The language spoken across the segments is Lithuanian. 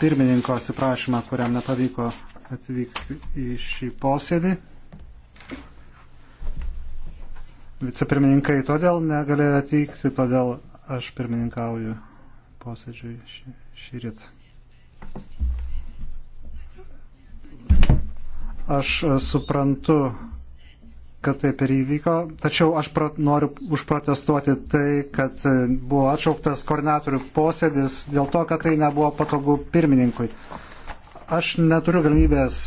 pirmininko atsiprašymą, kuriam nepavyko atvykti į šį posėdį. Vicepirmininkai todėl negalėjo atvykti, todėl aš pirmininkauju posėdžiui šį, šį rytą. Aš suprantu kad taip ir įvyko. Tačiau aš pra, noriu užprotestuoti tai, kad e, buvo atšauktas koordinatorių posėdis dėl to, kad tai nebuvo patogu pirmininkui. Aš neturiu galimybės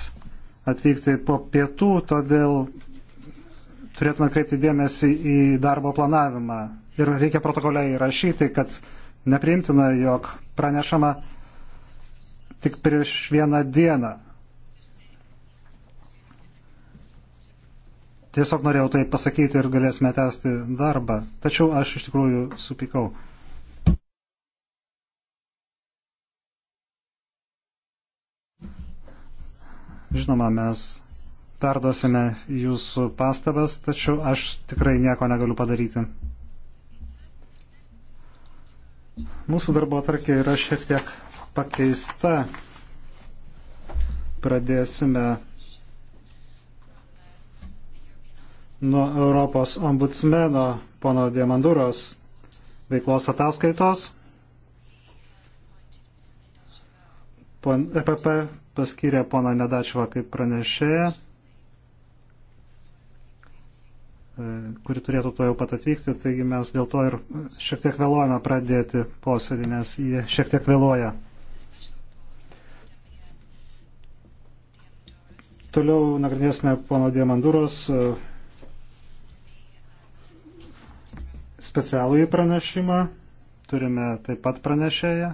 atvykti po pietų, todėl turėtume kreipti dėmesį į darbo planavimą. Ir reikia protokole įrašyti, kad nepriimtina, jog pranešama tik prieš vieną dieną. Tiesiog norėjau tai pasakyti ir galėsime tęsti darbą. Tačiau aš iš tikrųjų supikau. Žinoma, mes perduosime jūsų pastabas, tačiau aš tikrai nieko negaliu padaryti. Mūsų darbo tarkė yra šiek tiek pakeista. Pradėsime nuo Europos ombudsmeno pono Diamanduros veiklos ataskaitos. Pon, EPP paskyrė poną Nedačevą kaip pranešėją, e, kuri turėtų to jau pat atvykti, taigi mes dėl to ir šiek tiek vėluojame pradėti posėdį, nes jie šiek tiek vėluoja. Toliau nagrinėsime pono Diamanduros e, specialųjį pranešimą. Turime taip pat pranešėją.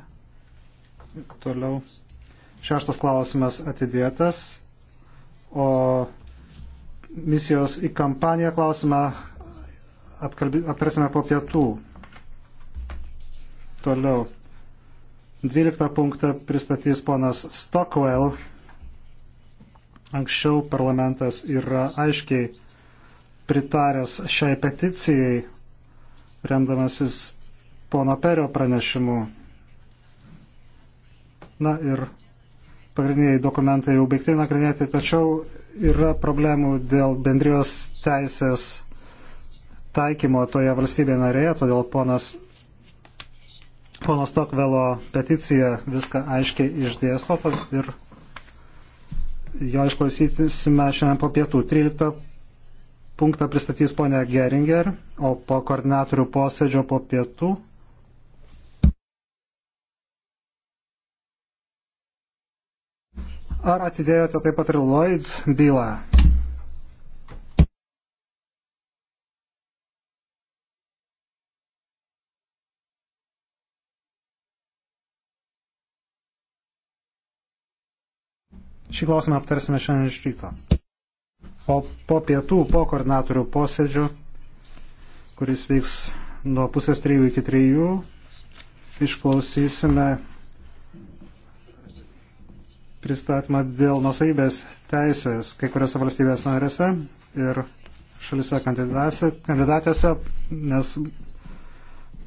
Toliau. Šeštas klausimas atidėtas. O misijos į kampaniją klausimą apkalbė, aptarsime po pietų. Toliau. 12 punktą pristatys ponas Stockwell. Anksčiau parlamentas yra aiškiai pritaręs šiai peticijai remdamasis pono Perio pranešimu. Na ir pagrindiniai dokumentai jau baigti nagrinėti, tačiau yra problemų dėl bendrijos teisės taikymo toje valstybėje narėje, todėl ponas, ponas Tokvelo peticija viską aiškiai išdėsto ir jo išklausysime šiandien po pietų. 13 punktą pristatys ponia Geringer, o po koordinatorių posėdžio po pietų. Ar atidėjote taip pat ir Lloyds bylą? Šį klausimą aptarsime šiandien iš ryto. O po pietų, po koordinatorių posėdžio, kuris vyks nuo pusės trijų iki trijų, išklausysime pristatymą dėl nusaibės teisės kai kuriuose valstybės narėse ir šalise kandidatėse, nes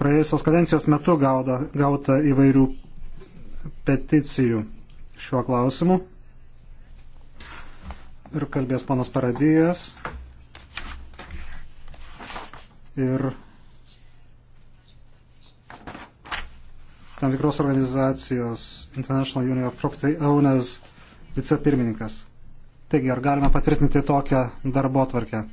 praėjusios kadencijos metu gauda, gauta įvairių peticijų šiuo klausimu ir kalbės panas Paradijas. Ir tam tikros organizacijos International Union of Property Owners vicepirmininkas. Taigi, ar galima patvirtinti tokią darbo tvarkę?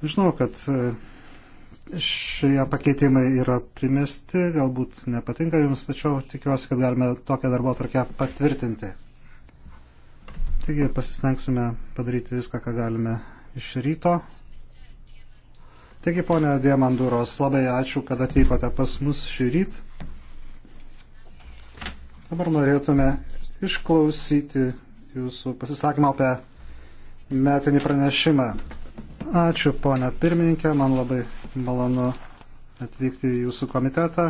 Žinau, kad e, šie pakeitimai yra primesti, galbūt nepatinka jums, tačiau tikiuosi, kad galime tokią darbo tvarkę patvirtinti. Taigi pasistengsime padaryti viską, ką galime iš ryto. Taigi, ponė Diemanduros, labai ačiū, kad atvykote pas mus šį rytą. Dabar norėtume išklausyti jūsų pasisakymą apie metinį pranešimą. Ačiū, ponė pirmininkė, man labai malonu atvykti į jūsų komitetą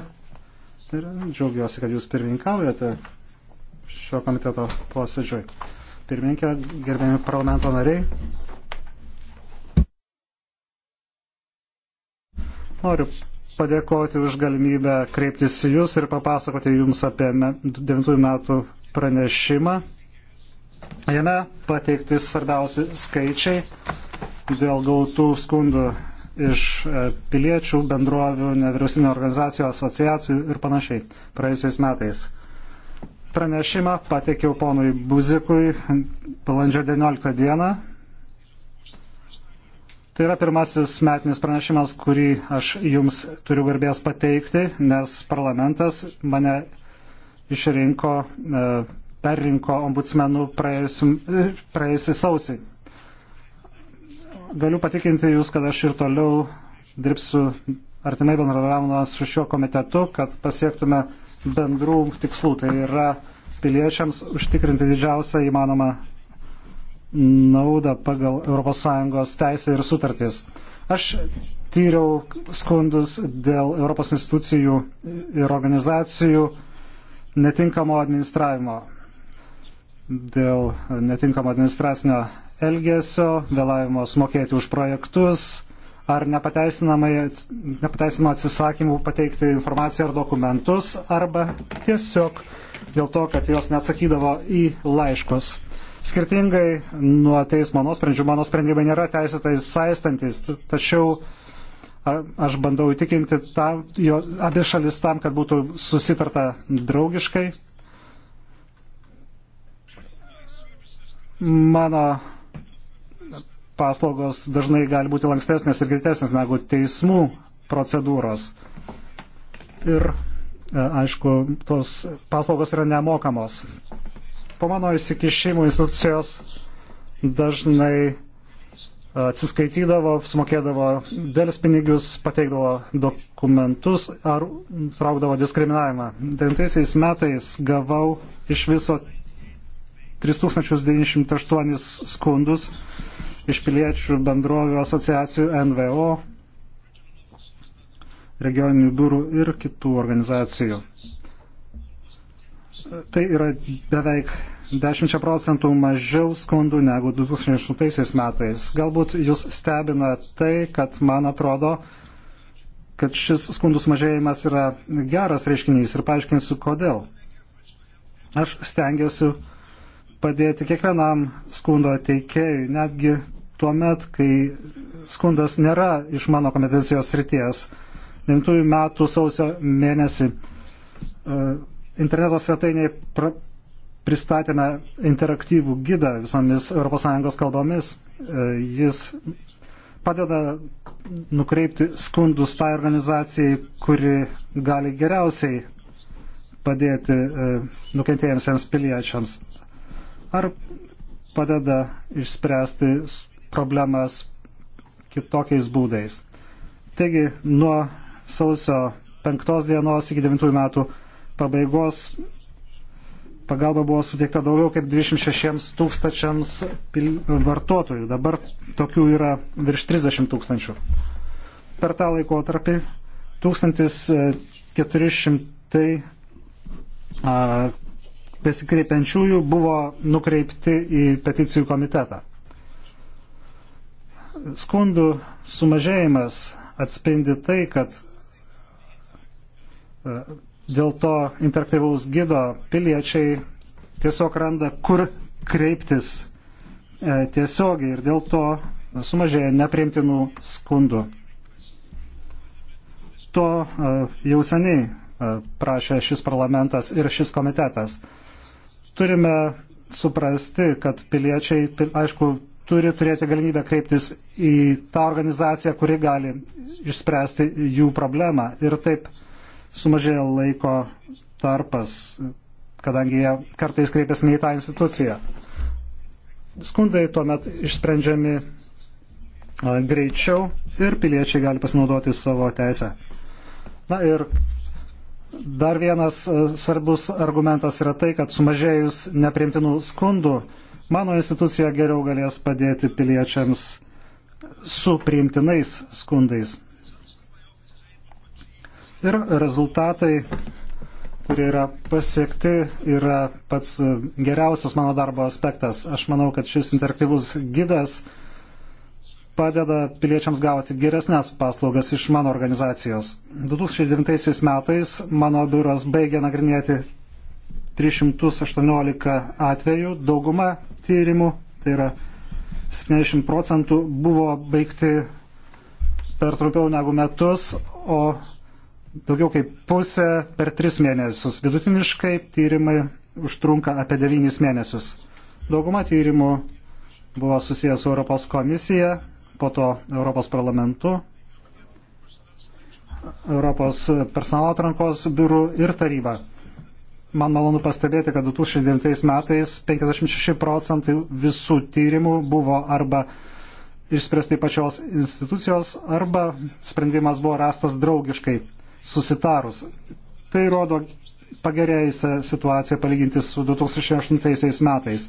ir džiaugiuosi, kad jūs pirmininkaujate šio komiteto posėdžiui pirmininkė, gerbėjami parlamento nariai. Noriu padėkoti už galimybę kreiptis į Jūs ir papasakoti Jums apie 9 metų pranešimą. Jame pateikti svarbiausi skaičiai dėl gautų skundų iš e, piliečių, bendrovių, nevyriausinių organizacijų, asociacijų ir panašiai praėjusiais metais. Pranešimą pateikiau ponui Buzikui balandžio 19 dieną. Tai yra pirmasis metinis pranešimas, kurį aš jums turiu garbės pateikti, nes parlamentas mane išrinko, e, perrinko ombudsmenų e, praėjusį sausį. Galiu patikinti jūs, kad aš ir toliau dirbsiu artimai bendradarbiavimas su šiuo komitetu, kad pasiektume bendrų tikslų. Tai yra piliečiams užtikrinti didžiausią įmanomą naudą pagal ES teisę ir sutartys. Aš tyriau skundus dėl Europos institucijų ir organizacijų netinkamo administravimo, dėl netinkamo administracinio elgesio, vėlavimo sumokėti už projektus, ar nepateisinamą atsisakymų pateikti informaciją ar dokumentus, arba tiesiog dėl to, kad jos neatsakydavo į laiškus. Skirtingai nuo teismo nuosprendžių, mano sprendimai nėra teisėtai saistantis, tačiau aš bandau įtikinti tą, jo, abi šalis tam, kad būtų susitarta draugiškai. Mano paslaugos dažnai gali būti lankstesnės ir greitesnės negu teismų procedūros. Ir e, aišku, tos paslaugos yra nemokamos. Po mano įsikišimų institucijos dažnai atsiskaitydavo, sumokėdavo dėlis pinigius, pateikdavo dokumentus ar traukdavo diskriminavimą. 9 metais gavau iš viso 3908 skundus iš piliečių bendrovių asociacijų NVO, regioninių biurų ir kitų organizacijų. Tai yra beveik 10 procentų mažiau skundų negu 2008 metais. Galbūt jūs stebina tai, kad man atrodo, kad šis skundų sumažėjimas yra geras reiškinys ir paaiškinsiu kodėl. Aš stengiuosi padėti kiekvienam skundo teikėjui, netgi tuo met, kai skundas nėra iš mano kompetencijos srities. 9 metų sausio mėnesį e, interneto svetainiai pristatėme interaktyvų gidą visomis ES kalbomis. E, jis padeda nukreipti skundus tai organizacijai, kuri gali geriausiai padėti e, nukentėjusiems piliečiams. Ar padeda išspręsti problemas kitokiais būdais. Taigi nuo sausio 5 dienos iki 9 metų pabaigos pagalba buvo suteikta daugiau kaip 26 tūkstančiams vartotojų. Dabar tokių yra virš 30 tūkstančių. Per tą laikotarpį 1400 e, besikreipiančiųjų buvo nukreipti į peticijų komitetą skundų sumažėjimas atspindi tai, kad e, dėl to interaktyvaus gido piliečiai tiesiog randa, kur kreiptis e, tiesiogiai ir dėl to sumažėja nepriimtinų skundų. To e, jau seniai prašė šis parlamentas ir šis komitetas. Turime suprasti, kad piliečiai, aišku, turi turėti galimybę kreiptis į tą organizaciją, kuri gali išspręsti jų problemą. Ir taip sumažėja laiko tarpas, kadangi jie kartais kreipiasi ne į tą instituciją. Skundai tuomet išsprendžiami greičiau ir piliečiai gali pasinaudoti savo teisę. Na ir dar vienas svarbus argumentas yra tai, kad sumažėjus neprimtinų skundų, Mano institucija geriau galės padėti piliečiams su priimtinais skundais. Ir rezultatai, kurie yra pasiekti, yra pats geriausias mano darbo aspektas. Aš manau, kad šis interaktyvus gidas padeda piliečiams gauti geresnės paslaugas iš mano organizacijos. 2009 metais mano biuras baigė nagrinėti 318 atvejų, dauguma tyrimų, tai yra 70 procentų, buvo baigti per trumpiau negu metus, o daugiau kaip pusę per 3 mėnesius. Vidutiniškai tyrimai užtrunka apie 9 mėnesius. Dauguma tyrimų buvo susijęs su Europos komisija, po to Europos parlamentu, Europos personalo atrankos biurų ir taryba. Man malonu pastebėti, kad 2009 metais 56 procentai visų tyrimų buvo arba išspręsti pačios institucijos, arba sprendimas buvo rastas draugiškai susitarus. Tai rodo pagerėjusią situaciją palyginti su 2008 metais.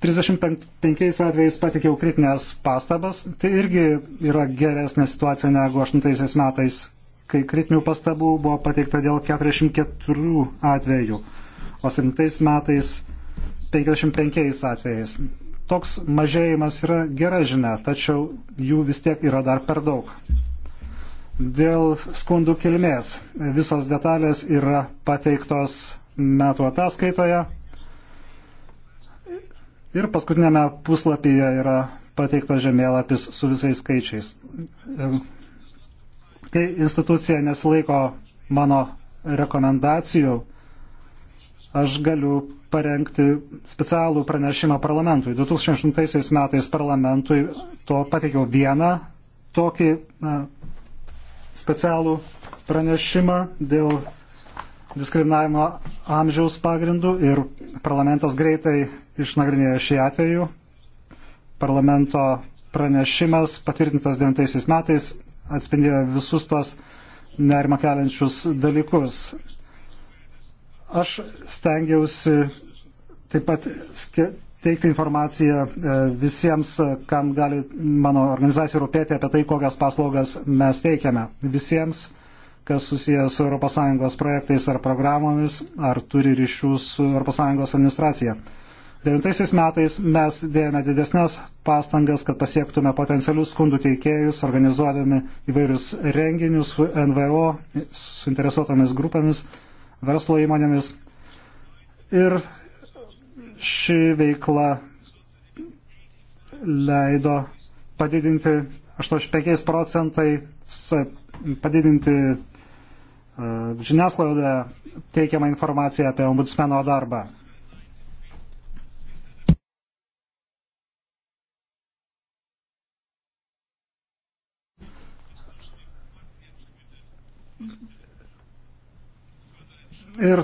35 atvejais pateikiau kritinės pastabas, tai irgi yra geresnė situacija negu 2008 metais, kai kritinių pastabų buvo pateikta dėl 44 atvejų, o 7 metais 55 atvejais. Toks mažėjimas yra gera žinia, tačiau jų vis tiek yra dar per daug. Dėl skundų kilmės visos detalės yra pateiktos metų ataskaitoje. Ir paskutinėme puslapyje yra pateiktas žemėlapis su visais skaičiais kai institucija nesilaiko mano rekomendacijų, aš galiu parengti specialų pranešimą parlamentui. 2008 metais parlamentui to pateikiau vieną tokį na, specialų pranešimą dėl diskriminavimo amžiaus pagrindų ir parlamentas greitai išnagrinėjo šį atvejų. Parlamento pranešimas patvirtintas 9 metais atspindėjo visus tos nerima keliančius dalykus. Aš stengiausi taip pat teikti informaciją e, visiems, kam gali mano organizacija rūpėti apie tai, kokias paslaugas mes teikiame. Visiems, kas susijęs su ES projektais ar programomis, ar turi ryšių su ES administracija. Devintaisiais metais mes dėjome didesnės pastangas, kad pasiektume potencialius skundų teikėjus, organizuodami įvairius renginius su NVO, suinteresuotomis grupėmis, verslo įmonėmis. Ir ši veikla leido padidinti 85 procentai, padidinti e, žiniasklaidoje teikiamą informaciją apie ombudsmeno darbą. Ir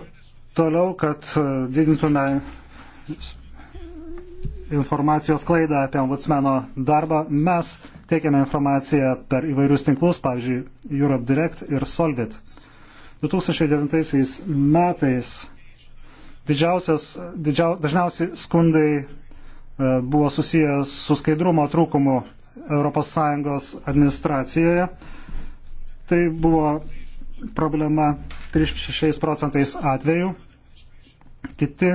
toliau, kad didintume informacijos klaidą apie ombudsmeno darbą, mes teikiame informaciją per įvairius tinklus, pavyzdžiui, Europe Direct ir Solvit. 2009 metais didžiausias, didžiau, dažniausiai skundai e, buvo susijęs su skaidrumo trūkumu ES administracijoje. Tai buvo problema 36 procentais atvejų. Kiti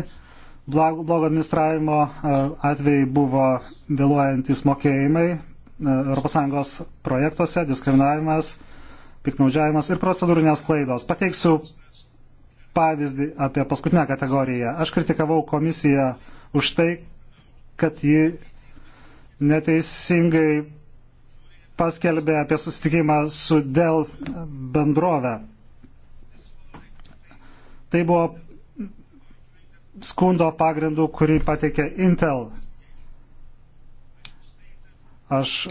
blogo administravimo e, atvejai buvo vėluojantis mokėjimai ES projektuose, diskriminavimas, piknaudžiavimas ir procedūrinės klaidos. Pateiksiu pavyzdį apie paskutinę kategoriją. Aš kritikavau komisiją už tai, kad ji neteisingai paskelbė apie susitikimą su Dell bendrove. Tai buvo skundo pagrindų, kurį pateikė Intel. Aš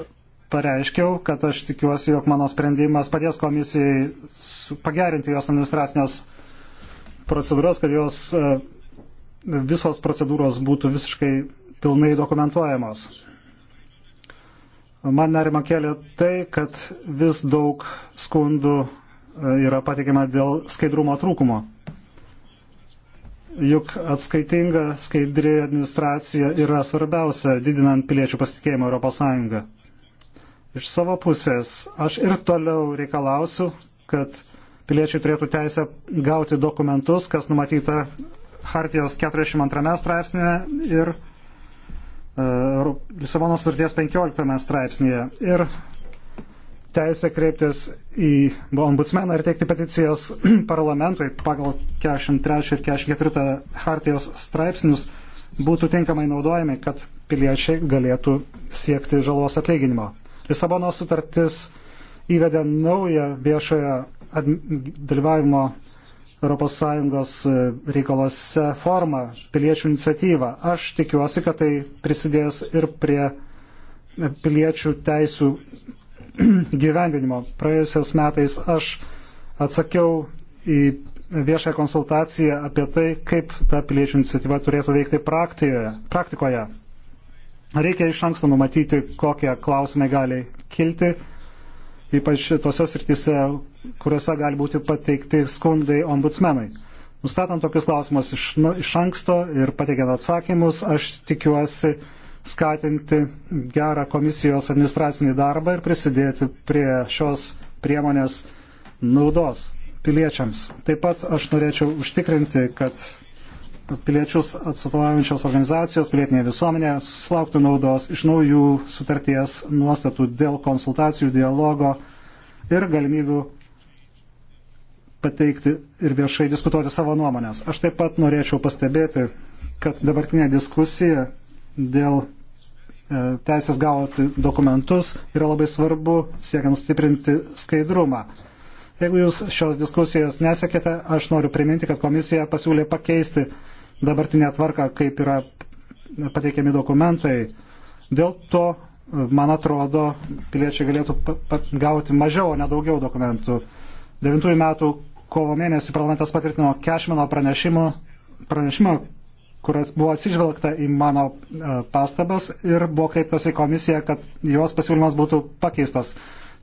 pareiškiau, kad aš tikiuosi, jog mano sprendimas padės komisijai pagerinti jos administracinės procedūras, kad jos e, visos procedūros būtų visiškai pilnai dokumentuojamos. Man nerima kelia tai, kad vis daug skundų e, yra patikima dėl skaidrumo trūkumo. Juk atskaitinga, skaidri administracija yra svarbiausia, didinant piliečių pasitikėjimą ES. Iš savo pusės aš ir toliau reikalausiu, kad piliečiai turėtų teisę gauti dokumentus, kas numatyta Hartijos 42 straipsnėje ir E, Lisabono sutarties 15 straipsnėje ir teisę kreiptis į ombudsmeną ir teikti peticijas parlamentui pagal 43 ir 44 hartijos straipsnius būtų tinkamai naudojami, kad piliečiai galėtų siekti žalos atlyginimo. Lisabono sutartis įvedė naują viešojo dalyvavimo ES e, reikalose formą, piliečių iniciatyvą. Aš tikiuosi, kad tai prisidės ir prie e, piliečių teisų gyvendinimo. Praėjusiais metais aš atsakiau į viešąją konsultaciją apie tai, kaip ta piliečių iniciatyva turėtų veikti praktikoje. Reikia iš anksto numatyti, kokie klausimai gali kilti, ypač tose srityse, kuriuose gali būti pateikti skundai ombudsmenai. Nustatant tokius klausimus iš, nu, iš anksto ir pateikiant atsakymus, aš tikiuosi skatinti gerą komisijos administracinį darbą ir prisidėti prie šios priemonės naudos piliečiams. Taip pat aš norėčiau užtikrinti, kad piliečius atstovaujančios organizacijos, pilietinė visuomenė susilauktų naudos iš naujų sutarties nuostatų dėl konsultacijų, dialogo ir galimybių pateikti ir viešai diskutuoti savo nuomonės. Aš taip pat norėčiau pastebėti, kad dabartinė diskusija dėl e, teisės gauti dokumentus yra labai svarbu siekiant stiprinti skaidrumą. Jeigu jūs šios diskusijos nesekėte, aš noriu priminti, kad komisija pasiūlė pakeisti dabartinę tvarką, kaip yra pateikiami dokumentai. Dėl to, man atrodo, piliečiai galėtų gauti mažiau, o ne daugiau dokumentų. 9 metų kovo mėnesį parlamentas patvirtino Kešmino pranešimą, pranešimą kuris buvo atsižvelgta į mano e, pastabas ir buvo kreiptas į komisiją, kad jos pasiūlymas būtų pakeistas.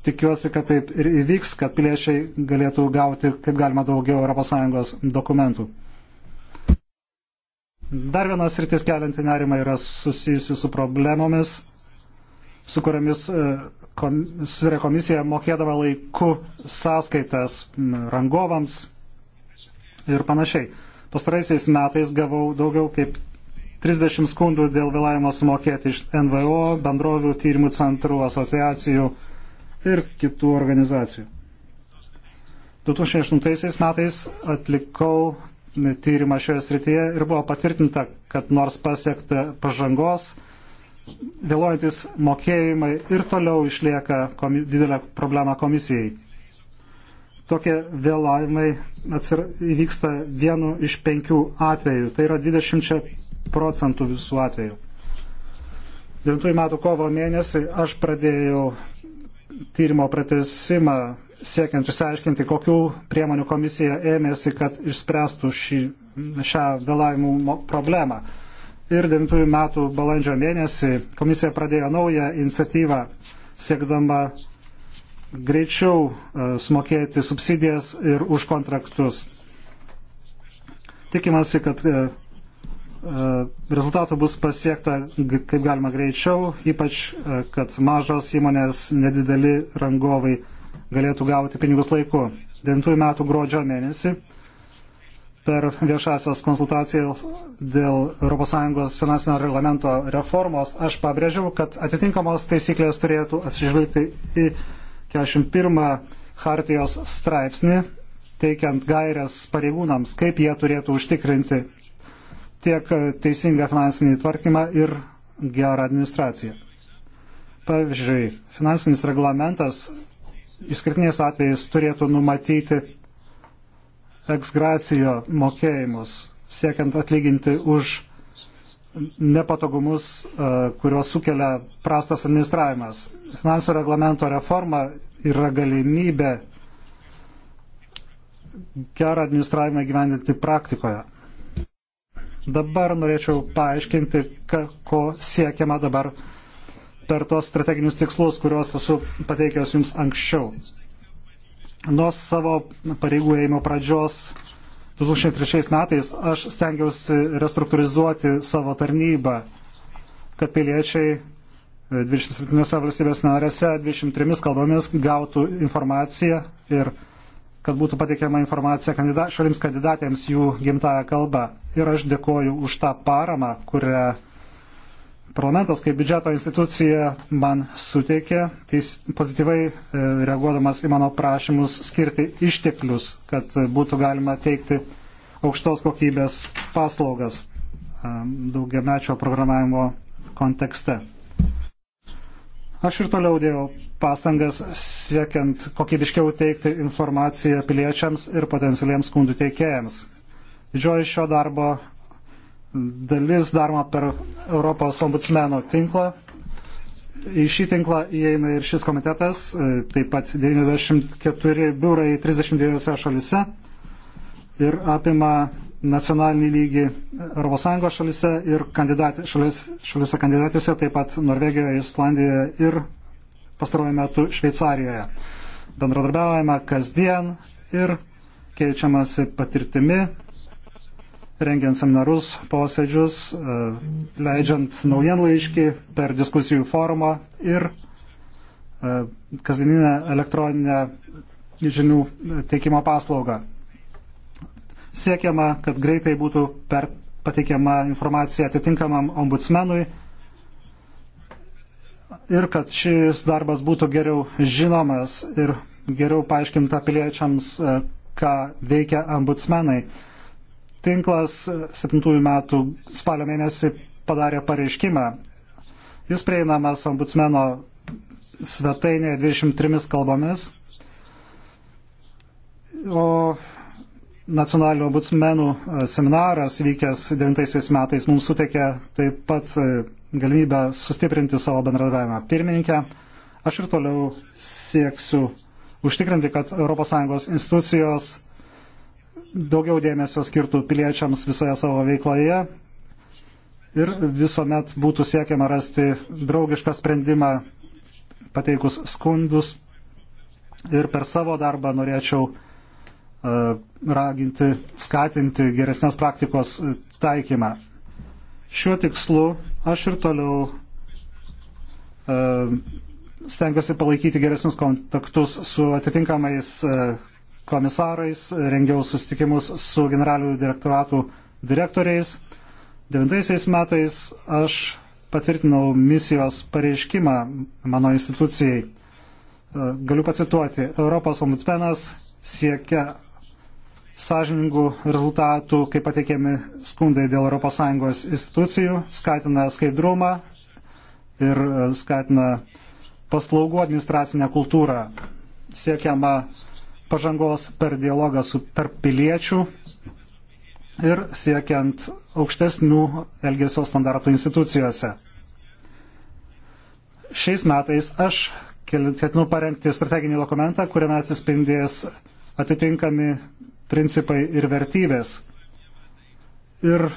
Tikiuosi, kad taip ir įvyks, kad piliečiai galėtų gauti kaip galima daugiau ES dokumentų. Dar vienas rytis kelianti nerimą yra susijusi su problemomis, su kuriamis e, susitarė komisija mokėdama laiku sąskaitas rangovams ir panašiai. Pastaraisiais metais gavau daugiau kaip 30 skundų dėl vėlavimo sumokėti iš NVO, bendrovių tyrimų centrų, asociacijų ir kitų organizacijų. 2008 metais atlikau tyrimą šioje srityje ir buvo patvirtinta, kad nors pasiekta pažangos, vėluojantis mokėjimai ir toliau išlieka komi, didelę problemą komisijai. Tokie vėlavimai atsir, įvyksta vienu iš penkių atvejų, tai yra 20 procentų visų atvejų. 9 metų kovo mėnesį aš pradėjau tyrimo pratesimą siekiant išsiaiškinti, kokių priemonių komisija ėmėsi, kad išspręstų šį, šią vėlavimų problemą ir 9 metų balandžio mėnesį komisija pradėjo naują iniciatyvą siekdama greičiau e, sumokėti subsidijas ir už kontraktus. Tikimasi, kad e, e, rezultatų bus pasiekta kaip galima greičiau, ypač kad mažos įmonės nedideli rangovai galėtų gauti pinigus laiku. 9 metų gruodžio mėnesį per viešasias konsultacijas dėl ES finansinio reglamento reformos, aš pabrėžiau, kad atitinkamos taisyklės turėtų atsižvelgti į 41 hartijos straipsnį, teikiant gairias pareigūnams, kaip jie turėtų užtikrinti tiek teisingą finansinį tvarkymą ir gerą administraciją. Pavyzdžiui, finansinis reglamentas išskirtiniais atvejais turėtų numatyti eksgracijo mokėjimus, siekiant atlyginti už nepatogumus, e, kuriuos sukelia prastas administravimas. Finansų reglamento reforma yra galimybė gerą administravimą gyvendinti praktikoje. Dabar norėčiau paaiškinti, ka, ko siekiama dabar per tuos strateginius tikslus, kuriuos esu pateikęs jums anksčiau. Nuo savo pareigų ėjimo pradžios 2003 metais aš stengiausi restruktūrizuoti savo tarnybą, kad piliečiai 27 e, valstybės narėse 23 kalbomis gautų informaciją ir kad būtų pateikiama informacija kandida šalims kandidatėms jų gimtają kalbą. Ir aš dėkoju už tą paramą, kurią Parlamentas kaip biudžeto institucija man suteikė teis, pozityvai e, reaguodamas į mano prašymus skirti išteklius, kad būtų galima teikti aukštos kokybės paslaugas e, daugiamečio programavimo kontekste. Aš ir toliau dėjau pastangas siekiant kokybiškiau teikti informaciją piliečiams ir potencialiems skundų teikėjams. Didžioji šio darbo dalis daroma per Europos ombudsmeno tinklą. Į šį tinklą įeina ir šis komitetas, e, taip pat 94 biurai 32 šalise ir apima nacionalinį lygį ES šalise ir kandidatė, šalis, šalise kandidatėse, taip pat Norvegijoje, Islandijoje ir pastarojame metu Šveicarijoje. Bendradarbiavame kasdien ir keičiamasi patirtimi rengiant seminarus, posėdžius, e, leidžiant naujienlaiškį per diskusijų forumą ir e, kasdieninę elektroninę žinių teikimo paslaugą. Siekiama, kad greitai būtų per, pateikiama informacija atitinkamam ombudsmenui ir kad šis darbas būtų geriau žinomas ir geriau paaiškinta piliečiams, e, ką veikia ombudsmenai tinklas 7 metų spalio mėnesį padarė pareiškimą. Jis prieinamas ombudsmeno svetainėje 23 kalbomis, o nacionalinių ombudsmenų e, seminaras vykęs 9 metais mums suteikė taip pat e, galimybę sustiprinti savo bendradavimą. Pirmininkė, aš ir toliau sieksiu užtikrinti, kad ES institucijos daugiau dėmesio skirtų piliečiams visoje savo veikloje ir visuomet būtų siekiama rasti draugišką sprendimą pateikus skundus. Ir per savo darbą norėčiau e, raginti, skatinti geresnės praktikos e, taikymą. Šiuo tikslu aš ir toliau e, stengiuosi palaikyti geresnius kontaktus su atitinkamais komisarais, rengiau susitikimus su generalinių direktoratų direktoriais. Devintaisiais metais aš patvirtinau misijos pareiškimą mano institucijai. E, galiu pacituoti, Europos ombudsmenas siekia sąžiningų rezultatų, kai pateikiami skundai dėl ES institucijų, skatina skaidrumą ir e, skatina paslaugų administracinę kultūrą. Siekiama pažangos per dialogą su tarp piliečių ir siekiant aukštesnių elgesio standartų institucijose. Šiais metais aš ketinu parengti strateginį dokumentą, kuriame atsispindės atitinkami principai ir vertybės. Ir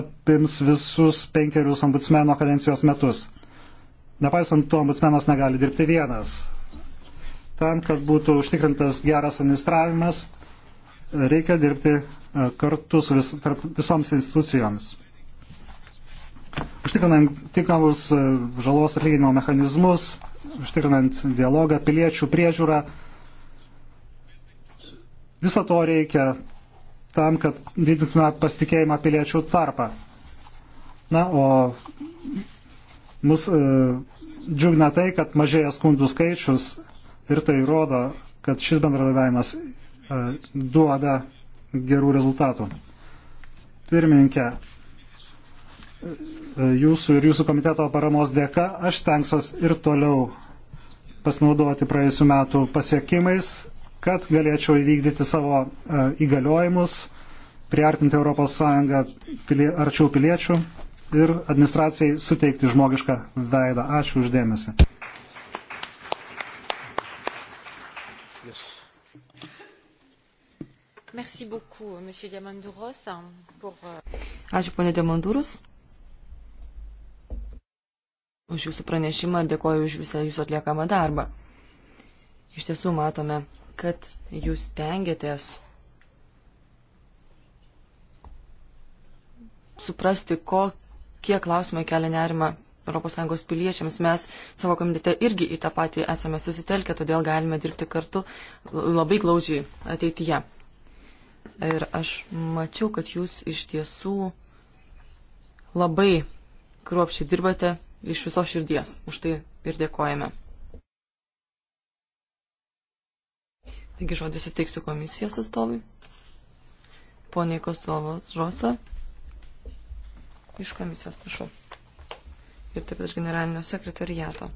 apims visus penkerius ombudsmeno kadencijos metus. Nepaisant to, ombudsmenas negali dirbti vienas Tam, kad būtų užtikrintas geras administravimas, reikia dirbti e, kartu su vis, visoms institucijoms. Užtikrinant tikrus e, žalos atlyginimo mechanizmus, užtikrinant dialogą, piliečių priežiūrą, visą to reikia tam, kad didintume pasitikėjimą piliečių tarpą. Na, o mus e, džiugna tai, kad mažėja skundų skaičius Ir tai rodo, kad šis bendradavimas e, duoda gerų rezultatų. Pirmininkė, e, jūsų ir jūsų komiteto paramos dėka aš tenksiuos ir toliau pasinaudoti praėjusiu metu pasiekimais, kad galėčiau įvykdyti savo e, įgaliojimus, priartinti ES pilie, arčiau piliečių ir administracijai suteikti žmogišką veidą. Ačiū uždėmesi. Merci beaucoup, monsieur Diamandouros, pour... Euh, Ačiū, ponė Diamandūrus. Už jūsų pranešimą dėkoju už visą jūsų atliekamą darbą. Iš tiesų matome, kad jūs tengiatės suprasti, kokie klausimai kelia nerima ES piliečiams. Mes savo komitete irgi į tą patį esame susitelkę, todėl galime dirbti kartu labai glaudžiai ateityje. Ir aš mačiau, kad jūs iš tiesų labai kruopšiai dirbate iš viso širdies. Už tai ir dėkojame. Taigi žodį suteiksiu komisijos atstovui. Poniai Kostovo Rosa. Iš komisijos, prašau. Ir taip iš generalinio sekretariato.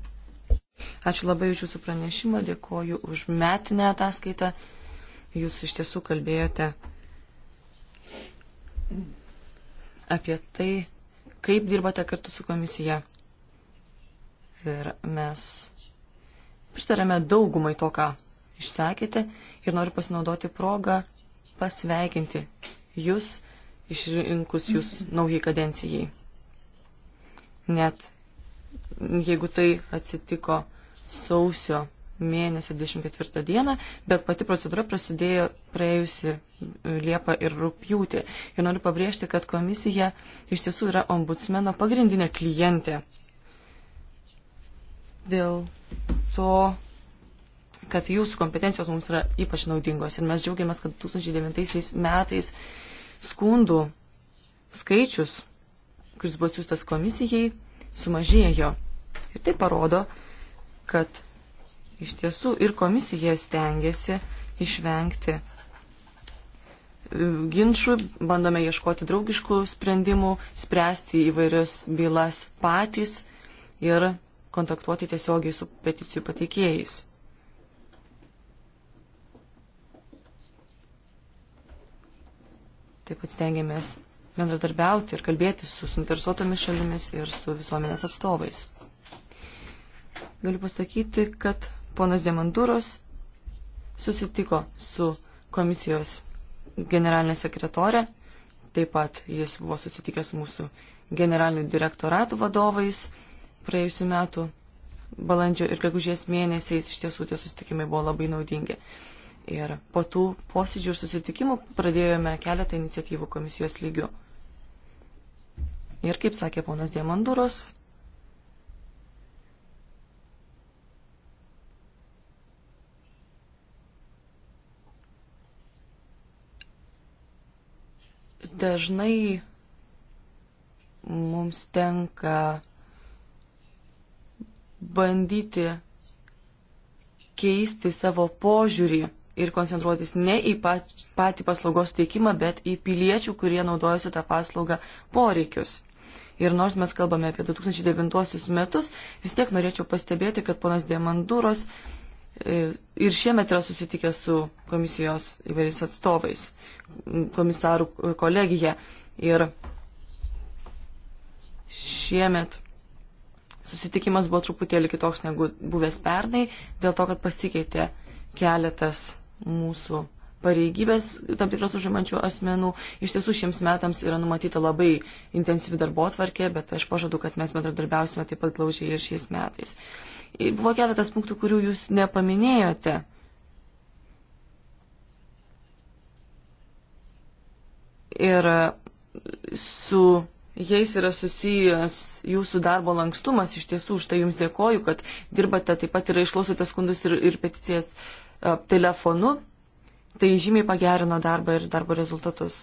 Ačiū labai už Jūsų pranešimą, dėkoju už metinę ataskaitą. Jūs iš tiesų kalbėjote apie tai, kaip dirbate kartu su komisija. Ir mes pritarėme daugumai to, ką išsakėte ir noriu pasinaudoti progą pasveikinti jūs, išrinkus jūs naujai kadencijai. Net jeigu tai atsitiko sausio mėnesio 24 dieną, bet pati procedūra prasidėjo praėjusi e, Liepą ir Rūpjūtį. Ir noriu pabrėžti, kad komisija iš tiesų yra ombudsmeno pagrindinė klientė. Dėl to, kad jūsų kompetencijos mums yra ypač naudingos ir mes džiaugiamės, kad 2009 metais skundų skaičius, kuris buvo atsiųstas komisijai, sumažėjo. Ir tai parodo, kad Iš tiesų ir komisija stengiasi išvengti e, ginčių, bandome ieškoti draugiškų sprendimų, spręsti įvairias bylas patys ir kontaktuoti tiesiogiai su peticijų pateikėjais. Taip pat stengiamės bendradarbiauti ir kalbėti su suinteresuotomis šalimis ir su visuomenės atstovais. Galiu pasakyti, kad Ponas Diamantūros susitiko su komisijos generalinė sekretorė, taip pat jis buvo susitikęs su mūsų generalinių direktoratų vadovais praėjusiu metu balandžio ir gegužės mėnesiais iš tiesų tie susitikimai buvo labai naudingi. Ir po tų posėdžių ir susitikimų pradėjome keletą iniciatyvų komisijos lygių. Ir kaip sakė ponas Diemanduros, Dažnai mums tenka bandyti keisti savo požiūrį ir koncentruotis ne į patį paslaugos teikimą, bet į piliečių, kurie naudojasi tą paslaugą poreikius. Ir nors mes kalbame apie 2009 metus, vis tiek norėčiau pastebėti, kad ponas Demanduros e, ir šiemet yra susitikęs su komisijos įvairiais atstovais komisarų kolegiją. Ir šiemet susitikimas buvo truputėlį kitoks negu buvęs pernai, dėl to, kad pasikeitė keletas mūsų pareigybės tam tikros užimančių asmenų. Iš tiesų šiems metams yra numatyta labai intensyvi darbo atvarkė, bet aš pažadu, kad mes bendradarbiausime taip pat glaužiai ir šiais metais. Buvo keletas punktų, kurių jūs nepaminėjote. ir su jais yra susijęs jūsų darbo lankstumas. Iš tiesų, už tai jums dėkoju, kad dirbate taip pat ir išklausote skundus ir, ir peticijas e, telefonu. Tai žymiai pagerino darbą ir darbo rezultatus.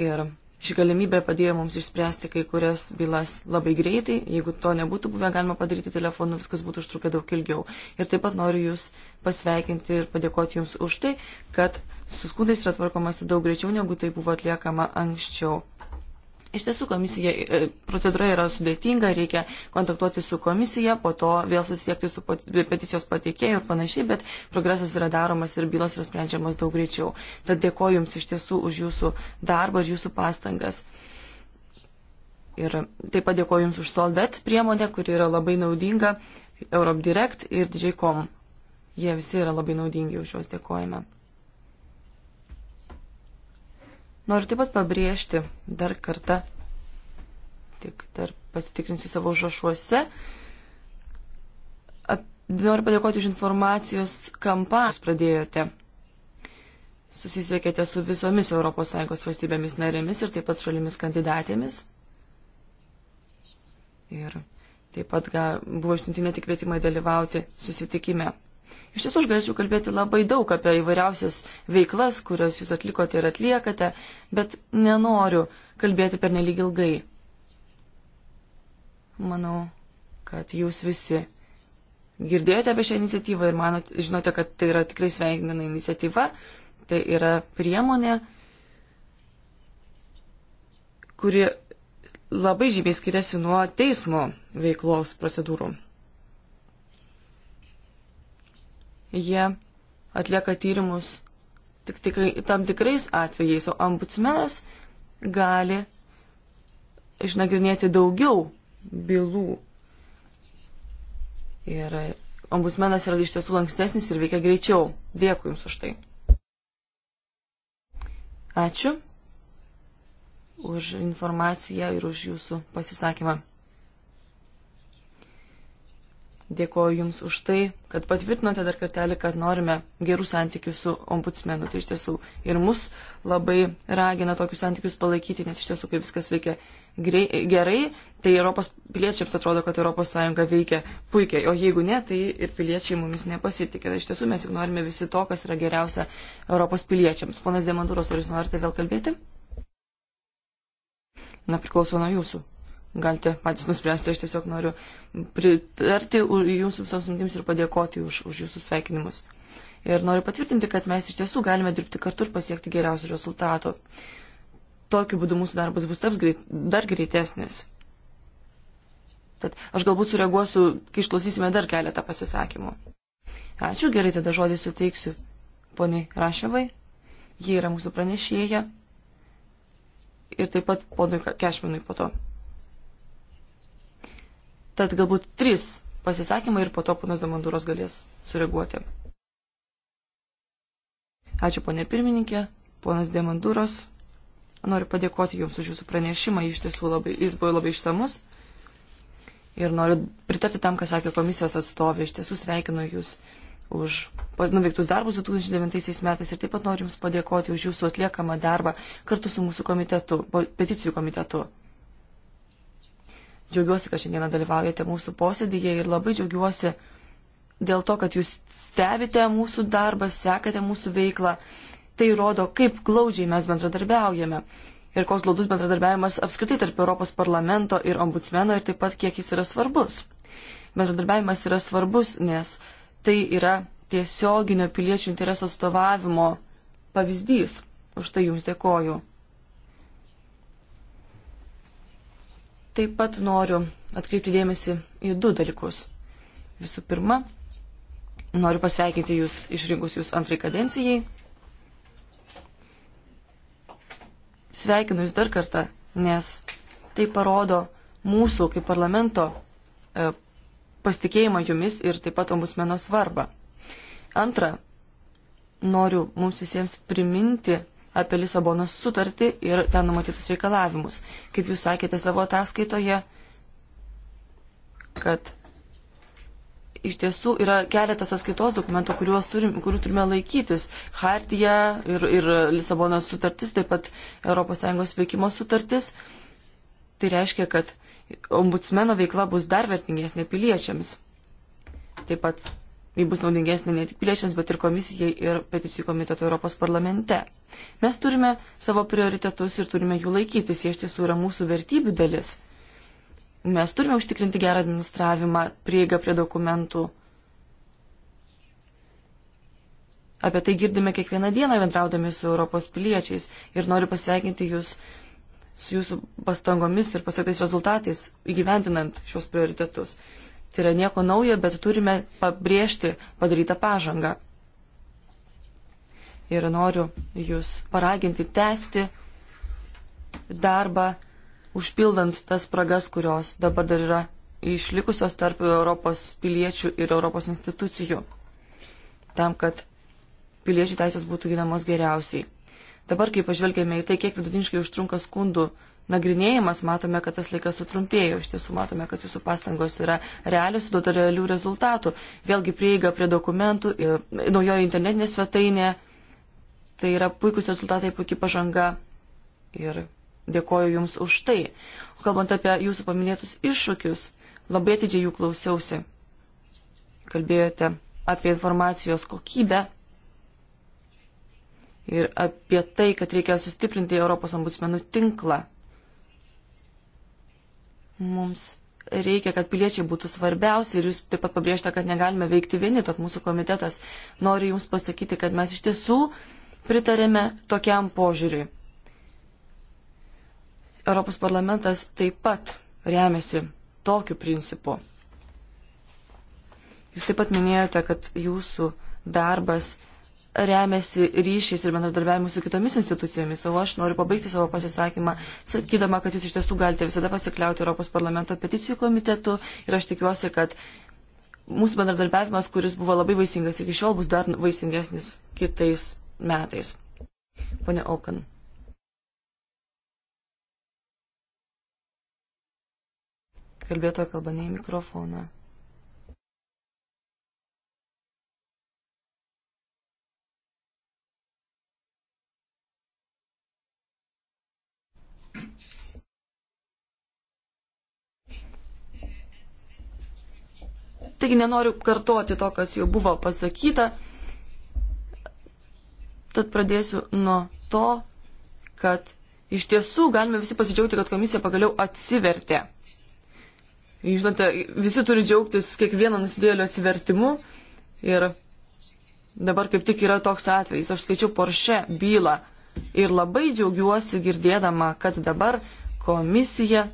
Ir ši galimybė padėjo mums išspręsti kai kurias bylas labai greitai. Jeigu to nebūtų buvę galima padaryti telefonu, viskas būtų užtrukę daug ilgiau. Ir taip pat noriu Jūs pasveikinti ir padėkoti Jums už tai, kad su skundais yra tvarkomasi daug greičiau, negu tai buvo atliekama anksčiau. Iš tiesų, komisija, e, procedūra yra sudėtinga, reikia kontaktuoti su komisija, po to vėl susisiekti su peticijos pateikėju ir panašiai, bet progresas yra daromas ir bylos yra sprendžiamas daug greičiau. Tad dėkoju Jums iš tiesų už Jūsų darbą ir Jūsų pastangas. Ir taip pat dėkoju Jums už Solvet priemonę, kuri yra labai naudinga, Europe Direct ir DJCOM. Jie visi yra labai naudingi, už juos dėkojame. Noriu taip pat pabrėžti dar kartą, tik dar pasitikrinsiu savo užrašuose. Noriu padėkoti už informacijos kampaniją, jūs pradėjote. Susisiekėte su visomis ES valstybėmis narėmis ir taip pat šalimis kandidatėmis. Ir taip pat ga, buvo išsiuntinėti kvietimai dalyvauti susitikime Iš tiesų, aš galėčiau kalbėti labai daug apie įvairiausias veiklas, kurias jūs atlikote ir atliekate, bet nenoriu kalbėti per nelig ilgai. Manau, kad jūs visi girdėjote apie šią iniciatyvą ir manot, žinote, kad tai yra tikrai sveikinina iniciatyva, tai yra priemonė, kuri labai žymiai skiriasi nuo teismo veiklos procedūrų. jie atlieka tyrimus tik tikrai, tam tikrais atvejais, o ambucmenas gali išnagrinėti daugiau bylų. Ir ombudsmenas yra iš tiesų lankstesnis ir veikia greičiau. Dėkui Jums už tai. Ačiū už informaciją ir už Jūsų pasisakymą. Dėkuoju Jums už tai, kad patvirtinote dar kartelį, kad norime gerų santykių su ombudsmenu. Tai iš tiesų ir mus labai ragina tokius santykius palaikyti, nes iš tiesų, kai viskas veikia gerai, tai Europos piliečiams atrodo, kad ES veikia puikiai, o jeigu ne, tai ir piliečiai mumis nepasitikė. Tai iš tiesų mes juk norime visi to, kas yra geriausia Europos piliečiams. Ponas Demanduros, ar Jūs norite vėl kalbėti? Na, priklauso nuo Jūsų galite patys nuspręsti, aš tiesiog noriu pritarti jūsų visoms mintims ir padėkoti už, už jūsų sveikinimus. Ir noriu patvirtinti, kad mes iš tiesų galime dirbti kartu ir pasiekti geriausių rezultatų. Tokiu būdu mūsų darbas bus taps greit, dar greitesnis. Tad aš galbūt sureaguosiu, kai išklausysime dar keletą pasisakymų. Ačiū, gerai, tada žodį suteiksiu poniai Raševai. Ji yra mūsų pranešėja. Ir taip pat ponui Kešminui po to. Tad galbūt trys pasisakymai ir po to ponas Damandūros galės sureaguoti. Ačiū ponė pirmininkė, ponas Damandūros. Noriu padėkoti Jums už Jūsų pranešimą, iš tiesų labai, jis buvo labai išsamus. Ir noriu pritarti tam, ką sakė komisijos atstovė, iš tiesų sveikinu Jūs už nuveiktus darbus 2009 metais ir taip pat noriu Jums padėkoti už Jūsų atliekamą darbą kartu su mūsų komitetu, peticijų komitetu. Džiaugiuosi, kad šiandieną dalyvaujate mūsų posėdėje ir labai džiaugiuosi dėl to, kad jūs stebite mūsų darbą, sekate mūsų veiklą. Tai rodo, kaip glaudžiai mes bendradarbiaujame ir koks glaudus bendradarbiavimas apskritai tarp Europos parlamento ir ombudsmeno ir taip pat kiek jis yra svarbus. Bendradarbiavimas yra svarbus, nes tai yra tiesioginio piliečių interesų atstovavimo pavyzdys. Už tai jums dėkoju. Taip pat noriu atkreipti dėmesį į du dalykus. Visų pirma, noriu pasveikinti Jūs išrinkus Jūs antrai kadencijai. Sveikinu Jūs dar kartą, nes tai parodo mūsų kaip parlamento e, pasitikėjimą Jumis ir taip pat omusmeno svarbą. Antra, noriu mums visiems priminti apie Lisabonos sutartį ir ten numatytus reikalavimus. Kaip jūs sakėte savo ataskaitoje, kad iš tiesų yra keletas atskaitos dokumentų, turim, kurių turime laikytis. Hartija ir, ir Lisabonos sutartis, taip pat ES veikimo sutartis. Tai reiškia, kad ombudsmeno veikla bus dar vertingesnė piliečiams. Taip pat Jis bus naudingesnė ne tik piliečiams, bet ir komisijai ir peticijų komiteto Europos parlamente. Mes turime savo prioritetus ir turime jų laikytis, jie iš tiesų yra mūsų vertybių dalis. Mes turime užtikrinti gerą administravimą, prieigą prie dokumentų. Apie tai girdime kiekvieną dieną bendraudami su Europos piliečiais ir noriu pasveikinti Jūs su Jūsų pastangomis ir pasiektais rezultatais įgyventinant šios prioritetus. Tai yra nieko naujo, bet turime pabrėžti padarytą pažangą. Ir noriu Jūs paraginti tęsti darbą, užpildant tas spragas, kurios dabar dar yra išlikusios tarp Europos piliečių ir Europos institucijų, tam, kad piliečių teisės būtų ginamos geriausiai. Dabar, kai pažvelgėme į tai, kiek vidutiniškai užtrunka skundų nagrinėjimas, matome, kad tas laikas sutrumpėjo. Iš tiesų matome, kad jūsų pastangos yra realios, duoda realių rezultatų. Vėlgi prieiga prie dokumentų, e, naujoji internetinė svetainė. Tai yra puikūs rezultatai, puikia pažanga. Ir dėkoju Jums už tai. O kalbant apie Jūsų paminėtus iššūkius, labai atidžiai jų klausiausi. Kalbėjote apie informacijos kokybę ir apie tai, kad reikia sustiprinti Europos ambusmenų tinklą. Mums reikia, kad piliečiai būtų svarbiausi ir jūs taip pat pabrėžta, kad negalime veikti vieni, tad mūsų komitetas nori jums pasakyti, kad mes iš tiesų pritarėme tokiam požiūriui. Europos parlamentas taip pat remiasi tokiu principu. Jūs taip pat minėjote, kad jūsų darbas remiasi ryšiais ir bendradarbiavimu su kitomis institucijomis, o aš noriu pabaigti savo pasisakymą, sakydama, kad jūs iš tiesų galite visada pasikliauti Europos parlamento peticijų komitetu ir aš tikiuosi, kad mūsų bendradarbiavimas, kuris buvo labai vaisingas iki šiol, bus dar vaisingesnis kitais metais. Pone Olkan. Kalbėtojo kalba ne į mikrofoną. Taigi nenoriu kartoti to, kas jau buvo pasakyta. Tad pradėsiu nuo to, kad iš tiesų galime visi pasidžiaugti, kad komisija pagaliau atsivertė. Žinote, visi turi džiaugtis kiekvieno nusidėlio atsivertimu ir dabar kaip tik yra toks atvejis. Aš skaičiau Porsche bylą ir labai džiaugiuosi girdėdama, kad dabar komisija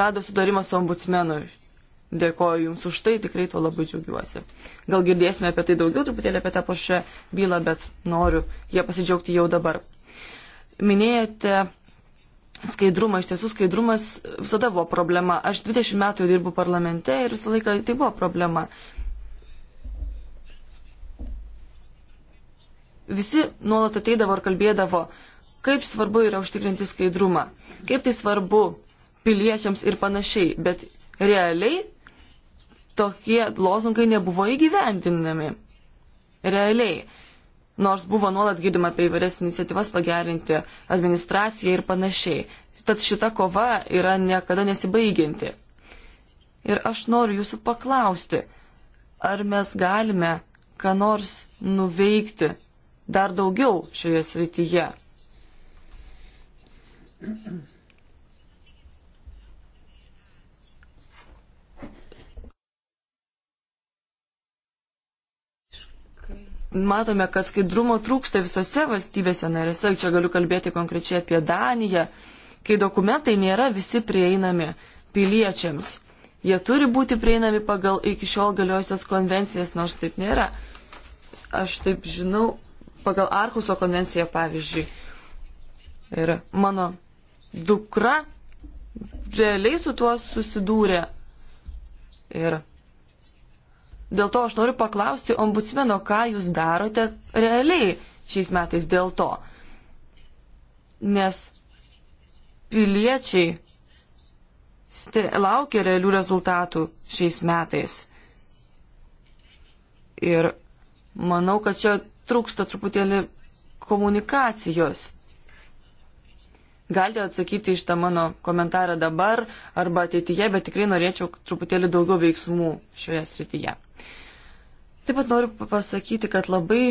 rado sudarimą su ombudsmenu Dėkoju Jums už tai, tikrai tuo labai džiaugiuosi. Gal girdėsime apie tai daugiau, truputėlį apie tą pačią bylą, bet noriu ją pasidžiaugti jau dabar. Minėjote skaidrumą, iš tiesų skaidrumas visada buvo problema. Aš 20 metų dirbu parlamente ir visą laiką tai buvo problema. Visi nuolat ateidavo ir kalbėdavo, kaip svarbu yra užtikrinti skaidrumą, kaip tai svarbu piliečiams ir panašiai, bet realiai tokie lozungai nebuvo įgyvendinami realiai. Nors buvo nuolat girdima apie įvairias iniciatyvas pagerinti administraciją ir panašiai. Tad šita kova yra niekada nesibaigianti. Ir aš noriu jūsų paklausti, ar mes galime ką nors nuveikti dar daugiau šioje srityje. matome, kad skaidrumo trūksta visose valstybėse narėse. Čia galiu kalbėti konkrečiai apie Daniją, kai dokumentai nėra visi prieinami piliečiams. Jie turi būti prieinami pagal iki šiol galiojusias konvencijas, nors taip nėra. Aš taip žinau, pagal Arkuso konvenciją pavyzdžiui. Ir mano dukra realiai su tuo susidūrė. Ir Dėl to aš noriu paklausti ombudsmeno, ką jūs darote realiai šiais metais dėl to. Nes piliečiai laukia realių rezultatų šiais metais. Ir manau, kad čia trūksta truputėlį komunikacijos. Galite atsakyti iš tą mano komentarą dabar arba ateityje, bet tikrai norėčiau truputėlį daugiau veiksmų šioje srityje. Taip pat noriu pasakyti, kad labai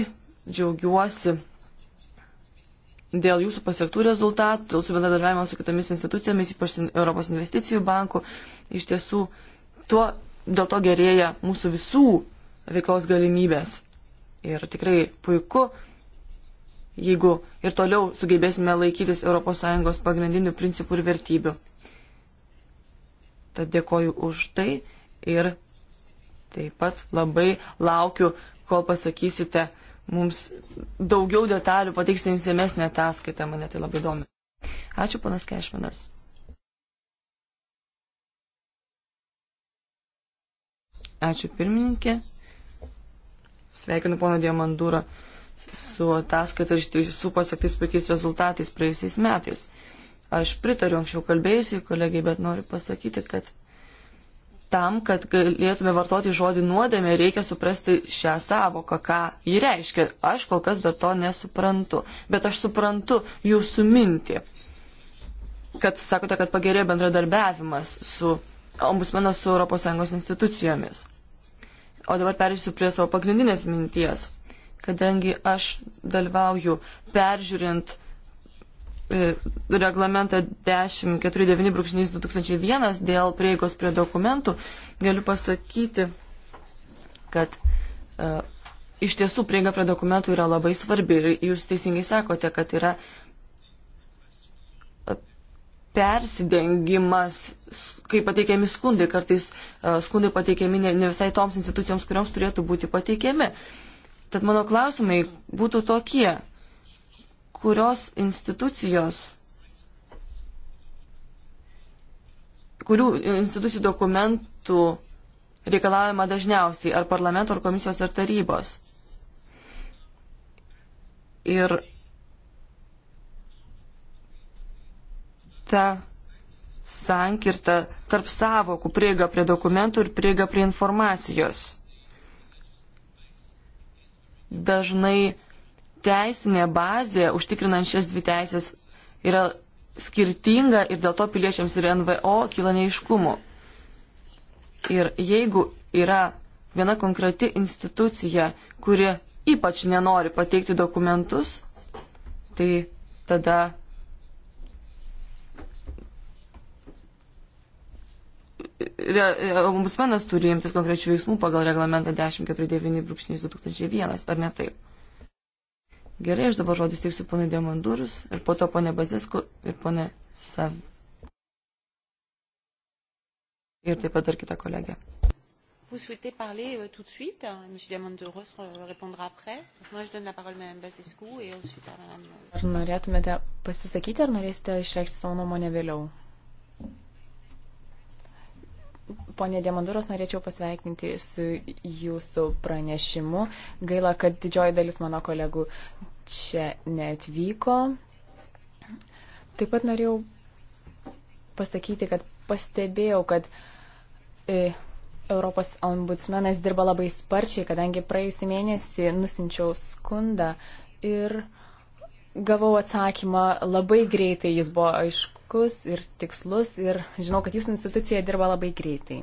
džiaugiuosi dėl jūsų pasiektų rezultatų, dėl su bendradarbiavimo su kitomis institucijomis, ypač Europos investicijų bankų. Iš tiesų, tuo, dėl to gerėja mūsų visų veiklos galimybės. Ir tikrai puiku, jeigu ir toliau sugebėsime laikytis ES pagrindinių principų ir vertybių. Tad dėkoju už tai ir Taip pat labai laukiu, kol pasakysite mums daugiau detalių, pateiksite insimesnę ataskaitą, mane tai labai įdomi. Ačiū, panas Kešminas. Ačiū pirmininkė. Sveikinu pono Diamandūrą su ataskaita ir su pasaktais puikiais rezultatais praėjusiais metais. Aš pritariu anksčiau kalbėjusiai kolegiai, bet noriu pasakyti, kad tam, kad galėtume vartoti žodį nuodėmė, reikia suprasti šią savoką, ką ji reiškia. Aš kol kas dar to nesuprantu, bet aš suprantu jūsų mintį, kad sakote, kad pagerėjo bendradarbiavimas su ombudsmeno su ES institucijomis. O dabar perėsiu prie savo pagrindinės minties, kadangi aš dalyvauju peržiūrint E, reglamentą 1049-2001 dėl prieigos prie dokumentų, galiu pasakyti, kad e, iš tiesų prieiga prie dokumentų yra labai svarbi ir jūs teisingai sakote, kad yra e, persidengimas, kai pateikiami skundai, kartais e, skundai pateikiami ne, ne visai toms institucijoms, kuriams turėtų būti pateikiami. Tad mano klausimai būtų tokie, kurios institucijos, kurių institucijų dokumentų reikalavimą dažniausiai ar parlamento, ar komisijos, ar tarybos. Ir ta sankirta tarp savokų prieiga prie dokumentų ir prieiga prie informacijos. Dažnai teisinė bazė užtikrinant šias dvi teisės yra skirtinga ir dėl to piliečiams ir NVO kyla neiškumų. Ir jeigu yra viena konkreti institucija, kuri ypač nenori pateikti dokumentus, tai tada ombudsmenas turi imtis konkrečių veiksmų pagal reglamentą 1049-2001, ar ne taip? Gerai, aš dabar žodis teiksiu ponai Diamandurus ir po to ponė Bazesku ir ponė Sav. Ir taip pat dar kita kolegė. Vous souhaitez parler euh, tout de suite euh, M. Diamandouros euh, répondra après. Moi, je donne la parole à Mme Basescu et ensuite à Mme... Euh, ar norėtumėte pasisakyti, ar norėsite išreikšti savo nuomonę vėliau? Pone Diamanduros, norėčiau pasveikinti su jūsų pranešimu. Gaila, kad didžioji dalis mano kolegų čia neatvyko. Taip pat norėjau pasakyti, kad pastebėjau, kad e, Europos ombudsmenas dirba labai sparčiai, kadangi praėjusį mėnesį nusinčiau skundą ir gavau atsakymą labai greitai, jis buvo aiškus ir tikslus ir žinau, kad jūsų institucija dirba labai greitai.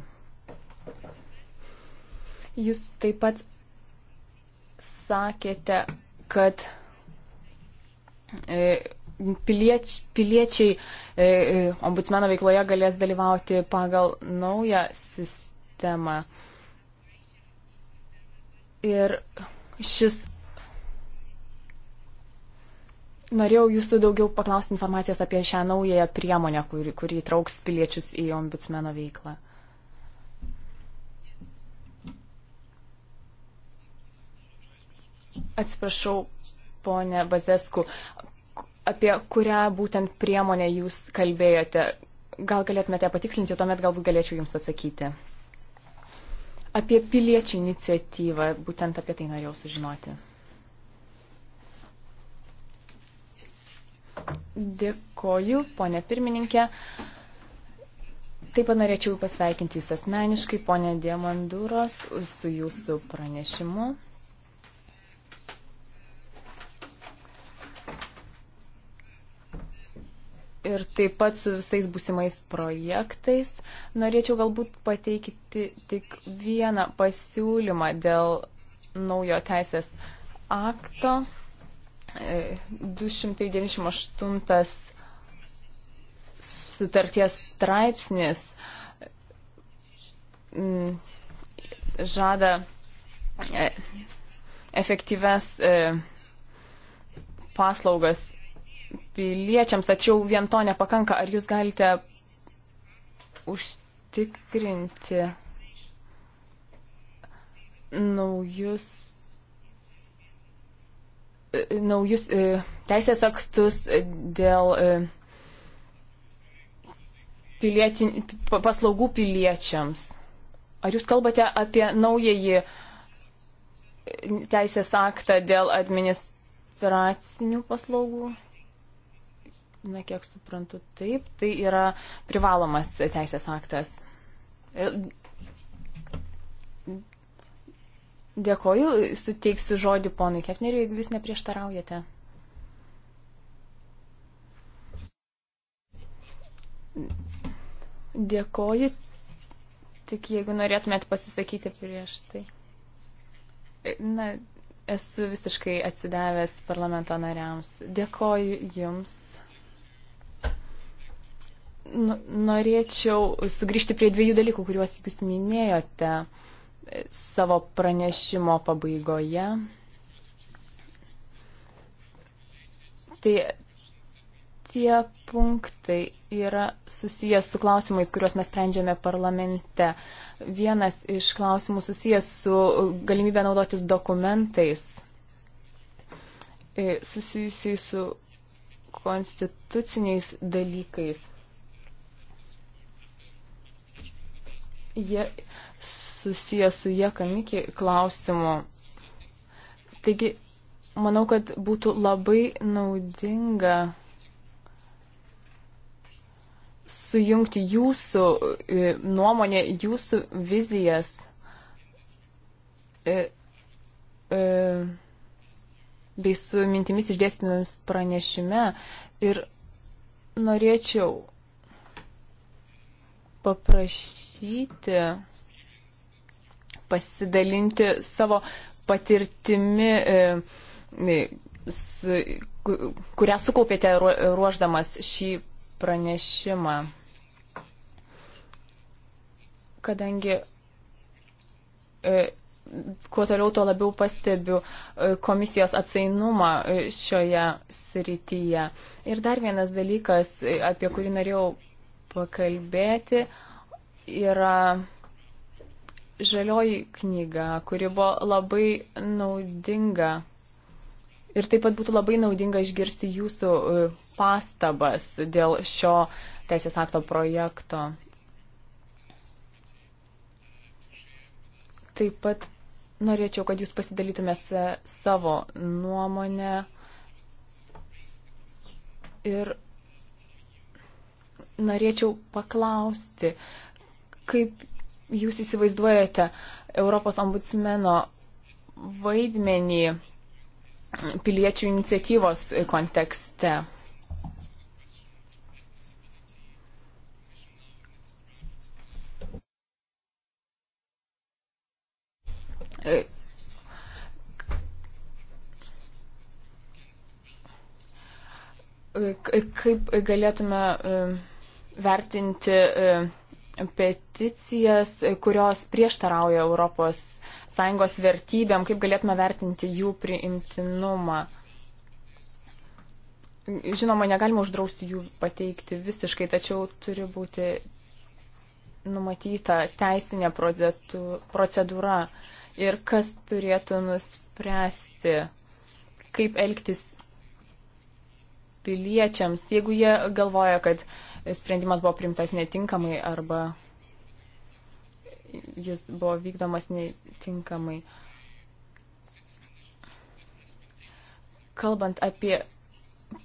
Jūs taip pat sakėte, kad E, pilieč, piliečiai e, e, ombudsmeno veikloje galės dalyvauti pagal naują sistemą. Ir šis. Norėjau jūsų daugiau paklausti informacijos apie šią naująją priemonę, kuri, kuri įtrauks piliečius į ombudsmeno veiklą. Atsiprašau, ponė Bazesku, apie kurią būtent priemonę jūs kalbėjote. Gal galėtumėte patikslinti, tuomet galbūt galėčiau jums atsakyti. Apie piliečių iniciatyvą, būtent apie tai norėjau sužinoti. Dėkoju, ponė pirmininkė. Taip pat norėčiau pasveikinti Jūs asmeniškai, ponė Diemanduros, su Jūsų pranešimu. ir taip pat su visais būsimais projektais. Norėčiau galbūt pateikti tik vieną pasiūlymą dėl naujo teisės akto. 298 e, sutarties straipsnis mm, žada e, efektyves e, paslaugas piliečiams, tačiau vien to nepakanka. Ar jūs galite užtikrinti naujus, naujus e, teisės aktus dėl e, pilietin, paslaugų piliečiams? Ar jūs kalbate apie naująjį teisės aktą dėl administracinių paslaugų? Na, kiek suprantu, taip, tai yra privalomas teisės aktas. E, dėkoju, suteiksiu žodį ponui Kepneriui, jeigu jūs neprieštaraujate. Dėkoju, tik jeigu norėtumėt pasisakyti prieš tai. E, na, esu visiškai atsidavęs parlamento nariams. Dėkoju jums norėčiau sugrįžti prie dviejų dalykų, kuriuos jūs minėjote e, savo pranešimo pabaigoje. Tai tie punktai yra susijęs su klausimais, kuriuos mes sprendžiame parlamente. Vienas iš klausimų susijęs su galimybė naudotis dokumentais e, susijusiai su konstituciniais dalykais. jie susijęs su Jekamiki klausimu. Taigi, manau, kad būtų labai naudinga sujungti jūsų e, nuomonę, jūsų vizijas. E, e, bei su mintimis išdėstymėmis pranešime. Ir norėčiau paprašyti pamatyti, pasidalinti savo patirtimi, e, kurią sukaupėte ruoždamas šį pranešimą. Kadangi e, kuo toliau, tuo labiau pastebiu e, komisijos atsainumą šioje srityje. Ir dar vienas dalykas, apie kurį norėjau pakalbėti, yra žalioji knyga, kuri buvo labai naudinga. Ir taip pat būtų labai naudinga išgirsti jūsų e, pastabas dėl šio teisės akto projekto. Taip pat norėčiau, kad jūs pasidalytumėte savo nuomonę ir norėčiau paklausti, uh, Kaip jūs įsivaizduojate Europos ombudsmeno vaidmenį piliečių iniciatyvos kontekste? Kaip galėtume e, vertinti e, peticijas, kurios prieštarauja ES vertybėm, kaip galėtume vertinti jų priimtinumą. Žinoma, negalima uždrausti jų pateikti visiškai, tačiau turi būti numatyta teisinė procedūra ir kas turėtų nuspręsti, kaip elgtis piliečiams, jeigu jie galvoja, kad sprendimas buvo primtas netinkamai arba jis buvo vykdomas netinkamai. Kalbant apie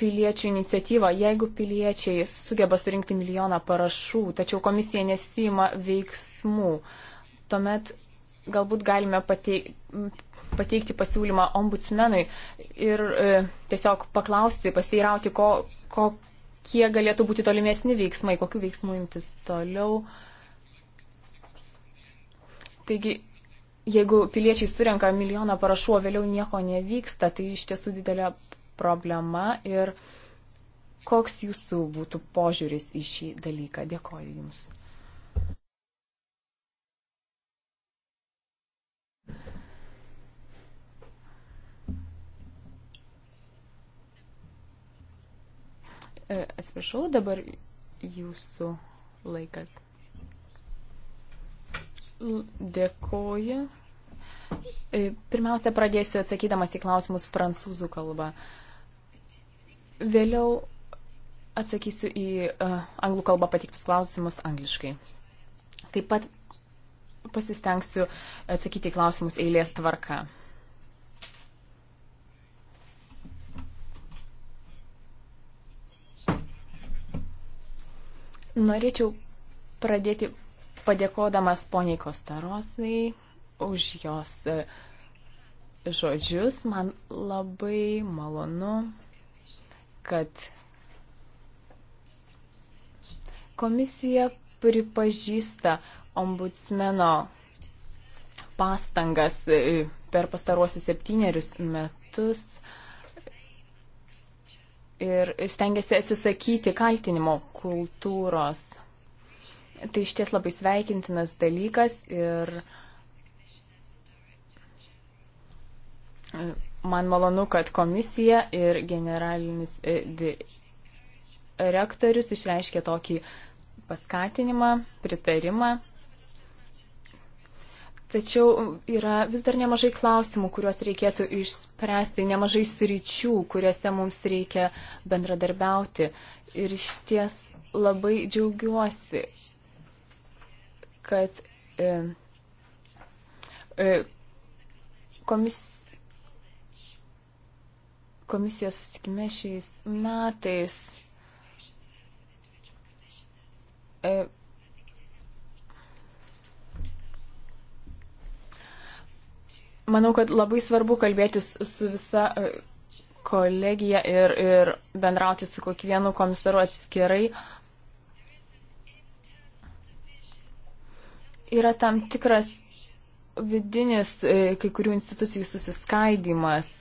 piliečių iniciatyvą, jeigu piliečiai sugeba surinkti milijoną parašų, tačiau komisija nesima veiksmų, tuomet galbūt galime pateik, pateikti pasiūlymą ombudsmenui ir e, tiesiog paklausti, pasteirauti, ko, ko, kokie galėtų būti tolimesni veiksmai, kokiu veiksmu imtis toliau. Taigi, jeigu piliečiai surenka milijoną parašų, o vėliau nieko nevyksta, tai iš tiesų didelė problema ir koks jūsų būtų požiūris į šį dalyką. Dėkoju Jums. E, atsiprašau, dabar jūsų laikas. Dėkoju. E, pirmiausia, pradėsiu atsakydamas į klausimus prancūzų kalbą. Vėliau atsakysiu į uh, anglų kalbą patiktus klausimus angliškai. Taip pat pasistengsiu atsakyti į klausimus eilės tvarka. Uh, Norėčiau pradėti padėkodamas poniai Kostarosai už jos e, žodžius. Man labai malonu, kad komisija pripažįsta ombudsmeno pastangas e, per pastaruosius septynerius metus uh, ir stengiasi atsisakyti kaltinimo kultūros. Tai iš ties labai sveikintinas dalykas ir e, man malonu, kad komisija ir generalinis e, rektorius išreiškė tokį paskatinimą, pritarimą Tačiau um, yra vis dar nemažai klausimų, kuriuos reikėtų išspręsti, nemažai sričių, kuriuose mums reikia bendradarbiauti. Ir iš ties labai džiaugiuosi, kad e, e, komis, komisijos susikime šiais metais e, Manau, kad labai svarbu kalbėtis su visa e, kolegija ir, ir bendrauti su kiekvienu komisaru atskirai. Yra tam tikras vidinis e, kai kurių institucijų susiskaidimas.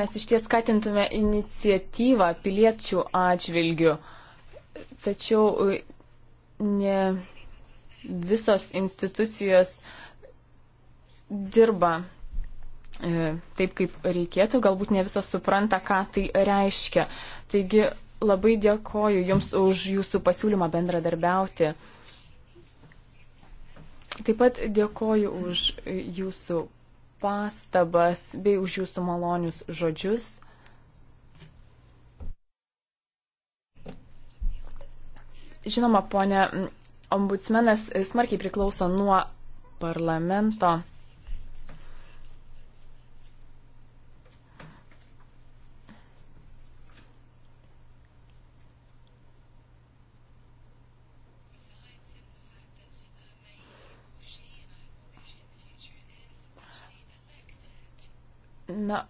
Mes iš ties skatintume iniciatyvą piliečių atžvilgių, tačiau e, ne visos institucijos dirba e, taip, kaip reikėtų, galbūt ne visas supranta, ką tai reiškia. Taigi labai dėkoju Jums už Jūsų pasiūlymą bendradarbiauti. Taip pat dėkoju už Jūsų pastabas bei už Jūsų malonius žodžius. Žinoma, ponė ombudsmenas smarkiai priklauso nuo parlamento. Na,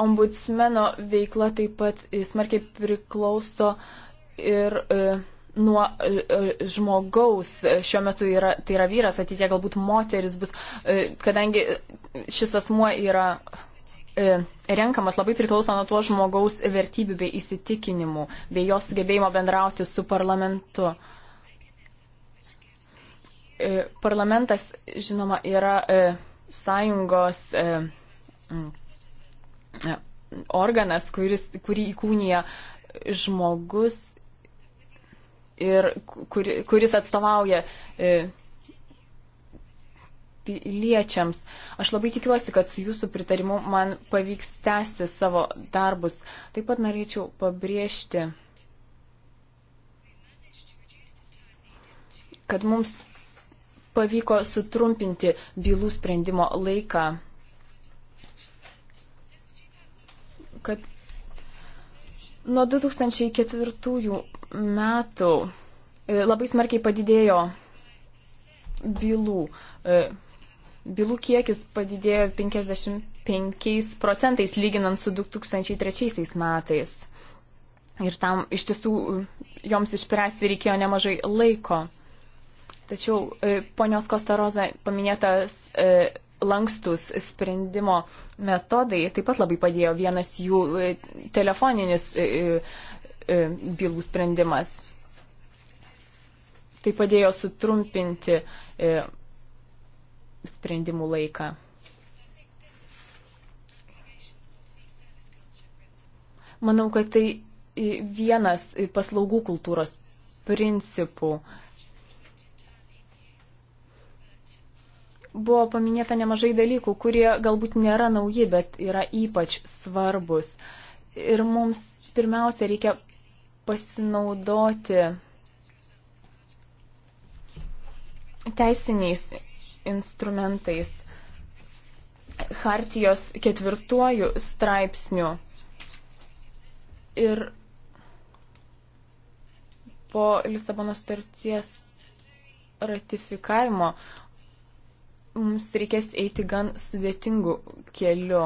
ombudsmeno veikla taip pat smarkiai priklauso ir e, nuo e, e, žmogaus e, šiuo metu yra, tai yra vyras, ateitie galbūt moteris bus, kadangi šis asmuo yra renkamas labai priklauso nuo to žmogaus vertybių bei įsitikinimų, bei jo sugebėjimo bendrauti su parlamentu. Parlamentas, žinoma, yra sąjungos organas, kuris, kurį įkūnija žmogus ir kur, kuris atstovauja e, piliečiams. Aš labai tikiuosi, kad su jūsų pritarimu man pavyks tęsti savo darbus. Taip pat norėčiau pabrėžti, kad mums pavyko sutrumpinti bylų sprendimo laiką, kad Nuo 2004 metų e, labai smarkiai padidėjo bylų. E, bylų kiekis padidėjo 55 procentais lyginant su 2003 metais. Ir tam iš tiesų e, joms išspręsti reikėjo nemažai laiko. Tačiau ponios Kostaroza paminėtas lankstus sprendimo metodai taip pat labai padėjo. Vienas jų e, telefoninis e, e, bylų sprendimas. Tai padėjo sutrumpinti sprendimų laiką. Manau, kad tai vienas paslaugų kultūros principų buvo paminėta nemažai dalykų, kurie galbūt nėra nauji, bet yra ypač svarbus. Ir mums pirmiausia reikia pasinaudoti teisiniais instrumentais, hartijos ketvirtuoju straipsniu. Ir po Lisabono sutarties ratifikavimo mums reikės eiti gan sudėtingų kelių.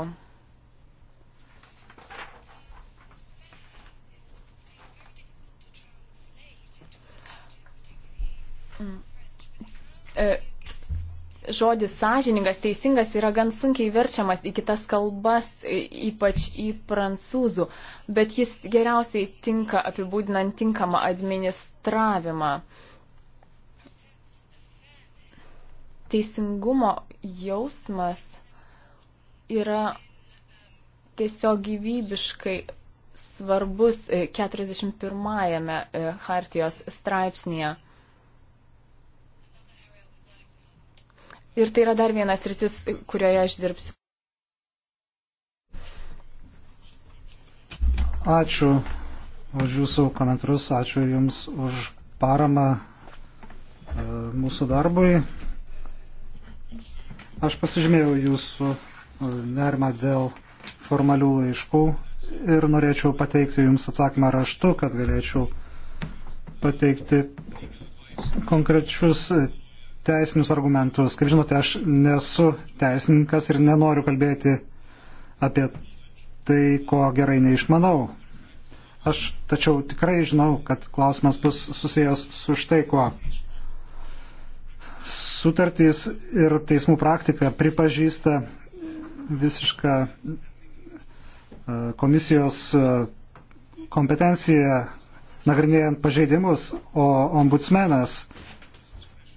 Mm. E, žodis sąžiningas, teisingas yra gan sunkiai verčiamas į kitas kalbas, e, ypač į prancūzų, bet jis geriausiai tinka apibūdinant tinkamą administravimą. Uh, teisingumo jausmas yra tiesiog gyvybiškai svarbus 41-ame e, e, Hartijos straipsnėje. Ir tai yra dar vienas rytis, kurioje aš dirbsiu. Ačiū už jūsų komentarus, ačiū Jums už paramą e, mūsų darbui. Aš pasižymėjau jūsų e, nerimą dėl formalių laiškų ir norėčiau pateikti jums atsakymą raštu, kad galėčiau pateikti konkrečius teisinius argumentus. Kaip žinote, aš nesu teisininkas ir nenoriu kalbėti apie tai, ko gerai neišmanau. Aš tačiau tikrai žinau, kad klausimas bus susijęs su štai kuo sutartys ir teismų praktika pripažįsta visišką e, komisijos e, kompetenciją nagrinėjant pažeidimus, o ombudsmenas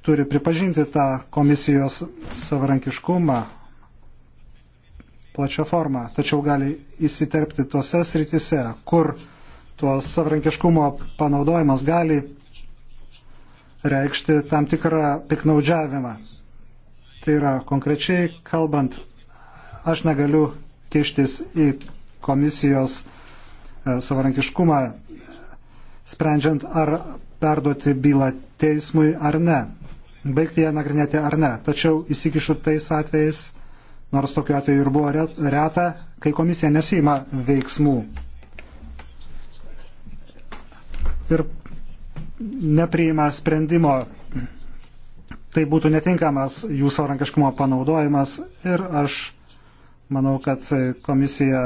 turi pripažinti tą komisijos savarankiškumą plačią formą, tačiau gali įsiterpti tuose sritise, kur tuos savarankiškumo panaudojimas gali reikšti tam tikrą piknaudžiavimą. Tai yra konkrečiai kalbant, aš negaliu kištis į komisijos e, savarankiškumą, sprendžiant ar perduoti bylą teismui ar ne, baigti ją nagrinėti ar ne. Tačiau įsikišu tais atvejais, nors tokiu atveju ir buvo reta, kai komisija nesima veiksmų. Ir nepriima sprendimo. Tai būtų netinkamas jų savarankiškumo panaudojimas ir aš manau, kad komisija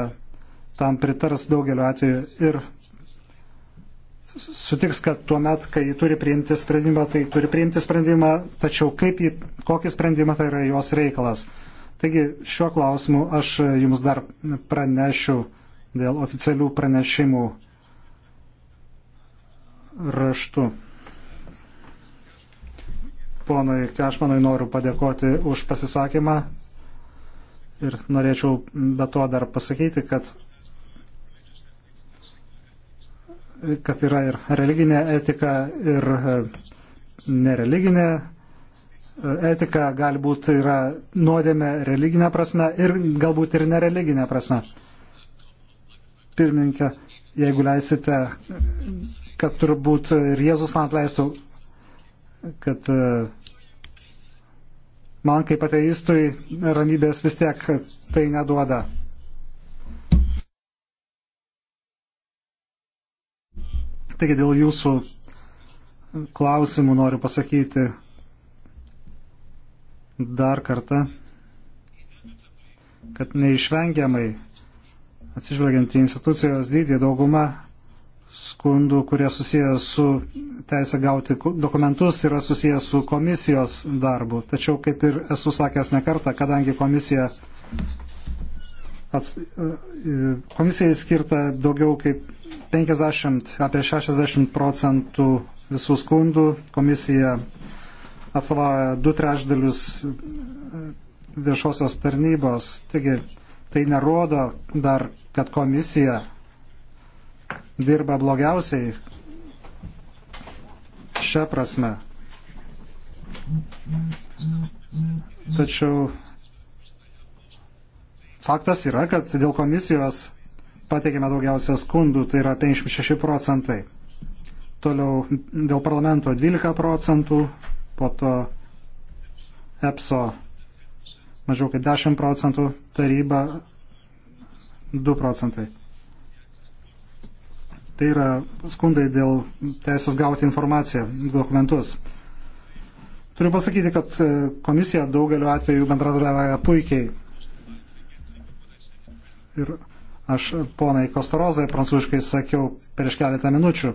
tam pritars daugeliu atveju ir sutiks, kad tuo met, kai jį turi priimti sprendimą, tai turi priimti sprendimą, tačiau kaip jį, kokį sprendimą tai yra jos reikalas. Taigi šiuo klausimu aš jums dar pranešiu dėl oficialių pranešimų raštu. Ponui Kešmanui noriu padėkoti už pasisakymą ir norėčiau be to dar pasakyti, kad kad yra ir religinė etika, ir e, nereliginė e, etika, galbūt yra nuodėme religinė prasme ir galbūt ir nereliginė prasme. Pirmininkė, jeigu leisite, kad turbūt ir Jėzus man atleistų, kad e, man kaip ateistui ramybės vis tiek tai neduoda. Taigi dėl jūsų klausimų noriu pasakyti dar kartą, kad neišvengiamai Atsižvelgiant į institucijos dydį, dauguma skundų, kurie susijęs su teisę gauti dokumentus, yra susijęs su komisijos darbu. Tačiau, kaip ir esu sakęs nekartą, kadangi komisija ats, e, komisijai skirta daugiau kaip 50, apie 60 procentų visų skundų, komisija atstovauja du trešdalius e, viešosios tarnybos. Taigi, Tai nerodo dar, kad komisija dirba blogiausiai šią prasme. Tačiau faktas yra, kad dėl komisijos pateikėme daugiausia skundų, tai yra 56 procentai. Toliau dėl parlamento 12 procentų, po to EPSO mažiau kaip 10 procentų, taryba 2 procentai. Tai yra skundai dėl teisės gauti informaciją, dokumentus. Turiu pasakyti, kad e, komisija daugeliu atveju bendradarbiavoja puikiai. Ir aš ponai Kostarozai prancūziškai sakiau prieš keletą minučių.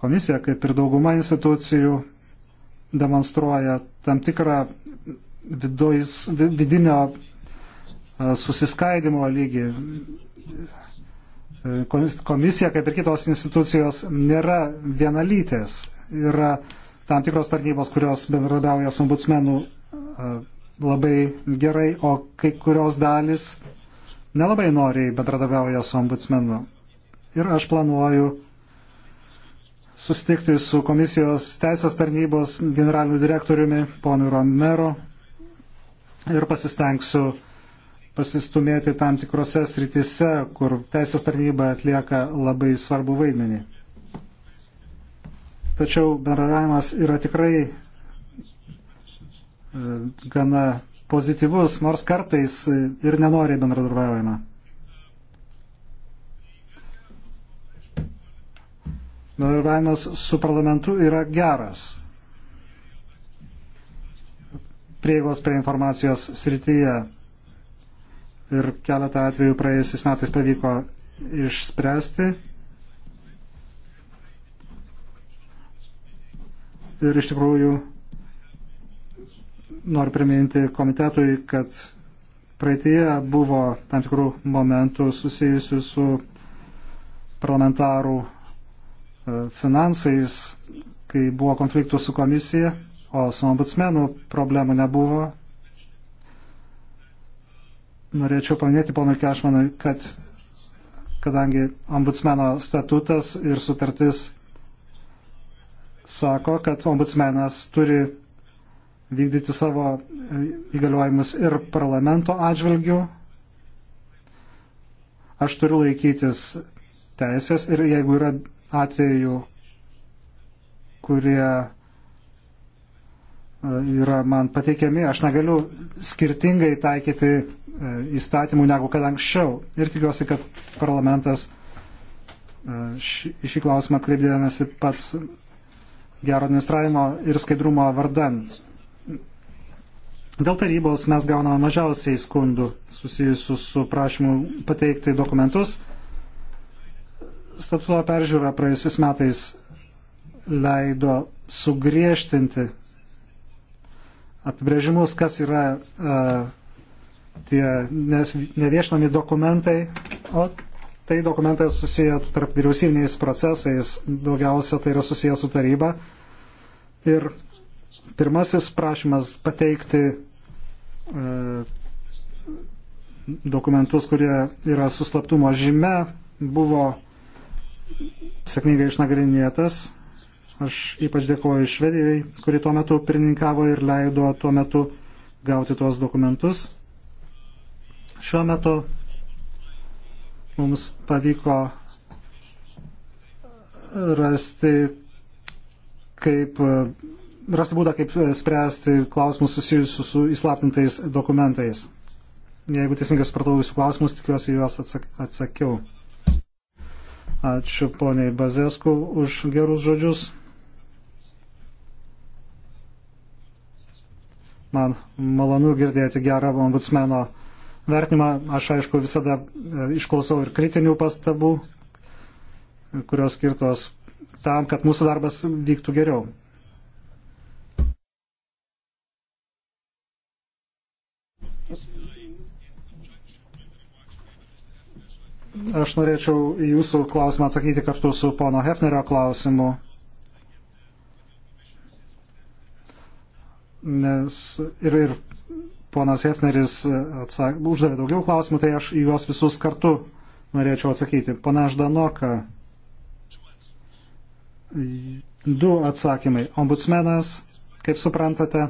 Komisija, kaip ir dauguma institucijų, demonstruoja tam tikrą vidojus, vidinio e, susiskaidimo lygį. E, komisija, kaip ir kitos institucijos, nėra vienalytės. Yra tam tikros tarnybos, kurios bendradauja su ombudsmenu e, labai gerai, o kai kurios dalis nelabai noriai bendradavauja su ombudsmenu. Ir aš planuoju susitikti su komisijos teisės tarnybos generaliniu direktoriumi, ponu Romero, ir pasistengsiu pasistumėti tam tikrose sritise, kur teisės tarnyba atlieka labai svarbu vaidmenį. Tačiau bendravimas yra tikrai e, gana pozityvus, nors kartais ir nenori bendradarbiaujama. Bendradarbiavimas su parlamentu yra geras prieigos prie informacijos srityje. Ir keletą atvejų praėjusiais metais pavyko išspręsti. Ir iš tikrųjų noriu priminti komitetui, kad praeitie buvo tam tikrų momentų susijusių su parlamentarų e, finansais, kai buvo konfliktų su komisija O su ombudsmenų problemų nebuvo. Norėčiau paminėti ponui Kešmanui, kad kadangi ombudsmeno statutas ir sutartis sako, kad ombudsmenas turi vykdyti savo e, įgaliojimus ir parlamento atžvilgių. Aš turiu laikytis teisės ir jeigu yra atvejų, kurie yra man pateikiami, aš negaliu skirtingai taikyti e, įstatymų negu kad anksčiau. Ir tikiuosi, kad parlamentas e, šį, šį klausimą atkreipdėmėsi pats gero administravimo ir skaidrumo vardan. Dėl tarybos mes gauname mažiausiai skundų susijusių su prašymu pateikti dokumentus. Statuto peržiūra praėjusiais metais leido sugriežtinti apibrėžimus, kas yra tie neviešinami dokumentai, o tai dokumentai susiję tarp vyriausybiniais procesais, daugiausia tai yra susiję su taryba. Ir pirmasis prašymas pateikti dokumentus, kurie yra su slaptumo žyme, buvo sėkmingai išnagrinėtas Aš ypač dėkoju Švedijai, kuri tuo metu pirmininkavo ir leido tuo metu gauti tuos dokumentus. Šiuo metu mums pavyko rasti, kaip, rasti būdą, kaip spręsti klausimus susijusius su įslaptintais dokumentais. Jeigu teisingai supratau visų klausimus, tikiuosi juos atsak atsakiau. Ačiū poniai Bazesku už gerus žodžius. Man malonu girdėti gerą ombudsmeno vertinimą. Aš aišku visada e, išklausau ir kritinių pastabų, kurios skirtos tam, kad mūsų darbas vyktų geriau. Aš norėčiau jūsų klausimą atsakyti kartu su pono Hefnerio klausimu nes ir, ir ponas Hefneris e, atsak, uždavė daugiau klausimų, tai aš juos visus kartu norėčiau atsakyti. Pana Ždanoka, du atsakymai. Ombudsmenas, kaip suprantate,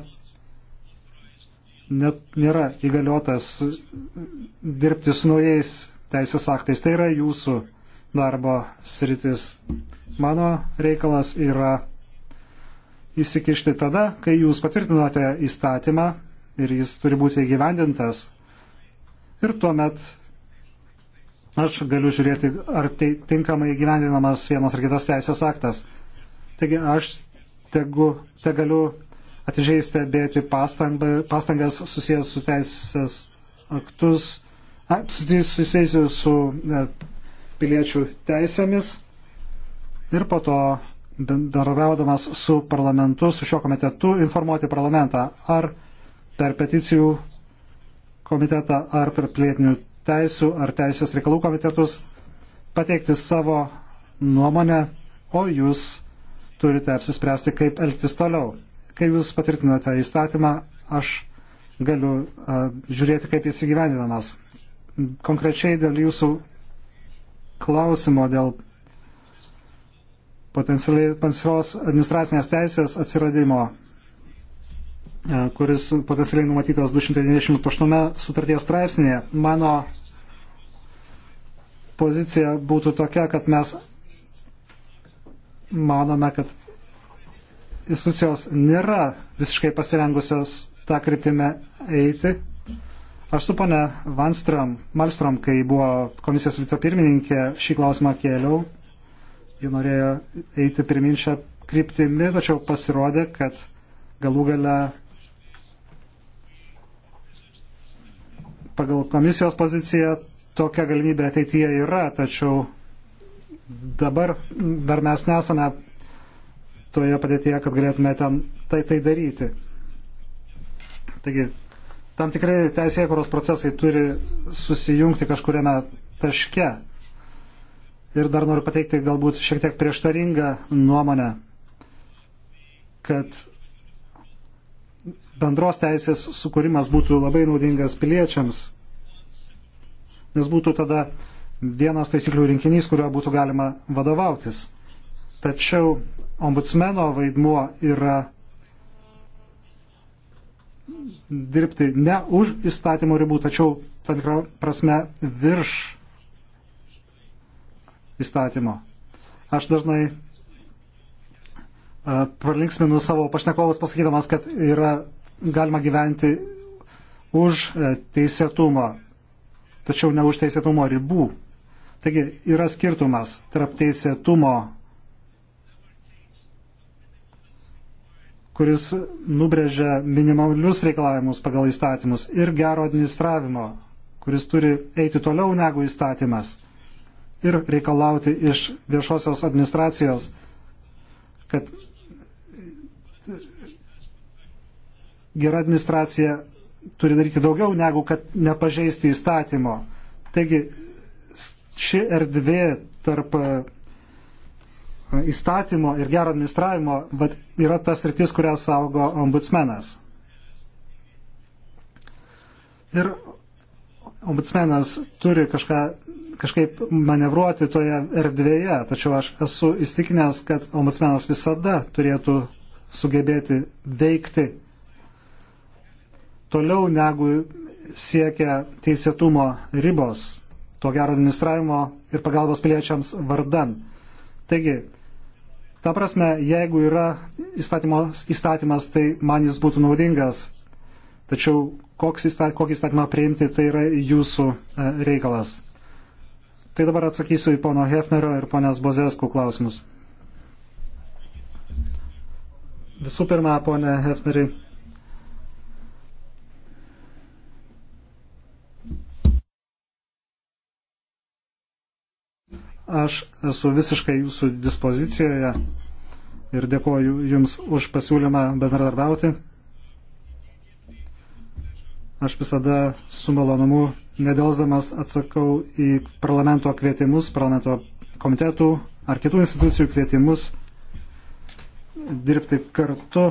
net nėra įgaliotas dirbti su naujais teisės aktais. Tai yra jūsų darbo sritis. Mano reikalas yra įsikišti tada, kai jūs patvirtinote įstatymą ir jis turi būti įgyvendintas. Ir tuomet aš galiu žiūrėti, ar tai tinkamai įgyvendinamas vienas ar kitas teisės aktas. Taigi aš tegu, te galiu atidžiai stebėti pastangas susijęs su teisės aktus, susijusius su e, piliečių teisėmis ir po to bendraudamas su parlamentu, su šio komitetu, informuoti parlamentą ar per peticijų komitetą, ar per plėtinių teisų, ar teisės reikalų komitetus, pateikti savo nuomonę, o jūs turite apsispręsti, kaip elgtis toliau. Kai jūs patvirtinate įstatymą, aš galiu a, žiūrėti, kaip jis įgyvendinamas. Konkrečiai dėl jūsų klausimo, dėl potencialios administracinės teisės atsiradimo, e, kuris potencialiai numatytas 298 sutarties straipsnėje. Mano pozicija būtų tokia, kad mes manome, kad institucijos nėra visiškai pasirengusios tą kryptimę eiti. Aš su pane Vanstrom, Malstrom, kai buvo komisijos vicepirmininkė, šį klausimą kėliau ji norėjo eiti pirminčią kryptimi, tačiau pasirodė, kad galų gale pagal komisijos poziciją tokia galimybė ateityje yra, tačiau dabar dar mes nesame toje padėtyje, kad galėtume ten tai, tai daryti. Taigi, tam tikrai teisėkuros procesai turi susijungti kažkuriame taške. Ir dar noriu pateikti galbūt šiek tiek prieštaringą nuomonę, kad bendros teisės sukūrimas būtų labai naudingas piliečiams, nes būtų tada vienas taisyklių rinkinys, kuriuo būtų galima vadovautis. Tačiau ombudsmeno vaidmuo yra dirbti ne už įstatymų ribų, tačiau tam tikrą prasme virš įstatymo. Aš dažnai pralinksminu savo pašnekovus pasakydamas, kad yra galima gyventi už e, teisėtumą, tačiau ne už teisėtumo ribų. Taigi yra skirtumas tarp teisėtumo, kuris nubrėžia minimalius reikalavimus pagal įstatymus, ir gero administravimo, kuris turi eiti toliau negu įstatymas ir reikalauti iš viešosios administracijos, kad gera administracija turi daryti daugiau negu kad nepažeisti įstatymo. Taigi ši erdvė tarp e, įstatymo ir gero administravimo vat, yra tas rytis, kurią saugo ombudsmenas. Ir ombudsmenas turi kažką kažkaip manevruoti toje erdvėje, tačiau aš esu įstikinęs, kad ombudsmenas visada turėtų sugebėti veikti toliau negu siekia teisėtumo ribos, to gero administravimo ir pagalbos piliečiams vardan. Taigi, ta prasme, jeigu yra įstatymas, tai man jis būtų naudingas, tačiau kokį įstatymą priimti, tai yra jūsų e, reikalas. Tai dabar atsakysiu į pono Hefnerio ir ponės Bozeskų klausimus. Visų pirma, ponė Hefneri. Aš esu visiškai jūsų dispozicijoje ir dėkoju Jums už pasiūlymą bendradarbiauti. Aš visada su malonumu nedelsdamas atsakau į parlamento kvietimus, parlamento komitetų ar kitų institucijų kvietimus dirbti kartu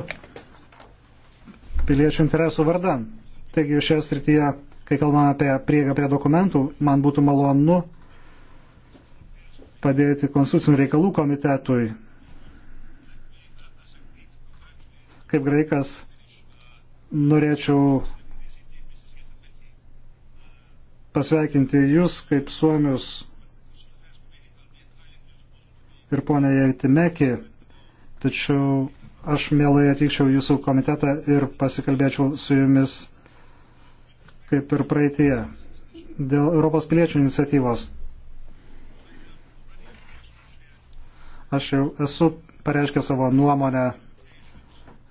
piliečių interesų vardan. Taigi šioje srityje, kai kalbame apie prieigą prie dokumentų, man būtų malonu padėti konstitucinių reikalų komitetui. Kaip graikas norėčiau pasveikinti Jūs kaip Suomius ir ponę Jaitimekį, tačiau aš mielai atvykčiau Jūsų komitetą ir pasikalbėčiau su Jumis kaip ir praeitie dėl Europos piliečių iniciatyvos. Aš jau esu pareiškę savo nuomonę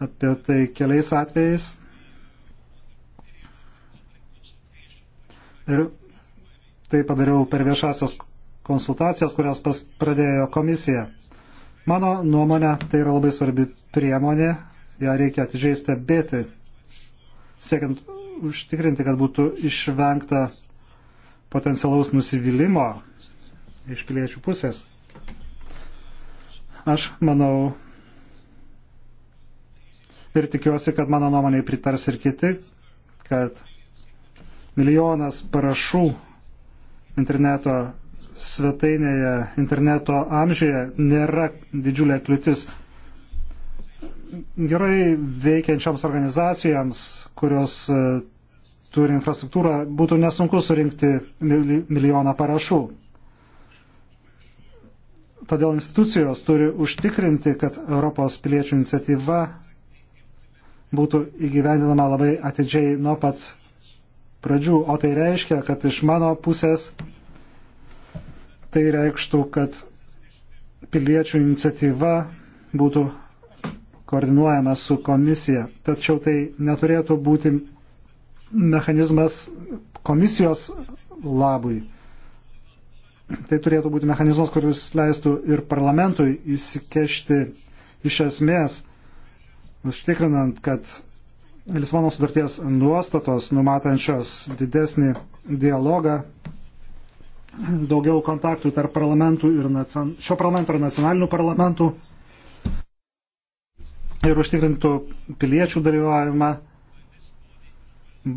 apie tai keliais atvejais. Ir tai padariau per viešasias konsultacijas, kurias pas, pradėjo komisija. Mano nuomonė, tai yra labai svarbi priemonė, ją reikia atidžiai stebėti, siekiant užtikrinti, kad būtų išvengta potencialaus nusivylimo iš piliečių pusės. Aš manau ir tikiuosi, kad mano nuomonėje pritars ir kiti, kad Milijonas parašų interneto svetainėje, interneto amžiuje nėra didžiulė kliūtis gerai veikiančioms organizacijoms, kurios e, turi infrastruktūrą, būtų nesunku surinkti milijoną parašų. Todėl institucijos turi užtikrinti, kad Europos piliečių iniciatyva būtų įgyvendinama labai atidžiai nuo pat pradžių, o tai reiškia, kad iš mano pusės tai reikštų, kad piliečių iniciatyva būtų koordinuojama su komisija. Tačiau tai neturėtų būti mechanizmas komisijos labui. Tai turėtų būti mechanizmas, kuris leistų ir parlamentui įsikešti iš esmės, užtikrinant, kad Lisbono sutarties nuostatos, numatančios didesnį dialogą, daugiau kontaktų tarp parlamentų ir nacion... šio parlamento ir nacionalinių parlamentų ir užtikrintų piliečių dalyvavimą,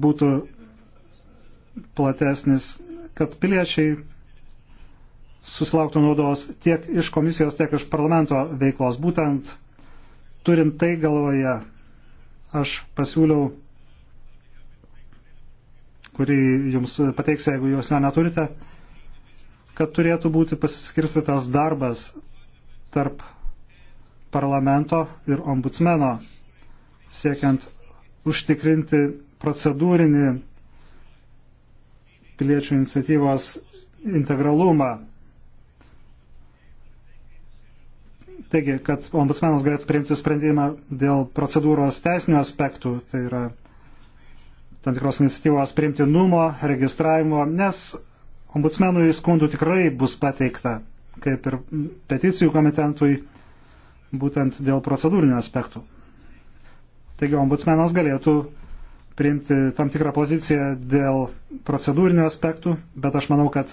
būtų platesnis, kad piliečiai susilauktų naudos tiek iš komisijos, tiek iš parlamento veiklos. Būtent turint tai galvoje, aš pasiūliau, kurį jums pateiksiu, jeigu jūs jo neturite, kad turėtų būti pasiskirstytas darbas tarp parlamento ir ombudsmeno, siekiant užtikrinti procedūrinį piliečių iniciatyvos integralumą. Taigi, kad ombudsmenas galėtų priimti sprendimą dėl procedūros teisinių aspektų, tai yra tam tikros iniciatyvos priimtinumo, registravimo, nes ombudsmenui skundų tikrai bus pateikta, kaip ir peticijų komitentui, būtent dėl procedūrinių aspektų. Taigi, ombudsmenas galėtų priimti tam tikrą poziciją dėl procedūrinių aspektų, bet aš manau, kad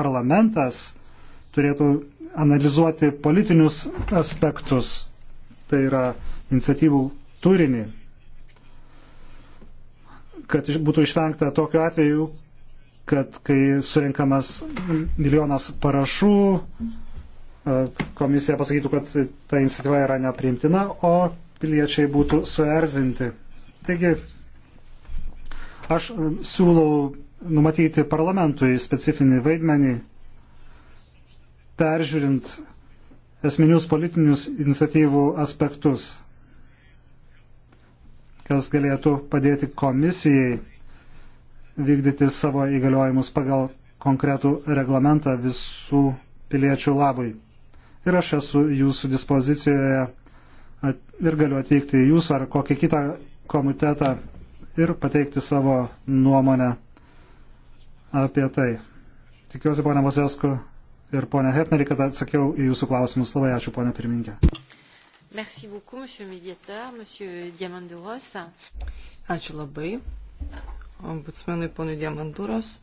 parlamentas turėtų analizuoti politinius aspektus, tai yra iniciatyvų turinį, kad būtų išvengta tokiu atveju, kad kai surinkamas milijonas parašų, komisija pasakytų, kad ta iniciatyva yra nepriimtina, o piliečiai būtų suerzinti. Taigi, aš siūlau numatyti parlamentui specifinį vaidmenį peržiūrint esminius politinius iniciatyvų aspektus, kas galėtų padėti komisijai vykdyti savo įgaliojimus pagal konkretų reglamentą visų piliečių labui. Ir aš esu jūsų dispozicijoje ir galiu atvykti į jūsų ar kokį kitą komitetą ir pateikti savo nuomonę apie tai. Tikiuosi, ponia Mosesku, ir ponė Hefnerį, kad atsakiau į jūsų klausimus. Labai ačiū, ponė pirmininkė. Merci beaucoup, monsieur médiateur, monsieur Diamanduros. Ačiū labai ombudsmenui ponui Diamanduros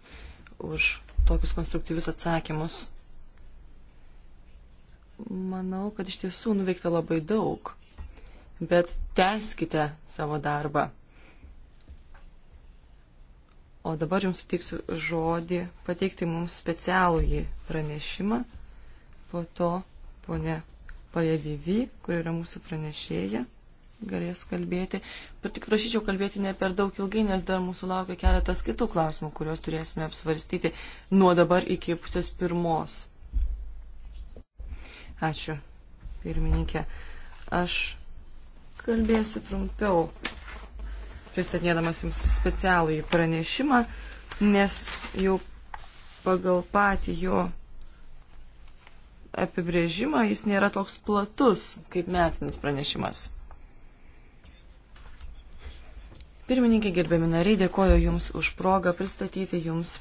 už tokius konstruktyvius atsakymus. Manau, kad iš tiesų nuveikta labai daug, bet teskite savo darbą. O dabar jums suteiksiu žodį pateikti mums specialųjį pranešimą. Po to ponė Pajadivy, kur yra mūsų pranešėja, galės kalbėti. Bet tik prašyčiau kalbėti ne per daug ilgai, nes dar mūsų laukia keletas kitų klausimų, kuriuos turėsime apsvarstyti nuo dabar iki pusės pirmos. Ačiū, pirmininkė. Aš kalbėsiu trumpiau pristatinėdamas jums specialų į pranešimą, nes jau pagal patį jo apibrėžimą jis nėra toks platus kaip metinis pranešimas. Pirmininkė gerbiami nariai, dėkoju Jums už progą pristatyti Jums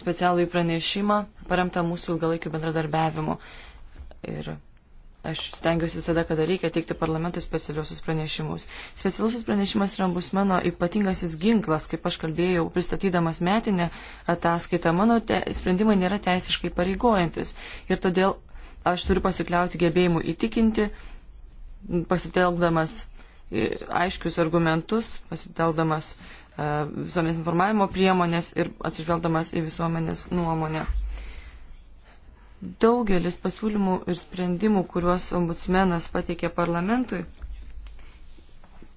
specialų įpranešimą, paremtą mūsų ilgalaikiu bendradarbiavimu. Ir Aš stengiuosi visada, kada reikia, teikti parlamentui specialiuosius pranešimus. Specialusis pranešimas yra ombudsmeno ypatingasis ginklas, kaip aš kalbėjau, pristatydamas metinę ataskaitą. Mano te, sprendimai nėra teisiškai pareigojantis ir todėl aš turiu pasikliauti gebėjimu įtikinti, pasitelkdamas e, aiškius argumentus, pasitelkdamas e, visuomenės informavimo priemonės ir atsižvelgdamas į visuomenės nuomonę. Daugelis pasiūlymų ir sprendimų, kuriuos ombudsmenas pateikė parlamentui,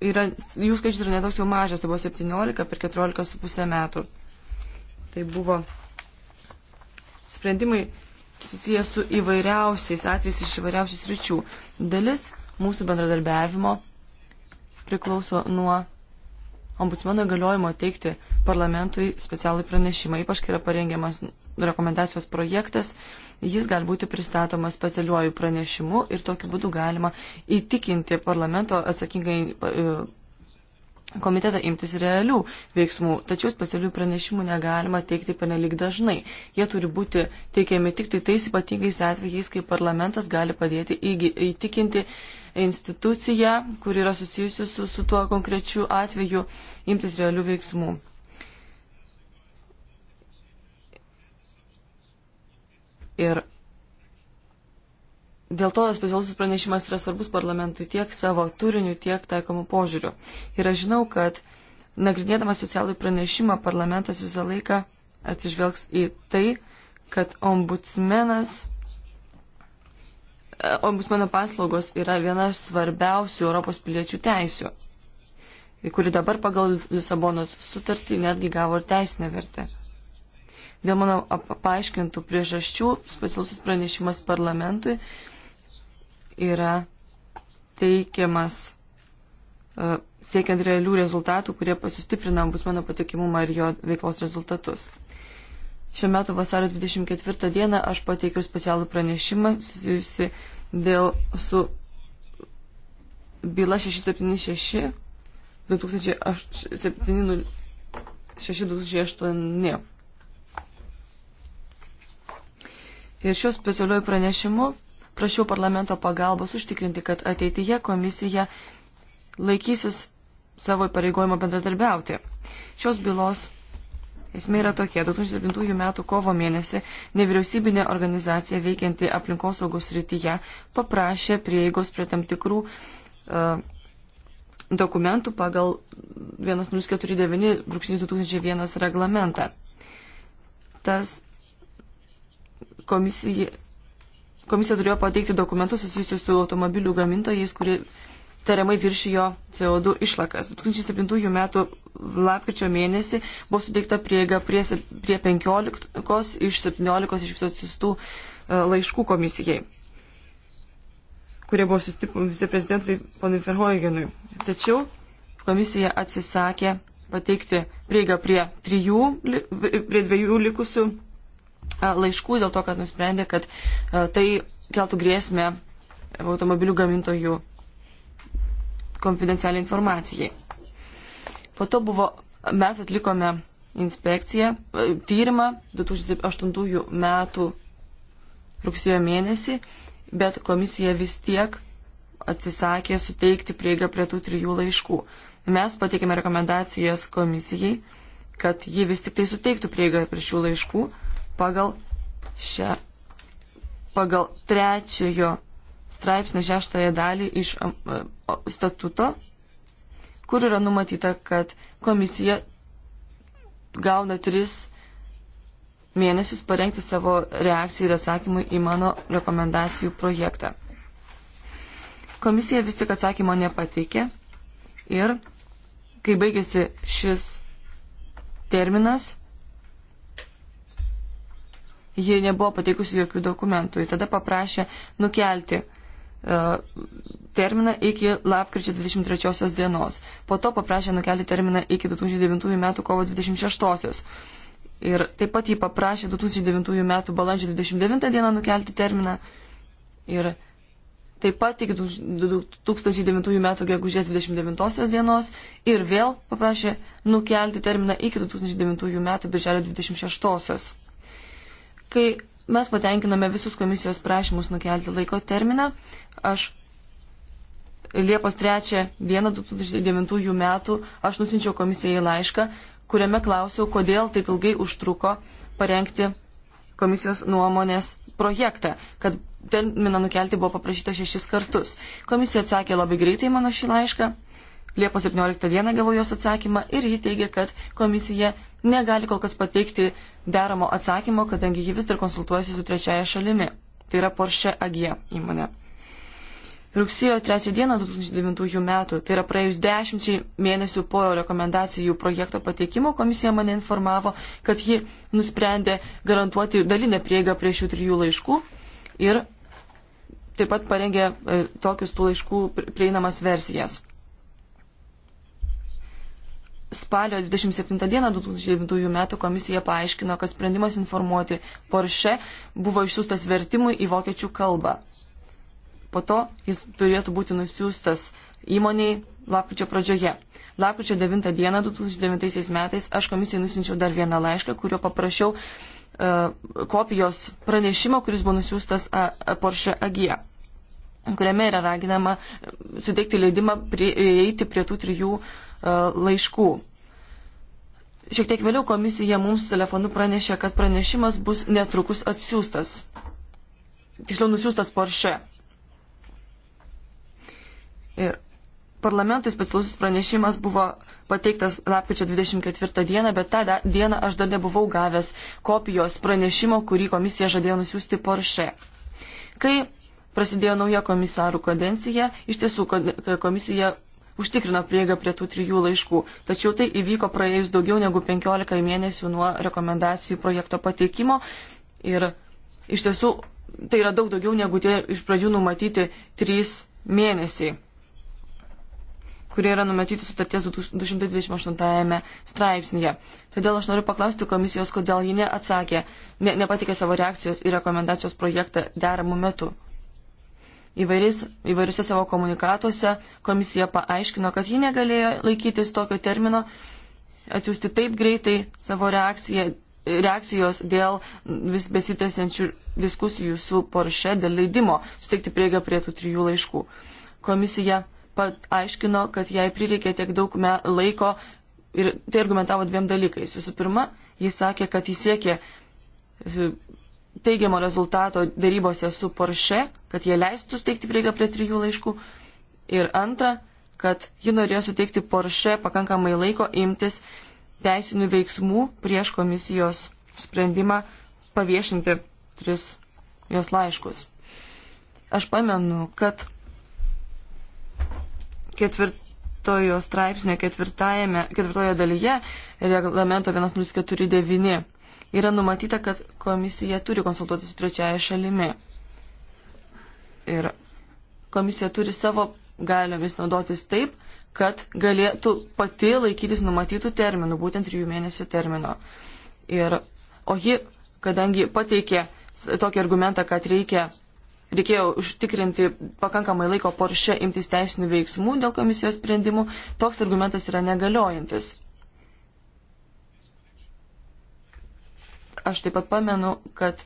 yra, jų skaičius yra netoks jau mažas, tai buvo 17 per 14,5 metų. Tai buvo sprendimai susijęs su įvairiausiais atvejais iš įvairiausių sričių. Dalis mūsų bendradarbiavimo priklauso nuo ombudsmano galiojimo teikti parlamentui specialai pranešimą, ypač kai yra parengiamas rekomendacijos projektas, jis gali būti pristatomas specialiuoju pranešimu ir tokiu būdu galima įtikinti parlamento atsakingai e, komitetą imtis realių veiksmų, tačiau specialių pranešimų negalima teikti penelik dažnai. Jie turi būti teikiami tik tai tais ypatingais atvejais, kai parlamentas gali padėti įtikinti instituciją, kuri yra susijusi su, su tuo konkrečiu atveju, imtis realių veiksmų. Ir dėl to specialusis pranešimas yra svarbus parlamentui tiek savo turiniu, tiek taikomų požiūriu. Ir aš žinau, kad nagrinėdamas socialų pranešimą parlamentas visą laiką atsižvelgs į tai, kad ombudsmenas, e, ombudsmeno paslaugos yra viena svarbiausių Europos piliečių teisių, kuri dabar pagal Lisabonos sutartį netgi gavo ir teisinę vertę. Dėl mano paaiškintų priežasčių specialusis pranešimas parlamentui yra teikiamas e, siekiant realių rezultatų, kurie pasistiprina ombudsmeno patikimumą ir jo veiklos rezultatus. Šiuo metu vasario 24 dieną aš pateikiau specialų pranešimą susijusi dėl su byla 676 2007 2008. Ir šiuo specialiuoju pranešimu prašiau parlamento pagalbos užtikrinti, kad ateityje komisija laikysis savo pareigojimo bendradarbiauti. Šios bylos esmė yra tokia. 2007 m. kovo mėnesį nevyriausybinė organizacija veikianti aplinkosaugos rytyje paprašė prieigos prie tam tikrų uh, dokumentų pagal 1049-2001 reglamentą. Tas komisija, komisija turėjo pateikti dokumentus susijusius su automobilių gamintojais, kurie tariamai viršijo CO2 išlakas. 2007 metų lapkričio mėnesį buvo suteikta prieiga prie, prie 15 iš 17 iš viso atsiųstų e, laiškų komisijai, kurie buvo sustipusi viceprezidentui ponui Ferhoigenui. Tačiau komisija atsisakė pateikti prieigą prie, trijų, prie dviejų likusių laiškų dėl to, kad nusprendė, kad tai keltų grėsmę automobilių gamintojų konfidencialiai informacijai. Po to buvo, mes atlikome inspekciją, tyrimą 2008 metų rugsėjo mėnesį, bet komisija vis tiek atsisakė suteikti prieigą prie tų trijų laiškų. Mes pateikėme rekomendacijas komisijai, kad ji vis tik tai suteiktų prieigą prie šių laiškų, pagal šią, pagal trečiojo straipsnio šeštąją dalį iš statuto, kur yra numatyta, kad komisija gauna tris mėnesius parengti savo reakciją ir atsakymą į mano rekomendacijų projektą. Komisija vis tik atsakymo nepateikė ir kai baigėsi šis terminas, ji nebuvo pateikusi jokių dokumentų. Ir tada paprašė nukelti e, terminą iki lapkričio 23 dienos. Po to paprašė nukelti terminą iki 2009 metų kovo 26. Ir taip pat jį paprašė 2009 metų balandžio 29 dieną nukelti terminą. Ir taip pat iki 2009 metų gegužės 29 dienos. Ir vėl paprašė nukelti terminą iki 2009 metų birželio 26. Kai mes patenkinome visus komisijos prašymus nukelti laiko terminą, aš Liepos 3 dieną 2009 metų aš nusinčiau komisijai laišką, kuriame klausiau, kodėl taip ilgai užtruko parengti komisijos nuomonės projektą, kad terminą nukelti buvo paprašyta šešis kartus. Komisija atsakė labai greitai mano šį laišką Liepos 17 dieną gavau jos atsakymą ir ji teigia, kad komisija negali kol kas pateikti deramo atsakymo, kadangi ji vis dar konsultuojasi su trečiaja šalimi. Tai yra Porsche AG įmonė. Rugsėjo 3 dieną 2009 metų, tai yra praėjus dešimčiai mėnesių po rekomendacijų projekto pateikimo, komisija mane informavo, kad ji nusprendė garantuoti dalinę prieigą prie šių trijų laiškų ir taip pat parengė e, tokius tų laiškų prieinamas versijas. Spalio 27 dieną 2009 metų komisija paaiškino, kad sprendimas informuoti Porsche buvo išsiųstas vertimui į vokiečių kalbą. Po to jis turėtų būti nusiųstas įmoniai lapkričio pradžioje. Lapkričio 9 dieną 2009 metais aš komisijai nusinčiau dar vieną laišką, kuriuo paprašiau uh, kopijos pranešimo, kuris buvo nusiųstas uh, Porsche AG kuriame yra raginama e, suteikti leidimą prieiti e, prie tų trijų uh, E, laiškų. Šiek tiek vėliau komisija mums telefonu pranešė, kad pranešimas bus netrukus atsiųstas. Tiksliau nusiųstas Porsche. Ir parlamentui specialusis pranešimas buvo pateiktas lapkričio 24 dieną, bet tą dieną aš dar nebuvau gavęs kopijos pranešimo, kurį komisija žadėjo nusiųsti Porsche. Kai prasidėjo nauja komisarų kadencija, iš tiesų e, komisija užtikrino prieigą prie tų trijų laiškų, tačiau tai įvyko praėjus daugiau negu 15 mėnesių nuo rekomendacijų projekto pateikimo ir iš tiesų tai yra daug daugiau negu tie iš pradžių numatyti trys mėnesiai kurie yra numatyti sutarties 228 straipsnėje. Todėl aš noriu paklausti komisijos, kodėl ji neatsakė, ne, nepatikė savo reakcijos į rekomendacijos projektą deramų metu. Įvairis, įvairiuose savo komunikatuose komisija paaiškino, kad ji negalėjo laikytis tokio termino, atsiųsti taip greitai savo reakciją, reakcijos dėl vis besitęsiančių diskusijų su Porsche dėl leidimo suteikti prieigą prie tų trijų laiškų. Komisija paaiškino, kad jai prireikė tiek daug laiko ir tai argumentavo dviem dalykais. Visų pirma, jis sakė, kad jis siekė teigiamo rezultato darybose su Porsche, kad jie leistų suteikti prieigą prie trijų laiškų. Ir antra, kad ji norėjo suteikti Porsche pakankamai laiko imtis teisinių veiksmų prieš komisijos sprendimą paviešinti tris jos laiškus. Aš pamenu, kad ketvirtojo straipsnio ketvirtoje dalyje reglamento 1049 yra numatyta, kad komisija turi konsultuoti su trečiaja šalimi. Ir komisija turi savo galiomis naudotis taip, kad galėtų pati laikytis numatytų terminų, būtent trijų mėnesių termino. Ir, o ji, kadangi pateikė tokį argumentą, kad reikia, reikėjo užtikrinti pakankamai laiko Porsche imtis teisinių veiksmų dėl komisijos sprendimų, toks argumentas yra negaliojantis. Aš taip pat pamenu, kad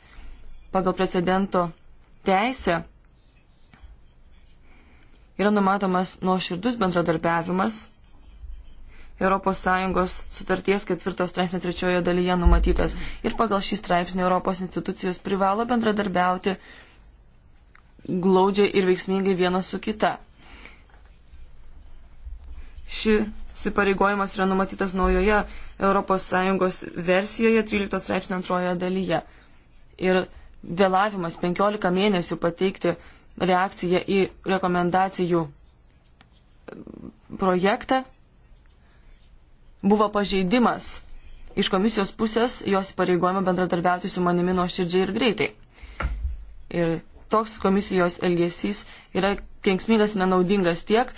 pagal precedento teisę yra numatomas nuoširdus bendradarbiavimas. ES sutarties ketvirtos straipsnio trečiojo dalyje numatytas ir pagal šį straipsnį Europos institucijos privalo bendradarbiauti glaudžiai ir veiksmingai viena su kita. Šis įpareigojimas yra numatytas naujoje ES versijoje 13 straipsnio antrojoje dalyje. Ir vėlavimas 15 mėnesių pateikti reakciją į rekomendacijų projektą buvo pažeidimas iš komisijos pusės jos pareigojimo bendradarbiauti su manimi nuoširdžiai ir greitai. Ir toks komisijos elgesys yra kenksmingas ir nenaudingas tiek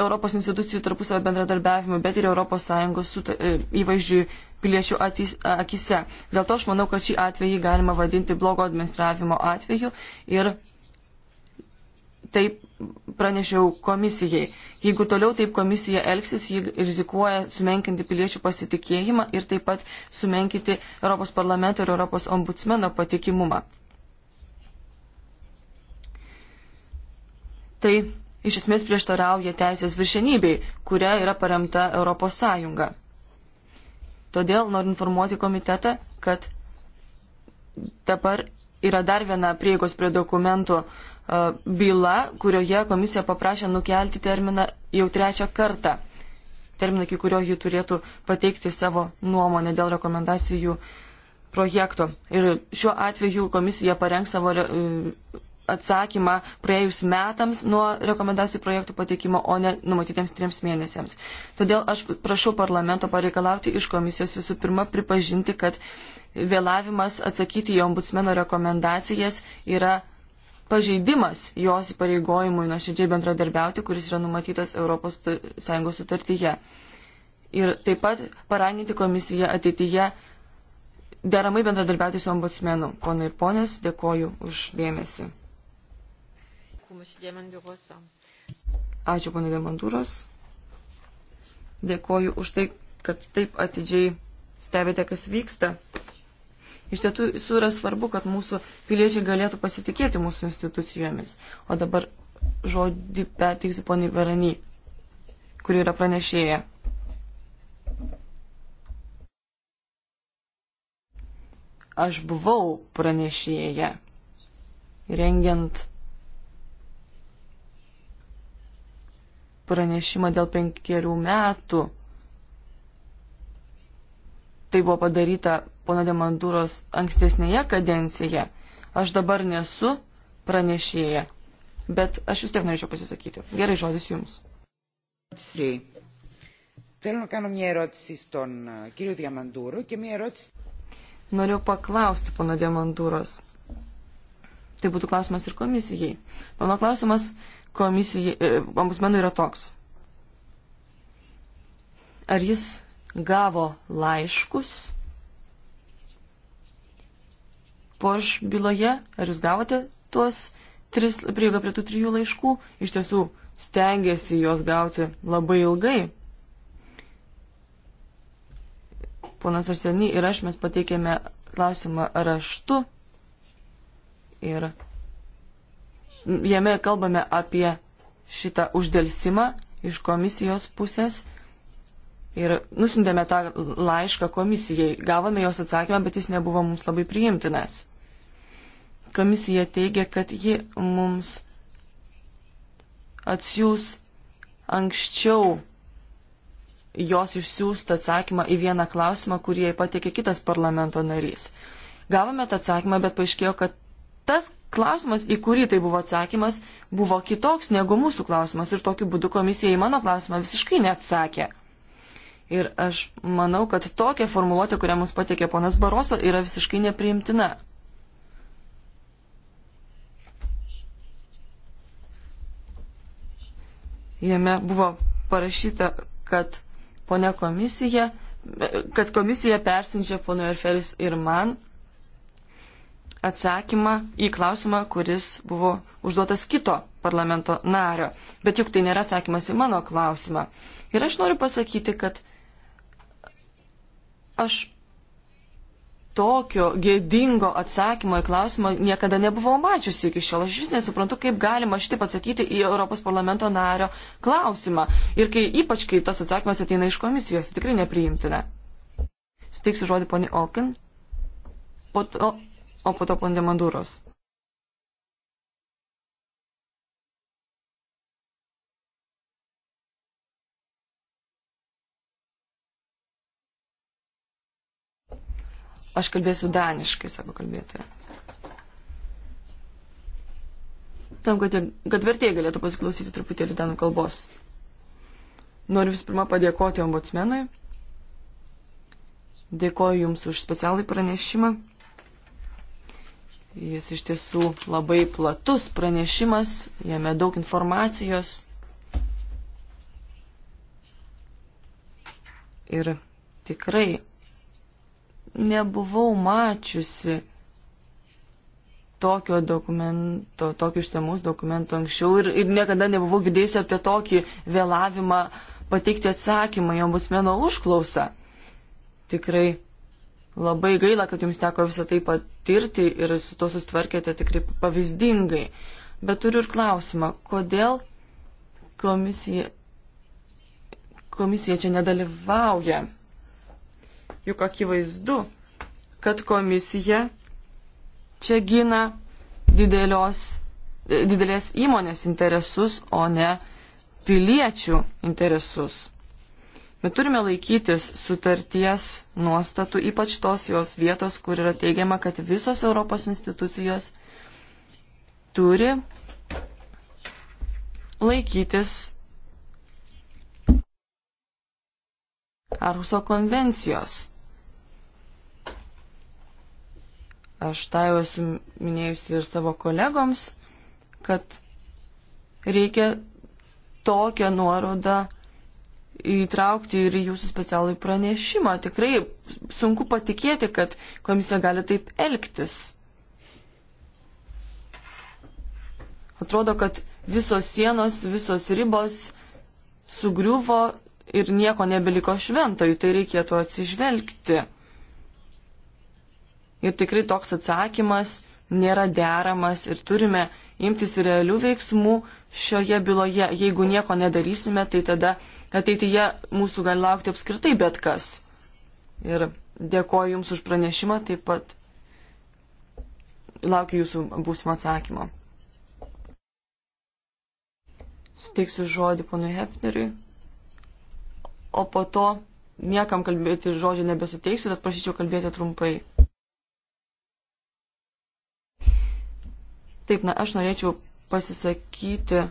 Europos institucijų tarpusavio bendradarbiavimui, bet ir ES e, įvaizdžiui piliečių akise. Dėl to aš manau, kad šį atvejį galima vadinti blogo administravimo atveju ir taip pranešiau komisijai. Jeigu toliau taip komisija elgsis, ji rizikuoja sumenkinti piliečių pasitikėjimą ir taip pat sumenkinti Europos parlamento ir Europos ombudsmeno patikimumą. Tai iš esmės prieštarauja teisės viršenybei, kuria yra paremta Europos Sąjunga. Todėl noriu informuoti komitetą, kad dabar yra dar viena prieigos prie dokumentų e, byla, kurioje komisija paprašė nukelti terminą jau trečią kartą. Terminą, iki kurio ji turėtų pateikti savo nuomonę dėl rekomendacijų projekto. Ir šiuo atveju komisija parengs savo atsakymą praėjus metams nuo rekomendacijų projektų pateikimo, o ne numatytiems trims mėnesiams. Todėl aš prašau parlamento pareikalauti iš komisijos visų pirma pripažinti, kad vėlavimas atsakyti į ombudsmeno rekomendacijas yra pažeidimas jos įpareigojimui nuoširdžiai bendradarbiauti, kuris yra numatytas ES sutartyje. Ir taip pat paraginti komisiją ateityje deramai bendradarbiauti su ombudsmenu. Ponai ir ponios, dėkoju už dėmesį beaucoup, M. Diamandouros. Ačiū, ponai Diamandūros. Dėkoju už tai, kad taip atidžiai stebite, kas vyksta. Iš tiesų yra svarbu, kad mūsų piliečiai galėtų pasitikėti mūsų institucijomis. O dabar žodį perteiksiu poniai Verany, kuri yra pranešėja. Aš buvau pranešėja rengiant pranešimą dėl penkerių metų. Tai buvo padaryta pono Demandūros ankstesnėje kadencijoje. Aš dabar nesu pranešėja, bet aš vis tiek norėčiau pasisakyti. Gerai, žodis jums. Sí. Θέλω να κάνω μια ερώτηση στον κύριο Διαμαντούρο και μια ερώτηση... Noriu paklausti pono Diamandūros. Tai būtų klausimas ir komisijai. Mano klausimas komisijai, e, ombudsmenui yra toks. Ar jis gavo laiškus poš byloje, ar jūs gavote tuos tris, prieigą prie tų trijų laiškų, iš tiesų stengiasi juos gauti labai ilgai. Ponas Arseny ir aš mes pateikėme klausimą raštu ir jame kalbame apie šitą uždėlsimą iš komisijos pusės ir nusintėme tą laišką komisijai. Gavome jos atsakymą, bet jis nebuvo mums labai priimtinas. Komisija teigia, kad ji mums atsiūs anksčiau jos išsiųstą atsakymą į vieną klausimą, kurį jai pateikė kitas parlamento narys. Gavome tą atsakymą, bet paaiškėjo, kad tas klausimas, į kurį tai buvo atsakymas, buvo kitoks negu mūsų klausimas ir tokiu būdu komisija į mano klausimą visiškai neatsakė. Ir aš manau, kad tokia formuluotė, kurią mums patikė ponas Baroso, yra visiškai nepriimtina. Jame buvo parašyta, kad ponia komisija, kad komisija persinčia pono Erferis ir man atsakymą į klausimą, kuris buvo užduotas kito parlamento nario. Bet juk tai nėra atsakymas į mano klausimą. Ir aš noriu pasakyti, kad aš tokio gėdingo atsakymo į klausimą niekada nebuvau mačiusi iki šiol. Aš vis nesuprantu, kaip galima šitaip atsakyti į Europos parlamento nario klausimą. Ir kai, ypač kai tas atsakymas ateina iš komisijos, tikrai nepriimtina. Suteiksiu žodį poni Olkin. Po to, o po to pon Demanduros. Aš kalbėsiu daniškai, sako kalbėtoja. Tam, kad, kad vertėjai galėtų pasiklausyti truputėlį danų kalbos. Noriu visų pirma padėkoti ombudsmenui. Dėkoju Jums už specialį pranešimą. Jis iš tiesų labai platus pranešimas, jame daug informacijos. Ir tikrai nebuvau mačiusi tokio dokumento, tokio išsamus dokumento anksčiau ir, ir niekada nebuvau girdėjusi apie tokį vėlavimą pateikti atsakymą į ombudsmeno užklausą. Tikrai Labai gaila, kad jums teko visą tai patirti ir su to sustvarkėte tikrai pavyzdingai. Bet turiu ir klausimą, kodėl komisija, komisija čia nedalyvauja? Juk akivaizdu, kad komisija čia gina didelios, didelės įmonės interesus, o ne piliečių interesus. Bet turime laikytis sutarties nuostatų, ypač tos jos vietos, kur yra teigiama, kad visos Europos institucijos turi laikytis Arhuso konvencijos. Aš tai jau esu minėjusi ir savo kolegoms, kad reikia tokią nuorodą įtraukti ir jūsų specialų pranešimą. Tikrai sunku patikėti, kad komisija gali taip elgtis. Atrodo, kad visos sienos, visos ribos sugriuvo ir nieko nebeliko šventojų, tai reikėtų atsižvelgti. Ir tikrai toks atsakymas nėra deramas ir turime imtis realių veiksmų šioje byloje. Jeigu nieko nedarysime, tai tada ateityje mūsų gali laukti apskritai bet kas. Ir dėkoju Jums už pranešimą, taip pat laukiu Jūsų būsimo atsakymo. Suteiksiu žodį ponui Hefneriui, o po to niekam kalbėti žodžio nebesuteiksiu, tad prašyčiau kalbėti trumpai. Taip, na, aš norėčiau pasisakyti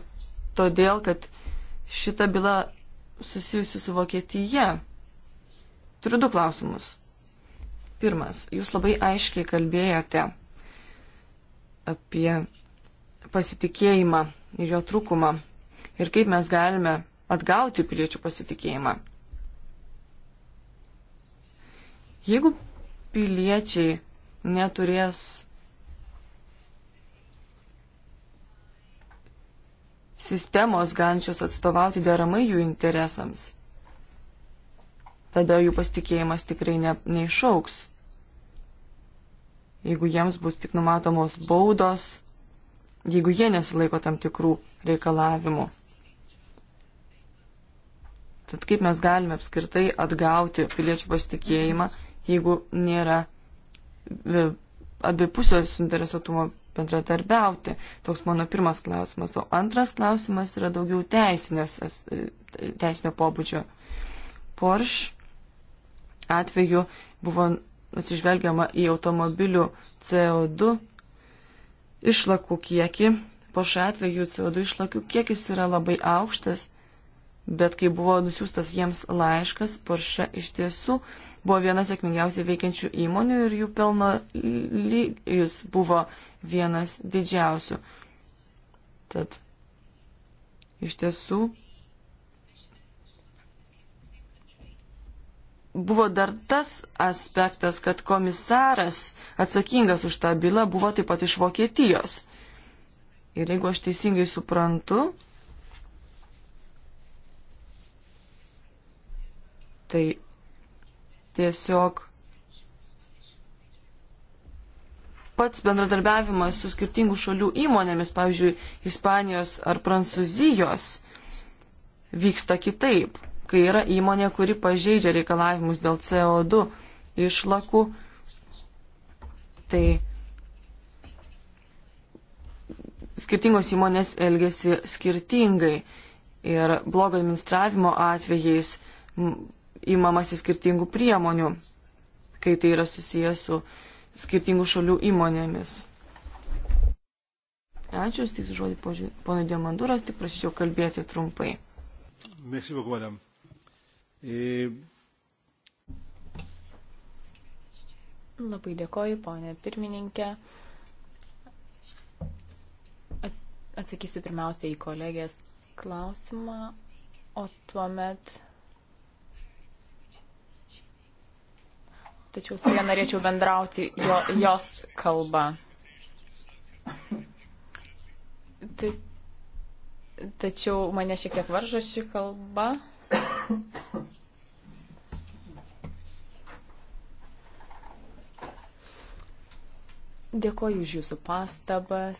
todėl, kad šita byla susijusių su Vokietija. Turiu du klausimus. Pirmas, jūs labai aiškiai kalbėjote apie pasitikėjimą ir jo trūkumą ir kaip mes galime atgauti piliečių pasitikėjimą. Jeigu piliečiai neturės sistemos galinčios atstovauti deramai jų interesams. Tada jų pasitikėjimas tikrai ne, neišauks. Jeigu jiems bus tik numatomos baudos, jeigu jie nesilaiko tam tikrų reikalavimų. Tad kaip mes galime apskritai atgauti piliečių pasitikėjimą, jeigu nėra e, abipusio suinteresuotumo bendradarbiauti. Toks mano pirmas klausimas. O antras klausimas yra daugiau e, teisinio pobūdžio. Porsche atveju buvo atsižvelgiama į automobilių CO2 išlakų kiekį. Porsche atveju CO2 išlakų kiekis yra labai aukštas, bet kai buvo nusiųstas jiems laiškas, Porsche iš tiesų buvo viena sėkmingiausiai veikiančių įmonių ir jų pelno lygis buvo vienas didžiausių. Tad iš tiesų buvo dar tas aspektas, kad komisaras atsakingas už tą bylą buvo taip pat iš Vokietijos. Ir jeigu aš teisingai suprantu, tai Tiesiog pats bendradarbiavimas su skirtingų šalių įmonėmis, pavyzdžiui, Ispanijos ar Prancūzijos, vyksta kitaip, kai yra įmonė, kuri pažeidžia reikalavimus dėl CO2 išlakų. Tai skirtingos įmonės elgesi skirtingai ir blogo administravimo atvejais įmamasi skirtingų priemonių, kai tai yra susijęs su skirtingų šalių įmonėmis. Ačiū, tik žodį ponui Diamanduras, tik prašyčiau kalbėti trumpai. Merci beaucoup, madame. Et... Labai dėkoju, ponė pirmininkė. Atsakysiu pirmiausia į kolegės klausimą, o tuomet tačiau su ja norėčiau bendrauti jo, jos kalba. Ta, tačiau mane šiek tiek varžo ši kalba. Dėkoju už Jūsų pastabas.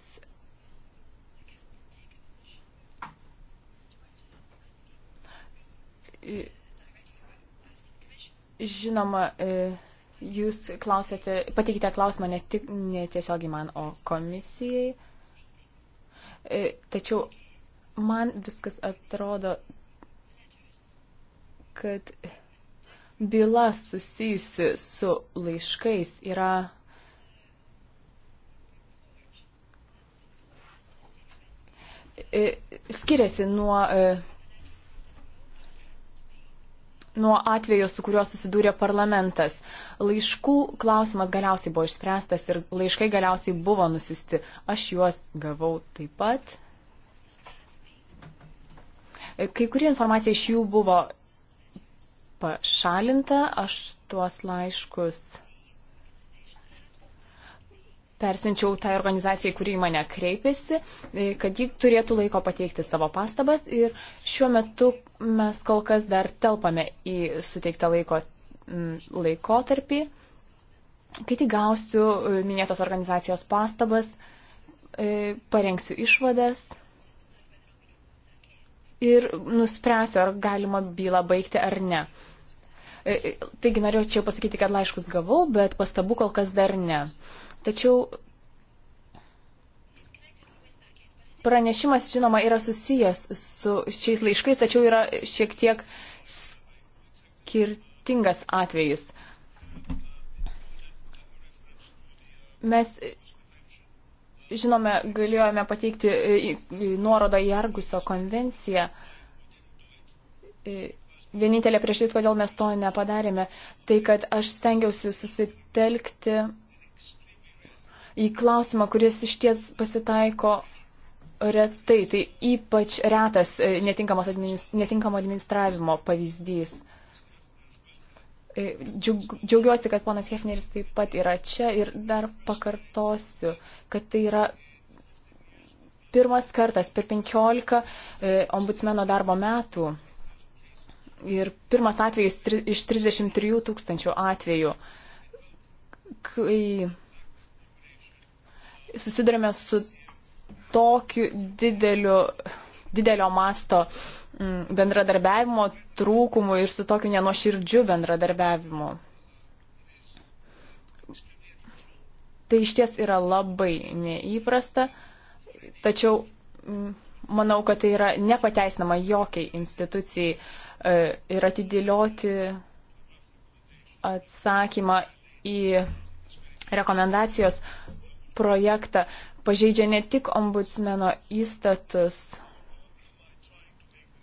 Žinoma, e, Jūs klausėte, pateikite klausimą ne, tik, ne tiesiogiai man, o komisijai. E, tačiau man viskas atrodo, kad byla susijusi su laiškais yra. E, skiriasi nuo e, nuo atvejo, su kuriuo susidūrė parlamentas. Laiškų klausimas galiausiai buvo išspręstas ir laiškai galiausiai buvo nusiusti. Aš juos gavau taip pat. Kai kurie informacija iš jų buvo pašalinta, aš tuos laiškus persinčiau tai organizacijai, kuri į mane kreipėsi, e, kad ji turėtų laiko pateikti savo pastabas ir šiuo metu mes kol kas dar telpame į suteiktą laiko, laikotarpį. Kai tik gausiu e, minėtos organizacijos pastabas, e, parengsiu išvadas ir nuspręsiu, ar galima bylą baigti ar ne. Taigi norėjau čia pasakyti, kad laiškus gavau, bet pastabų kol kas dar ne. Tačiau pranešimas, žinoma, yra susijęs su šiais laiškais, tačiau yra šiek tiek skirtingas atvejis. Mes žinome, galėjome pateikti e, nuorodą į Arguso konvenciją. E, vienintelė priešis, kodėl mes to nepadarėme, tai kad aš stengiausi susitelkti į klausimą, kuris iš ties pasitaiko retai. Tai ypač retas e, administ, netinkamo administravimo pavyzdys. E, džiug, džiaugiuosi, kad ponas Hefneris taip pat yra čia ir dar pakartosiu, kad tai yra pirmas kartas per 15 e, ombudsmeno darbo metų ir pirmas atvejis iš 33 tūkstančių atvejų, kai susidurime su tokiu dideliu, didelio masto mm, bendradarbiavimo trūkumu ir su tokiu nenuoširdžiu bendradarbiavimu. Tai iš ties yra labai neįprasta, tačiau mm, manau, kad tai yra nepateisinama jokiai institucijai e, ir atidėlioti atsakymą į rekomendacijos projektą pažeidžia ne tik ombudsmeno įstatus,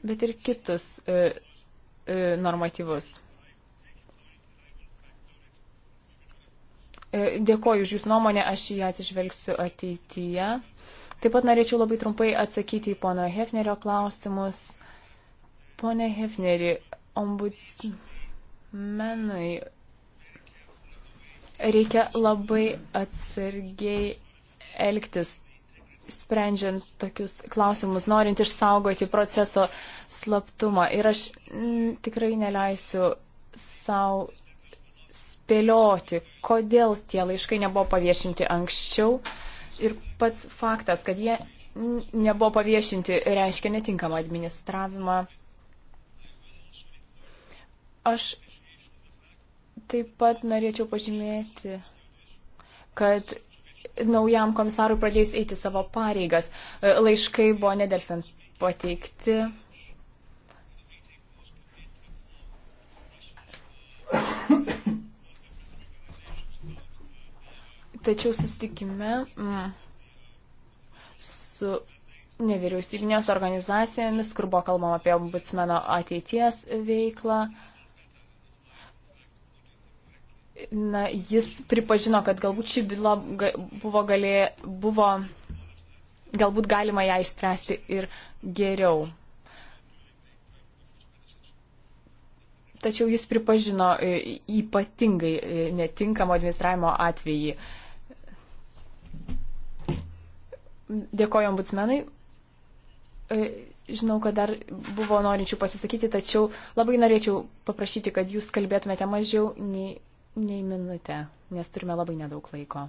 bet ir kitus e, e, normatyvus. E, dėkoju už Jūsų nuomonę, aš į ją atsižvelgsiu ateityje. Taip pat norėčiau labai trumpai atsakyti į pono Hefnerio klausimus. Pone Hefneri, ombudsmenui Reikia labai atsargiai elgtis, sprendžiant tokius klausimus, norint išsaugoti proceso slaptumą. Ir aš m, mm, tikrai neleisiu savo spėlioti, kodėl tie laiškai nebuvo paviešinti anksčiau. Ir pats faktas, kad jie nebuvo paviešinti, reiškia netinkamą administravimą. Aš Taip pat norėčiau pažymėti, kad naujam komisarui pradėjus eiti savo pareigas, e, laiškai buvo nedelsant pateikti. Tačiau susitikime mm, su nevyriausybinės organizacijomis, kur buvo kalbama apie ombudsmeno ateities veiklą, na, jis pripažino, kad galbūt ši byla buvo, galė, buvo galbūt galima ją išspręsti ir geriau. Tačiau jis pripažino e, ypatingai e, netinkamo administravimo atvejį. Dėkoju ombudsmenai. E, žinau, kad dar buvo norinčių pasisakyti, tačiau labai norėčiau paprašyti, kad jūs kalbėtumėte mažiau nei nei minutę, nes turime labai nedaug laiko.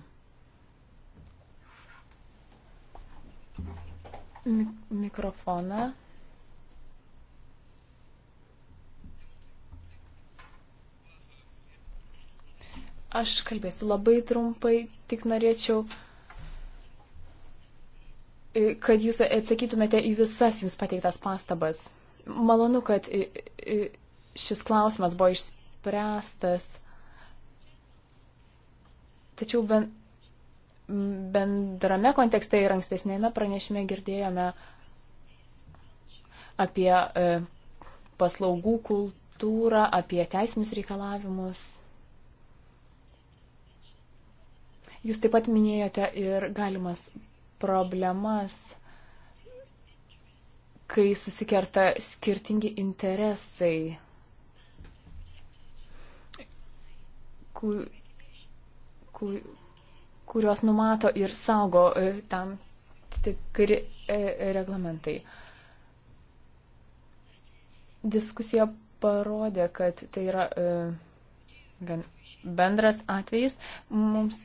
Mikrofoną. Aš kalbėsiu labai trumpai, tik norėčiau, kad jūs atsakytumėte į visas jums pateiktas pastabas. Malonu, kad šis klausimas buvo išspręstas Tačiau ben, bendrame kontekste ir ankstesnėme pranešime girdėjome apie e, paslaugų kultūrą, apie teisinius reikalavimus. Jūs taip pat minėjote ir galimas problemas, kai susikerta skirtingi interesai, kuriuos numato ir saugo e, tam tikri e, reglamentai. Diskusija parodė, kad tai yra e, gan bendras atvejis. Mums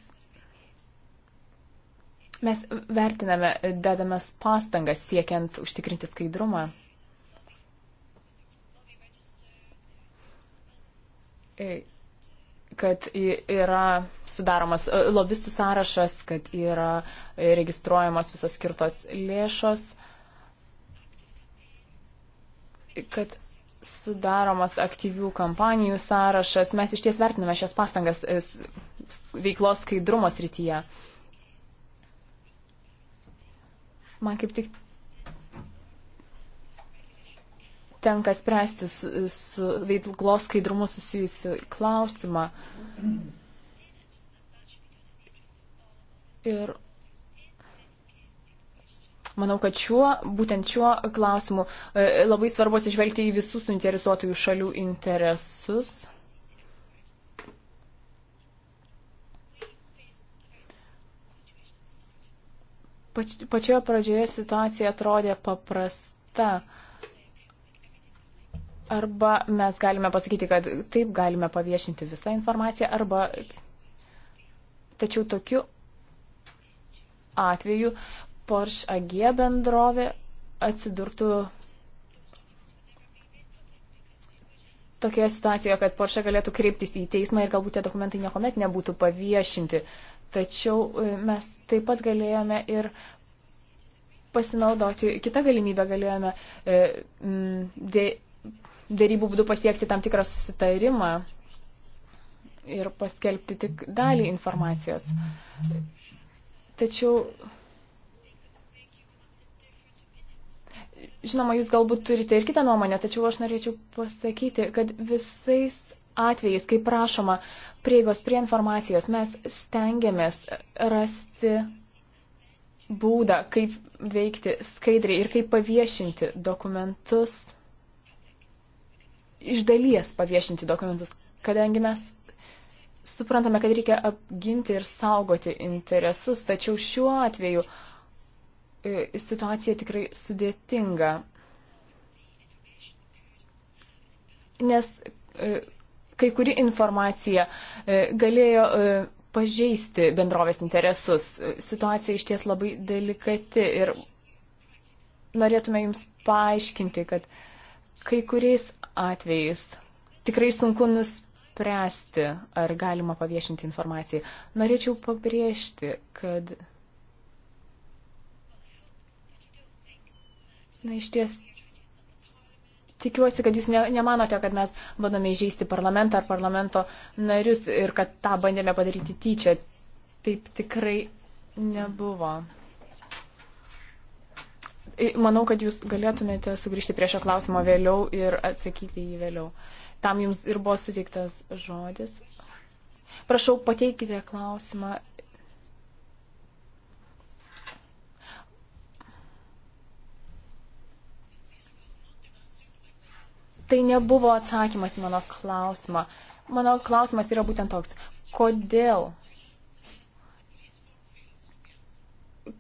mes vertiname, dedamas pastangas siekiant užtikrinti skaidrumą. Ei kad yra sudaromas e, lobistų sąrašas, kad yra registruojamos visos skirtos lėšos, kad sudaromas aktyvių kampanijų sąrašas. Mes iš ties vertiname šias pastangas e, veiklos skaidrumo srityje. Man kaip tik tenka spręsti su, su veiklos skaidrumu susijusiu klausimą. Ir manau, kad šiuo, būtent šiuo klausimu e, labai svarbu atsižvelgti į visų suinteresuotųjų šalių interesus. Pačioje pradžioje situacija atrodė paprasta. Arba mes galime pasakyti, kad taip galime paviešinti visą informaciją, arba. Tačiau tokiu atveju Porsche AG bendrovė atsidurtų tokioje situacijoje, kad Porsche galėtų kreiptis į teismą ir galbūt tie dokumentai niekuomet nebūtų paviešinti. Tačiau e, mes taip pat galėjome ir pasinaudoti kitą galimybę, galėjome e, m, de, dėrybų būdu pasiekti tam tikrą susitarimą ir paskelbti tik dalį informacijos. Tačiau, žinoma, jūs galbūt turite ir kitą nuomonę, tačiau aš norėčiau pasakyti, kad visais atvejais, kai prašoma prieigos prie informacijos, mes stengiamės rasti būdą, kaip veikti skaidriai ir kaip paviešinti dokumentus iš dalies paviešinti dokumentus, kadangi mes suprantame, kad reikia apginti ir saugoti interesus, tačiau šiuo atveju e, situacija tikrai sudėtinga. Nes e, kai kuri informacija e, galėjo pažeisti bendrovės interesus. Situacija iš ties labai delikati ir norėtume jums paaiškinti, kad uh, Kai kuriais atvejais tikrai sunku nuspręsti, ar galima paviešinti informaciją. Norėčiau pabrėžti, kad. Na iš ties. Tikiuosi, kad jūs ne, nemanote, kad mes bandome įžeisti parlamentą ar parlamento narius ir kad tą bandėme padaryti tyčia. Taip tikrai nebuvo. Manau, kad jūs galėtumėte sugrįžti prie šio klausimo vėliau ir atsakyti jį vėliau. Tam jums ir buvo suteiktas žodis. Prašau, pateikite klausimą. Tai nebuvo atsakymas į mano klausimą. Mano klausimas yra būtent toks. Kodėl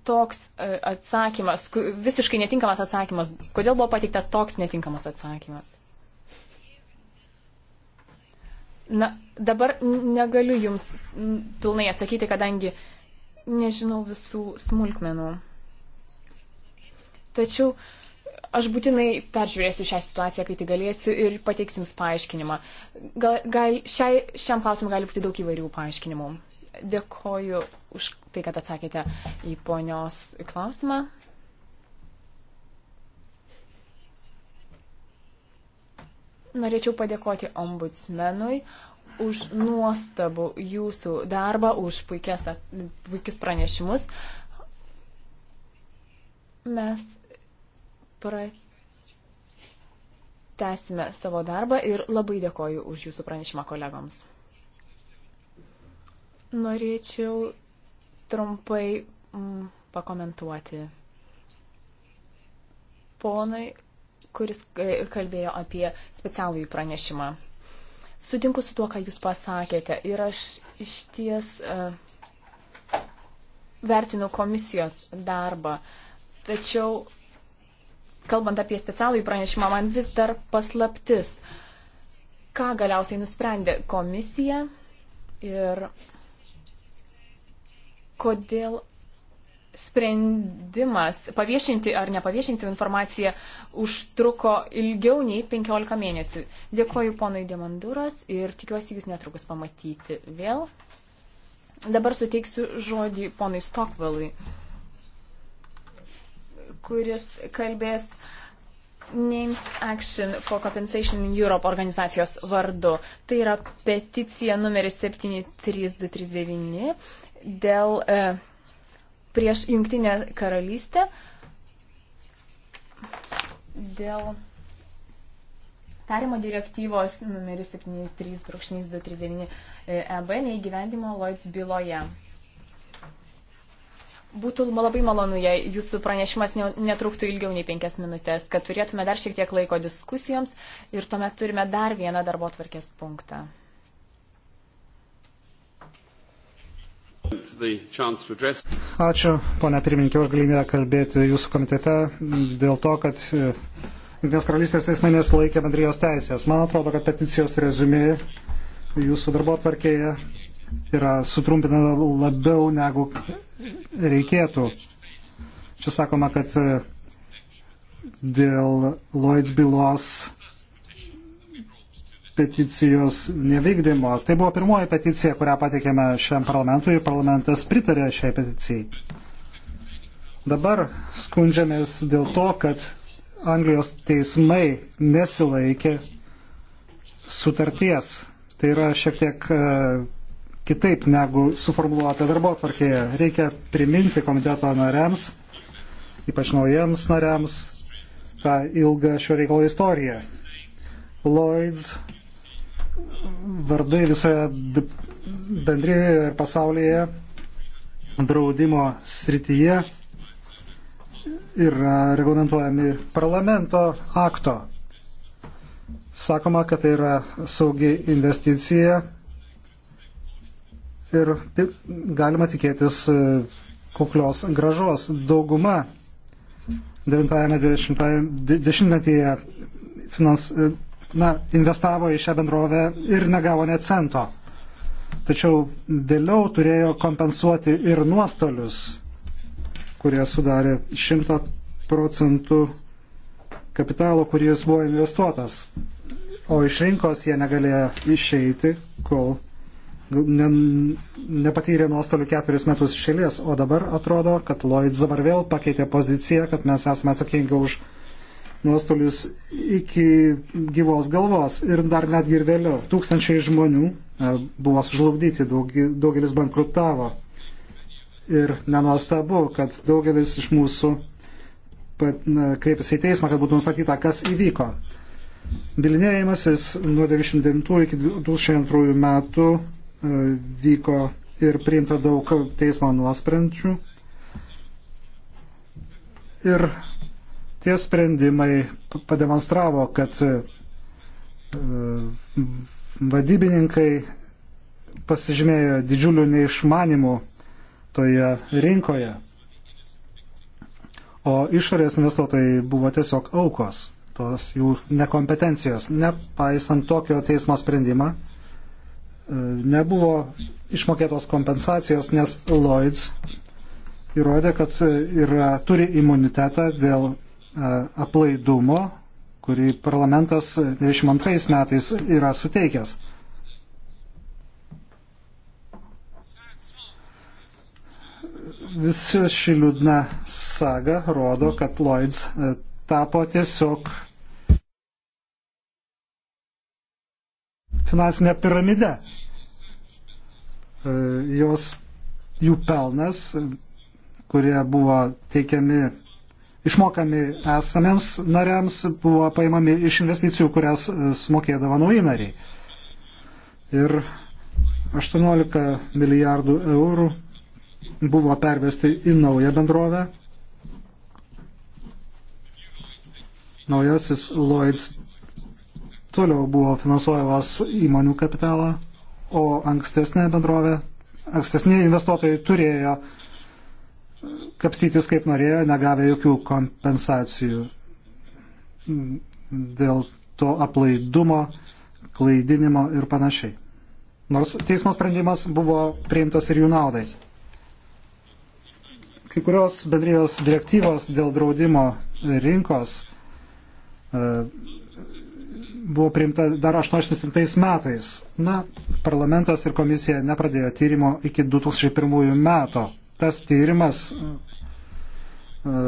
toks e, atsakymas, visiškai netinkamas atsakymas. Kodėl buvo pateiktas toks netinkamas atsakymas? Na, dabar negaliu jums pilnai atsakyti, kadangi nežinau visų smulkmenų. Tačiau aš būtinai peržiūrėsiu šią situaciją, kai tik galėsiu ir pateiksiu jums paaiškinimą. Gal, gal, šiai, šiam klausimui gali būti daug įvairių paaiškinimų. Dėkoju už tai, kad atsakėte į ponios klausimą. Norėčiau padėkoti ombudsmenui už nuostabų jūsų darbą, už puikias, puikius pranešimus. Mes pratesime savo darbą ir labai dėkoju už jūsų pranešimą kolegoms. Norėčiau trumpai mm, pakomentuoti. Ponui, kuris e, kalbėjo apie specialųjį pranešimą. Sutinku su tuo, ką jūs pasakėte ir aš iš ties uh, vertinu komisijos darbą. Tačiau, kalbant apie specialųjį pranešimą, man vis dar paslaptis, ką galiausiai nusprendė komisija ir uh, kodėl sprendimas paviešinti ar nepaviešinti informaciją užtruko ilgiau nei 15 mėnesių. Dėkoju ponui Demanduras ir tikiuosi jūs netrukus pamatyti vėl. Dabar suteiksiu žodį ponui Stockwellui, kuris kalbės Names Action for Compensation in Europe organizacijos vardu. Tai yra peticija numeris 73239 dėl e, prieš jungtinę karalystę, dėl tarimo direktyvos numeris 73-239 EB e neįgyvendimo Lloyds byloje. Būtų labai malonu, jei jūsų pranešimas netruktų ilgiau nei penkias minutės, kad turėtume dar šiek tiek laiko diskusijoms ir tuomet turime dar vieną darbo tvarkės punktą. Ačiū, ponia pirmininkė, už galimybę kalbėti jūsų komitete dėl to, kad e, Junktinės karalystės teismai nesilaikė bendrijos teisės. Man atrodo, kad peticijos rezumė jūsų darbo tvarkėje yra sutrumpina labiau negu reikėtų. Čia sakoma, kad e, dėl Lloyds bylos peticijos nevykdymo. Tai buvo pirmoji peticija, kurią pateikėme šiam parlamentui ir parlamentas pritarė šiai peticijai. Dabar skundžiamės dėl to, kad Anglijos teismai nesilaikė sutarties. Tai yra šiek tiek e, kitaip negu suformuoluota darbo atvarkėje. Reikia priminti komiteto nariams, ypač naujiems nariams, tą ilgą šio reikalo istoriją. Lloyds vardai visoje bendrėje ir pasaulyje draudimo srityje yra reglamentuojami parlamento akto. Sakoma, kad tai yra saugi investicija ir galima tikėtis e, kuklios gražos. Dauguma 90-metyje finans, na, investavo į šią bendrovę ir negavo net cento. Tačiau vėliau turėjo kompensuoti ir nuostolius, kurie sudarė 100 procentų kapitalo, kuris buvo investuotas. O iš rinkos jie negalėjo išeiti, kol ne, nepatyrė nuostolių ketverius metus išėlės. O dabar atrodo, kad Lloyds dabar vėl pakeitė poziciją, kad mes esame atsakingi už nuostolius iki gyvos galvos ir dar netgi ir vėliau. Tūkstančiai žmonių e, buvo sužlugdyti, daugelis bankrutavo. Ir nenuostabu, kad daugelis iš mūsų kreipėsi į teismą, kad būtų nustatyta, kas įvyko. Bilinėjimasis nuo 1999 iki 2002 metų e, vyko ir priimta daug teismo nuosprendžių. Ir Tie sprendimai pademonstravo, kad e, vadybininkai pasižymėjo didžiulių neišmanimų toje rinkoje, o išorės investuotojai buvo tiesiog aukos tos jų nekompetencijos. Nepaisant tokio teismo sprendimą, e, nebuvo išmokėtos kompensacijos, nes Lloyds įrodė, kad e, yra, turi imunitetą dėl E, aplaidumo, kurį parlamentas 22 metais yra suteikęs. Visi ši liūdna saga rodo, kad Lloyds e, tapo tiesiog finansinė piramidė. E, jos, jų pelnas, kurie buvo teikiami išmokami esamiems nariams buvo paimami iš investicijų, kurias e, sumokėdavo nauji nariai. Ir 18 milijardų eurų buvo pervesti į naują bendrovę. Naujasis Lloyds toliau buvo finansuojamas įmonių kapitalą, o ankstesnė bendrovė, ankstesni investuotojai turėjo uh, kapstytis kaip norėjo, negavę jokių kompensacijų dėl to aplaidumo, klaidinimo ir panašiai. Nors teismo sprendimas buvo priimtas ir jų naudai. Kai kurios bendrijos direktyvos dėl draudimo rinkos e, buvo priimta dar 87 metais. Na, parlamentas ir komisija nepradėjo tyrimo iki 2001 metų. Tas tyrimas E,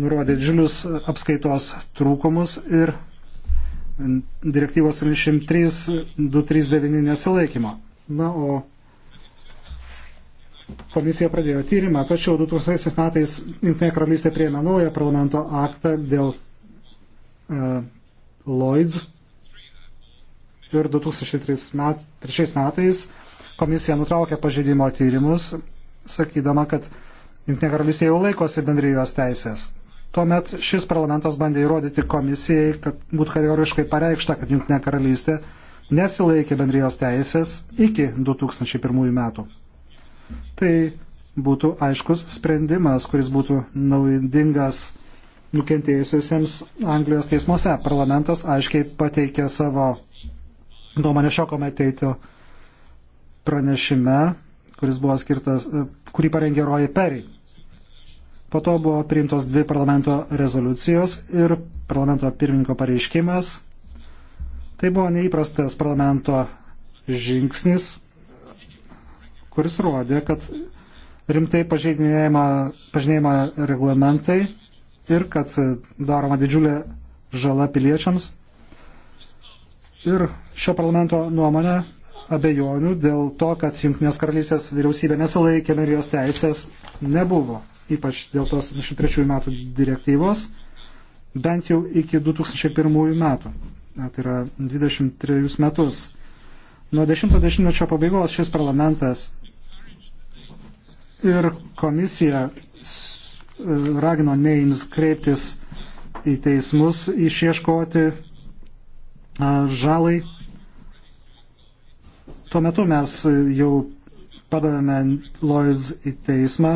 nurodė didžiulius apskaitos trūkumus ir direktyvos 73.239 nesilaikymo. Na, o komisija pradėjo tyrimą, tačiau 2000 metais Junktinė karalystė prieėmė naują parlamento aktą dėl uh, Lloyds ir 2003 met, metais komisija nutraukė pažeidimo tyrimus, sakydama, kad Junktinė karalystė jau laikosi bendrijos teisės. Tuomet šis parlamentas bandė įrodyti komisijai, kad būtų kategoriškai pareikšta, kad Junktinė karalystė nesilaikė bendrijos teisės iki 2001 metų. Tai būtų aiškus sprendimas, kuris būtų naudingas nukentėjusiems Anglijos teismuose. Parlamentas aiškiai pateikė savo nuomonę šio komiteito pranešime kuris buvo skirtas, e, kurį parengė Roji Perry. Po to buvo priimtos dvi parlamento rezoliucijos ir parlamento pirmininko pareiškimas. Tai buvo neįprastas parlamento žingsnis, kuris rodė, kad rimtai pažinėjama reglamentai ir kad daroma didžiulė žala piliečiams. Ir šio parlamento nuomonė abejonių dėl to, kad Junktinės karalystės vyriausybė nesilaikė ir jos teisės nebuvo, ypač dėl tos 23 metų direktyvos, bent jau iki 2001 metų, tai yra 23 metus. Nuo 10-mečio pabaigos šis parlamentas ir komisija e, ragino Neims kreiptis į teismus išieškoti žalai Tuo metu mes jau padavėme Lloyds į teismą,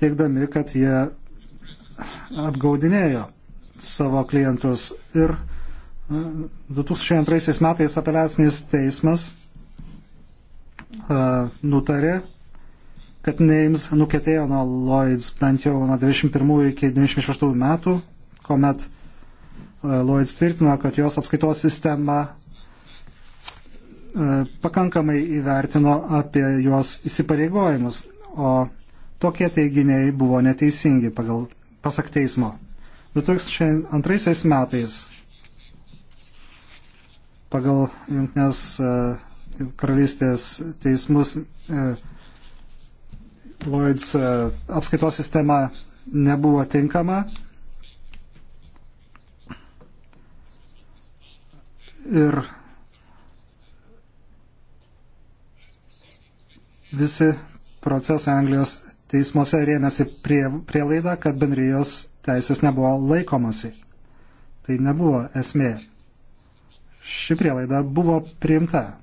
teikdami, kad jie apgaudinėjo savo klientus. Ir 2002 metais apeliacinis teismas uh, nutarė, kad Neims nukėtėjo nuo Lloyds bent jau nuo 91 iki 96 metų, kuomet uh, Lloyds tvirtino, kad jos apskaitos sistema E, pakankamai įvertino apie juos įsipareigojimus, o tokie teiginiai buvo neteisingi pagal pasak teismo. 2002 metais pagal Junktinės e, karalystės teismus e, Lloyds apskaitos sistema nebuvo tinkama. Ir visi procesai Anglijos teismuose rėmėsi prie, prielaidą, kad bendrijos teisės nebuvo laikomasi. Tai nebuvo esmė. Ši prielaida buvo priimta.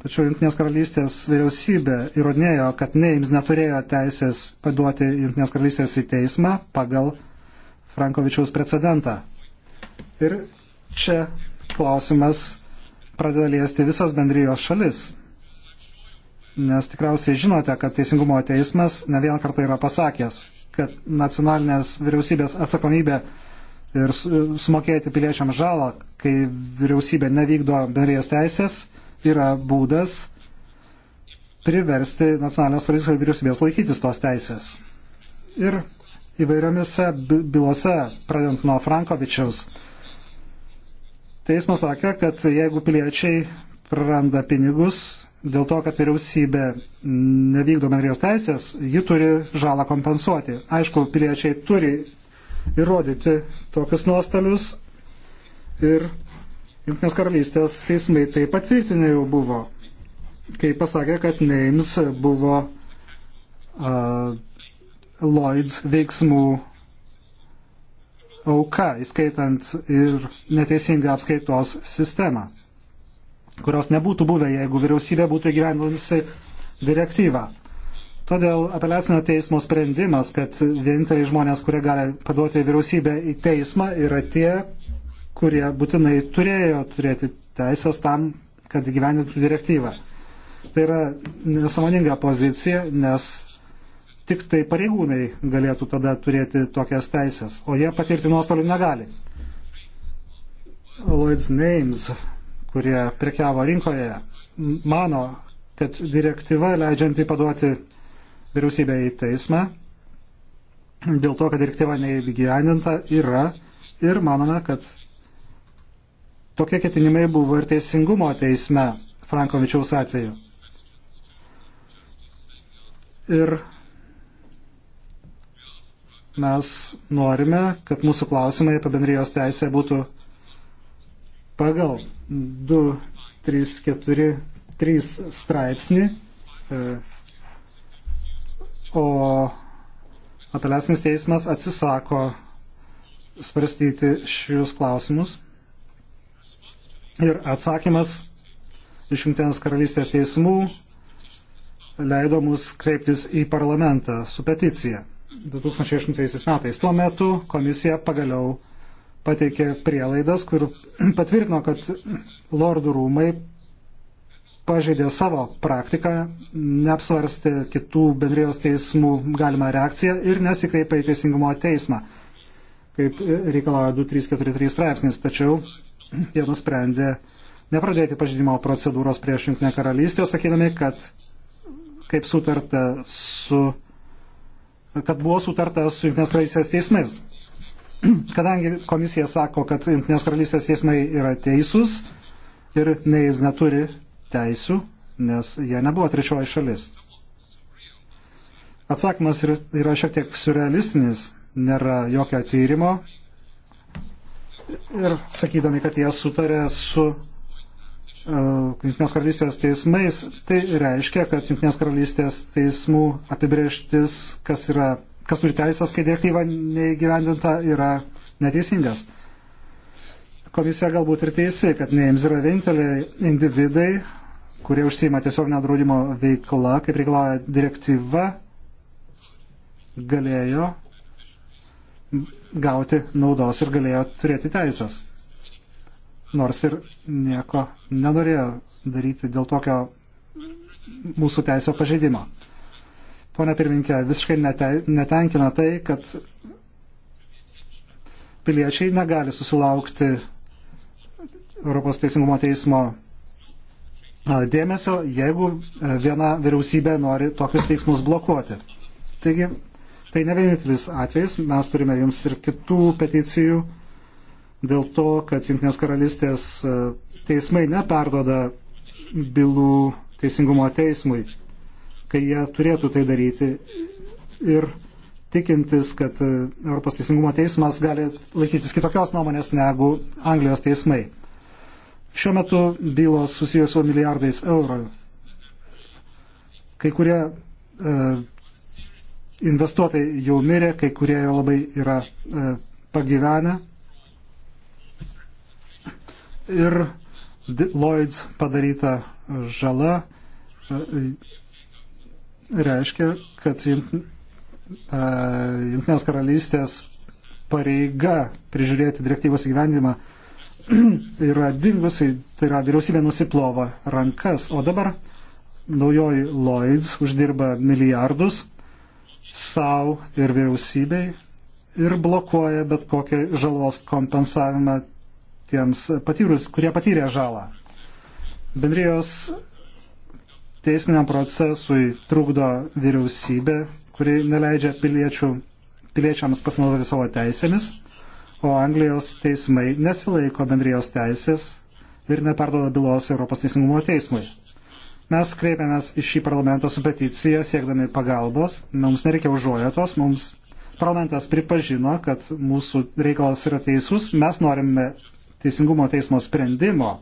Tačiau Junktinės karalystės vyriausybė įrodinėjo, kad Neims neturėjo teisės paduoti Junktinės karalystės į teismą pagal Frankovičiaus precedentą. Ir čia klausimas pradeda liesti visas bendrijos šalis nes tikriausiai žinote, kad Teisingumo teismas ne vieną kartą yra pasakęs, kad nacionalinės vyriausybės atsakomybė ir sumokėti piliečiam žalą, kai vyriausybė nevykdo bendrės teisės, yra būdas priversti nacionalinės tradicijos vyriausybės laikytis tos teisės. Ir įvairiomise bylose, pradedant nuo Frankovičiaus, teismas sakė, kad jeigu piliečiai praranda pinigus dėl to, kad vyriausybė nevykdo bendrijos teisės, ji turi žalą kompensuoti. Aišku, piliečiai turi įrodyti tokius nuostolius ir Junktinės karalystės teismai tai patvirtinę jau buvo, kai pasakė, kad Neims buvo uh, Lloyds veiksmų auka, įskaitant ir neteisingą apskaitos sistemą kurios nebūtų buvę, jeigu vyriausybė būtų įgyvendinusi direktyvą. Todėl apeliacinio teismo sprendimas, kad vieninteliai žmonės, kurie gali paduoti vyriausybę į teismą, yra tie, kurie būtinai turėjo turėti teisės tam, kad įgyvendintų direktyvą. Tai yra nesamoninga pozicija, nes tik tai pareigūnai galėtų tada turėti tokias teisės, o jie patirti nuostolių negali. Lloyd's Names kurie prekiavo rinkoje, mano, kad direktyva leidžianti paduoti vyriausybę į teismą, dėl to, kad direktyva neįgyvendinta, yra ir manome, kad tokie ketinimai buvo ir teisingumo teisme Frankovičiaus atveju. Ir mes norime, kad mūsų klausimai apie bendrijos teisę būtų pagal 2, 3, 4, 3 straipsnį, e, o apeliacinis teismas atsisako svarstyti šius klausimus. Ir atsakymas iš Junktinės karalystės teismų leido mus kreiptis į parlamentą su peticija 2008 metais. Tuo metu komisija pagaliau pateikė prielaidas, kur patvirtino, kad lordų rūmai pažeidė savo praktiką, neapsvarstė kitų bendrijos teismų galimą reakciją ir nesikreipė į teisingumo teismą, kaip reikalauja 2343 straipsnis. Tačiau jie nusprendė nepradėti pažydimo procedūros prieš Junktinę karalystę, sakydami, kad kaip sutarta su kad buvo sutarta su Junktinės karalystės teismais. Kadangi komisija sako, kad Junktinės karalystės teismai yra teisūs ir ne jis neturi teisų, nes jie nebuvo trečioji šalis. Atsakymas yra šiek tiek surrealistinis, nėra jokio tyrimo. Ir sakydami, kad jie sutarė su e, Junktinės karalystės teismais, tai reiškia, kad Junktinės karalystės teismų apibrieštis, kas yra kas turi teisės, kai direktyva neįgyvendinta, yra neteisingas. Komisija galbūt ir teisi, kad neims yra vieninteliai individai, kurie užsima tiesiog nedraudimo veikla, kaip reikalauja direktyva, galėjo gauti naudos ir galėjo turėti teisės. Nors ir nieko nenorėjo daryti dėl tokio mūsų teisio pažeidimo. Pone pirminkė, visiškai netenkina tai, kad piliečiai negali susilaukti Europos teisingumo teismo dėmesio, jeigu viena vyriausybė nori tokius veiksmus blokuoti. Taigi, tai ne vienintelis atvejs, mes turime jums ir kitų peticijų dėl to, kad Junktinės karalystės teismai neperdoda bylų teisingumo teismui kai jie turėtų tai daryti ir tikintis, kad e, Europos teisingumo teismas gali laikytis kitokios nuomonės negu Anglijos teismai. Šiuo metu bylos susijusios su milijardais eurų. Kai kurie e, investuotojai jau mirė, kai kurie labai yra e, pagyvenę. Ir Lloyds padaryta žala e, reiškia, kad Junktinės karalystės pareiga prižiūrėti direktyvos įgyvendimą yra dingusi, tai yra vyriausybė nusiplova rankas, o dabar naujoji Lloyds uždirba milijardus savo ir vyriausybei ir blokuoja bet kokią žalos kompensavimą tiems patyrus, kurie patyrė žalą. Bendrijos teisminiam procesui trukdo vyriausybė, kuri neleidžia piliečių, piliečiams pasinaudoti savo teisėmis, o Anglijos teismai nesilaiko bendrijos teisės ir neperdoda bylos Europos teisingumo teismui. Mes kreipiamės į šį parlamentą su peticija siekdami pagalbos, mums nereikia užuojatos, mums parlamentas pripažino, kad mūsų reikalas yra teisus, mes norime teisingumo teismo sprendimo,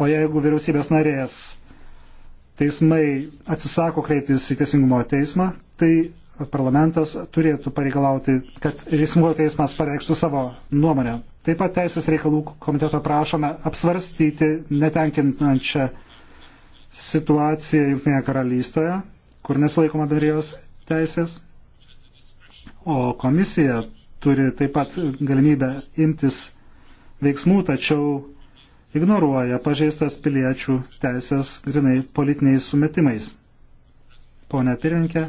o jeigu vyriausybės narės teismai atsisako kreiptis į teisingumo teismą, tai parlamentas turėtų pareikalauti, kad teisingumo teismas pareikštų savo nuomonę. Taip pat Teisės reikalų komiteto prašome apsvarstyti netenkinančią situaciją Junktinėje karalystoje, kur nesilaikoma bendrijos teisės. O komisija turi taip pat galimybę imtis veiksmų, tačiau ignoruoja pažeistas piliečių teisės grinai politiniais sumetimais. Pone Pirinkė,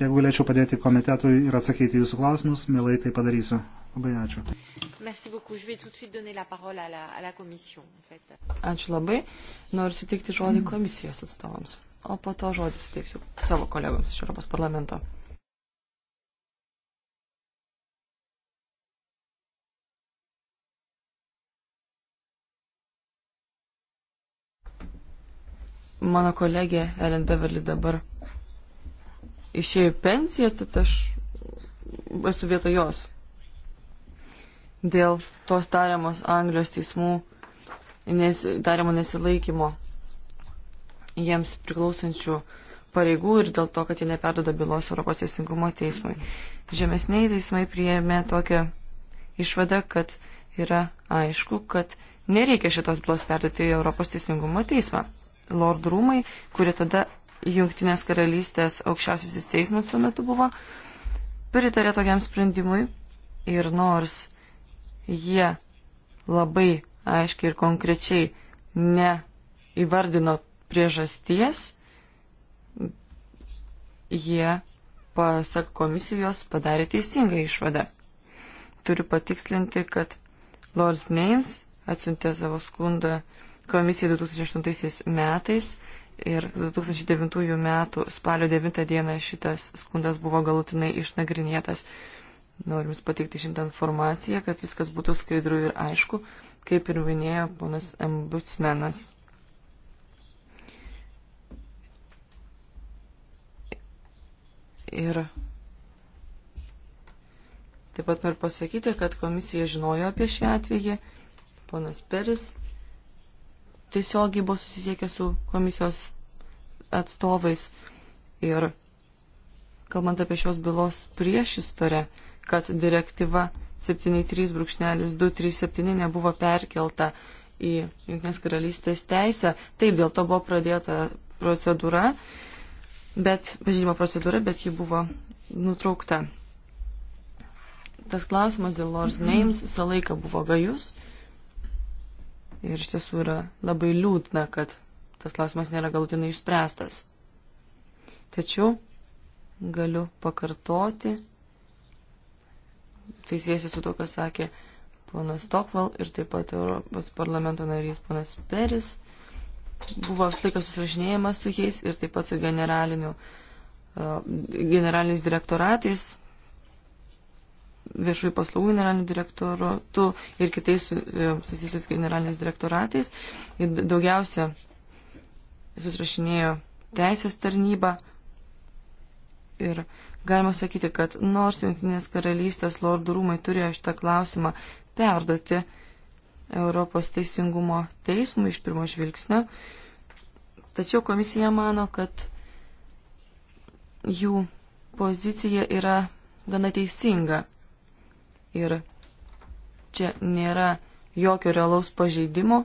jeigu galėčiau padėti komitetui ir atsakyti jūsų klausimus, mielai tai padarysiu. Labai ačiū. Ačiū labai. Noriu suteikti žodį komisijos atstovams, o po to žodį suteiksiu savo kolegoms iš Europos parlamento. Mano kolegė Ellen Beverly dabar išėjo į pensiją, tad aš esu vietoj jos. Dėl tos tariamos Anglijos teismų nes, tariamo nesilaikymo jiems priklausančių pareigų ir dėl to, kad jie neperdoda bylos Europos teisingumo teismui. Žemesniai teismai priėmė tokią išvadą, kad yra aišku, kad nereikia šitos bylos perduoti į Europos teisingumo teismą. Lord rūmai, kurie tada Jungtinės karalystės aukščiausiasis teismas tuo metu buvo, pritarė tokiam sprendimui ir nors jie labai aiškiai ir konkrečiai neįvardino priežasties, jie, pasak komisijos, padarė teisingą išvadą. Turiu patikslinti, kad Lord's Names atsiuntė savo skundą komisijai 2008 metais ir 2009 metų spalio 9 dieną šitas skundas buvo galutinai išnagrinėtas. Norim Jums pateikti šitą informaciją, kad viskas būtų skaidru ir aišku, kaip ir minėjo ponas Ambutsmenas. Ir taip pat noriu pasakyti, kad komisija žinojo apie šį atvejį, ponas Peris tiesiogiai buvo susisiekę su komisijos atstovais ir kalbant apie šios bylos priešistorę, kad direktyva 73.237 nebuvo perkelta į Junktinės karalystės teisę. Taip, dėl to buvo pradėta procedūra, bet, pažymimo procedūra, bet ji buvo nutraukta. Tas klausimas dėl Lord's Names visą laiką buvo gajus Ir iš tiesų yra labai liūdna, kad tas klausimas nėra galutinai išspręstas. Tačiau galiu pakartoti, tai siesi su to, ką sakė ponas Stockwell ir taip pat Europos parlamento narys ponas Peris. Buvo apslaikas susirašinėjimas su jais ir taip pat su generaliniu, uh, generaliniais direktoratais viešųjų paslaugų generaliniu direktoratu ir kitais e, susijusiais generaliniais direktoratais. Ir daugiausia susirašinėjo teisės tarnyba. Ir galima sakyti, kad nors Junktinės karalystės lordų rūmai turėjo šitą klausimą perduoti Europos teisingumo teismui iš pirmo žvilgsnio, tačiau komisija mano, kad jų pozicija yra gana teisinga ir čia nėra jokio realaus pažeidimo,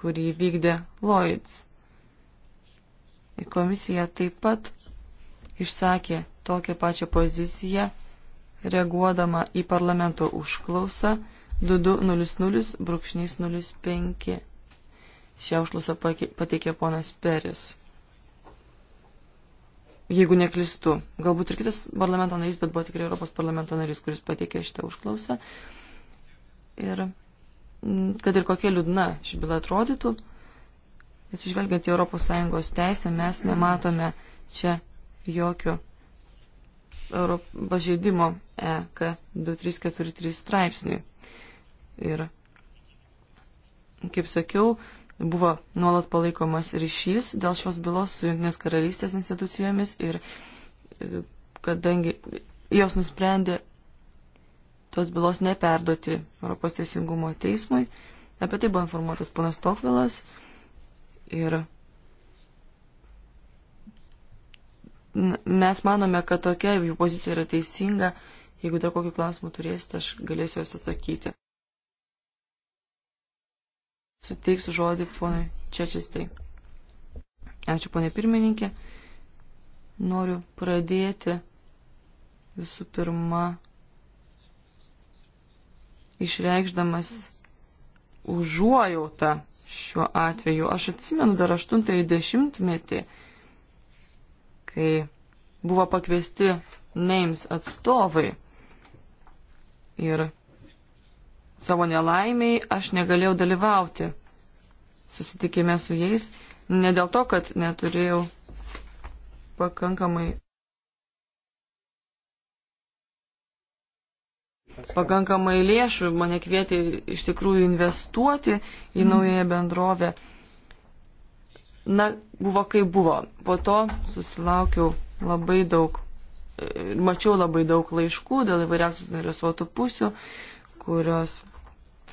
kurį vykdė Lloyds. Komisija taip pat išsakė tokią pačią poziciją, reaguodama į parlamento užklausą 2200-05. Šią užklausą pateikė ponas Peris jeigu neklistu. Galbūt ir kitas parlamento narys, bet buvo tikrai Europos parlamento narys, kuris pateikė šitą užklausą. Ir mm, kad ir kokia liūdna ši byla atrodytų, atsižvelgiant į ES teisę, mes nematome čia jokio pažeidimo EK 2343 straipsniui. Ir, kaip sakiau, Buvo nuolat palaikomas ryšys dėl šios bylos su Junktinės karalystės institucijomis ir e, kadangi jos nusprendė tos bylos neperduoti Europos teisingumo teismui, apie tai buvo informuotas ponas Tokvilas ir mes manome, kad tokia jų pozicija yra teisinga. Jeigu dar kokį klausimą turėsite, aš galėsiu juos atsakyti. Suteiksiu žodį ponui Čečistai. Ačiū, ponė pirmininkė. Noriu pradėti visų pirma išreikšdamas užuojautą šiuo atveju. Aš atsimenu dar 80-ąjį dešimtmetį, kai buvo pakviesti Names atstovai ir Savo nelaimiai aš negalėjau dalyvauti susitikime su jais, ne dėl to, kad neturėjau pakankamai. Pakankamai lėšų mane kvietė iš tikrųjų investuoti į naująją bendrovę. Na, buvo kaip buvo. Po to susilaukiau labai daug, e, mačiau labai daug laiškų dėl įvairiausių suinteresuotų pusių, kurios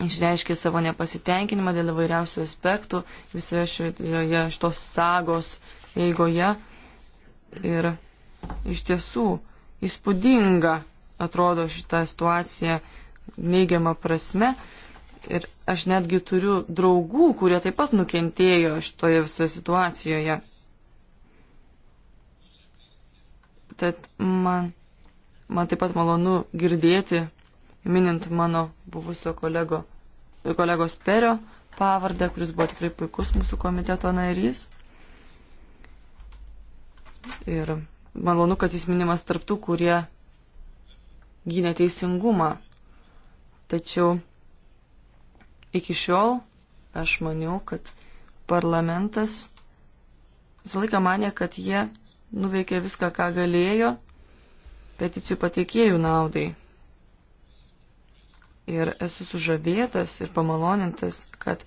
išreiškė savo nepasitenkinimą dėl įvairiausių aspektų visoje šioje šitos sagos eigoje. Ir iš tiesų įspūdinga atrodo šita situacija neigiama prasme. Ir aš netgi turiu draugų, kurie taip pat nukentėjo šitoje visoje situacijoje. Tad man, man taip pat malonu girdėti minint mano buvusio kolego, kolegos Perio pavardę, kuris buvo tikrai puikus mūsų komiteto narys. Ir malonu, kad jis minimas tarptų, kurie gynė teisingumą. Tačiau iki šiol aš maniau, kad parlamentas visą laiką mane, kad jie nuveikė viską, ką galėjo peticijų pateikėjų naudai ir esu sužavėtas ir pamalonintas, kad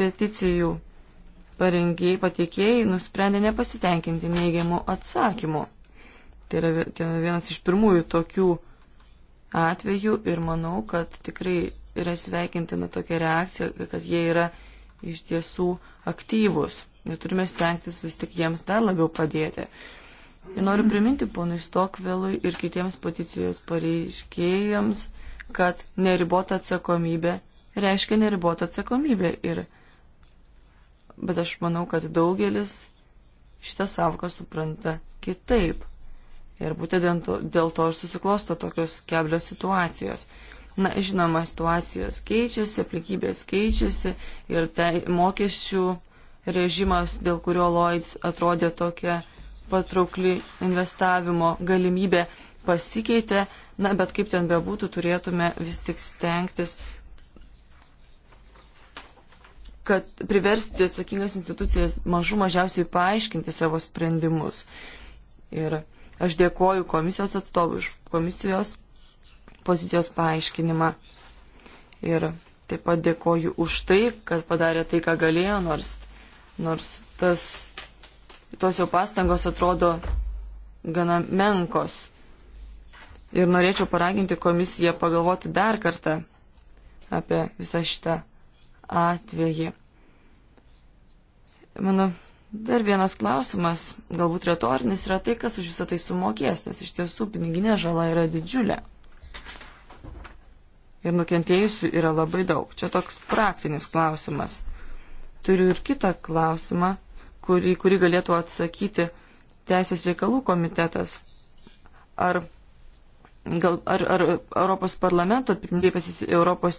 peticijų parengėjai patiekėjai nusprendė nepasitenkinti neigiamu atsakymu. Tai yra, tai yra vienas iš pirmųjų tokių atvejų ir manau, kad tikrai yra sveikintina tokia reakcija, kad jie yra iš tiesų aktyvus ir turime stengtis vis tik jiems dar labiau padėti. Ir noriu priminti ponui Stokvelui ir kitiems peticijos pareiškėjams, kad neribota atsakomybė reiškia neribota atsakomybė. Ir, bet aš manau, kad daugelis šitą savoką supranta kitaip. Ir būtent dėl to ir susiklosto tokios keblios situacijos. Na, žinoma, situacijos keičiasi, aplinkybės keičiasi ir tai mokesčių režimas, dėl kurio Lloyds atrodė tokia patraukli investavimo galimybė, pasikeitė Na, bet kaip ten bebūtų, turėtume vis tik stengtis kad priversti atsakingas institucijas mažų mažiausiai paaiškinti savo sprendimus. Ir aš dėkoju komisijos atstovui iš komisijos pozicijos paaiškinimą. Ir taip pat dėkoju už tai, kad padarė tai, ką galėjo, nors, nors tas, tos jo pastangos atrodo gana menkos. Ir norėčiau paraginti komisiją pagalvoti dar kartą apie visą šitą atvejį. Mano dar vienas klausimas, galbūt retorinis, yra tai, kas už visą tai sumokės, nes iš tiesų piniginė žala yra didžiulė. Ir nukentėjusių yra labai daug. Čia toks praktinis klausimas. Turiu ir kitą klausimą, kurį, kurį galėtų atsakyti Teisės reikalų komitetas. Ar gal, ar, ar Europos parlamento pirmininkas į Europos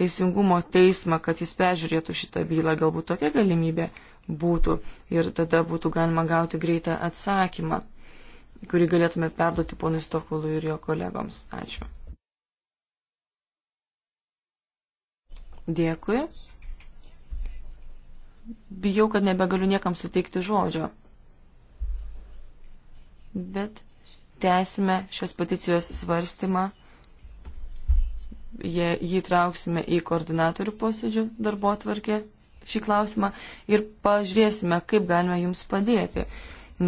teisingumo teismą, kad jis peržiūrėtų šitą bylą, galbūt tokia galimybė būtų ir tada būtų galima gauti greitą atsakymą, kurį galėtume perduoti ponui Stokului ir jo kolegoms. Ačiū. Dėkui. Bijau, kad nebegaliu niekam suteikti žodžio. Bet tęsime šios peticijos svarstymą, jie, jį trauksime į koordinatorių posėdžių darbo atvarkę šį klausimą ir pažiūrėsime, kaip galime jums padėti,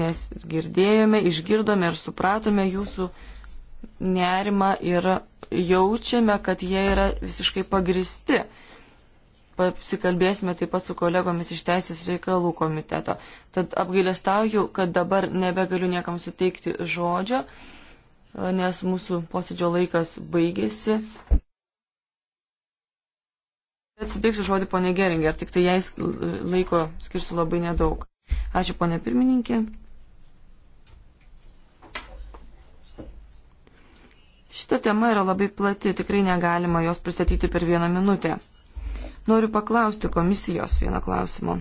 nes girdėjome, išgirdome ir supratome jūsų nerimą ir jaučiame, kad jie yra visiškai pagristi pasikalbėsime taip pat su kolegomis iš Teisės reikalų komiteto. Tad apgailestauju, kad dabar nebegaliu niekam suteikti žodžio, nes mūsų posėdžio laikas baigėsi. Bet suteiksiu žodį ponė Geringer, tik tai jai laiko skirsiu labai nedaug. Ačiū ponė pirmininkė. Šita tema yra labai plati, tikrai negalima jos pristatyti per vieną minutę. Noriu paklausti komisijos vieno klausimo.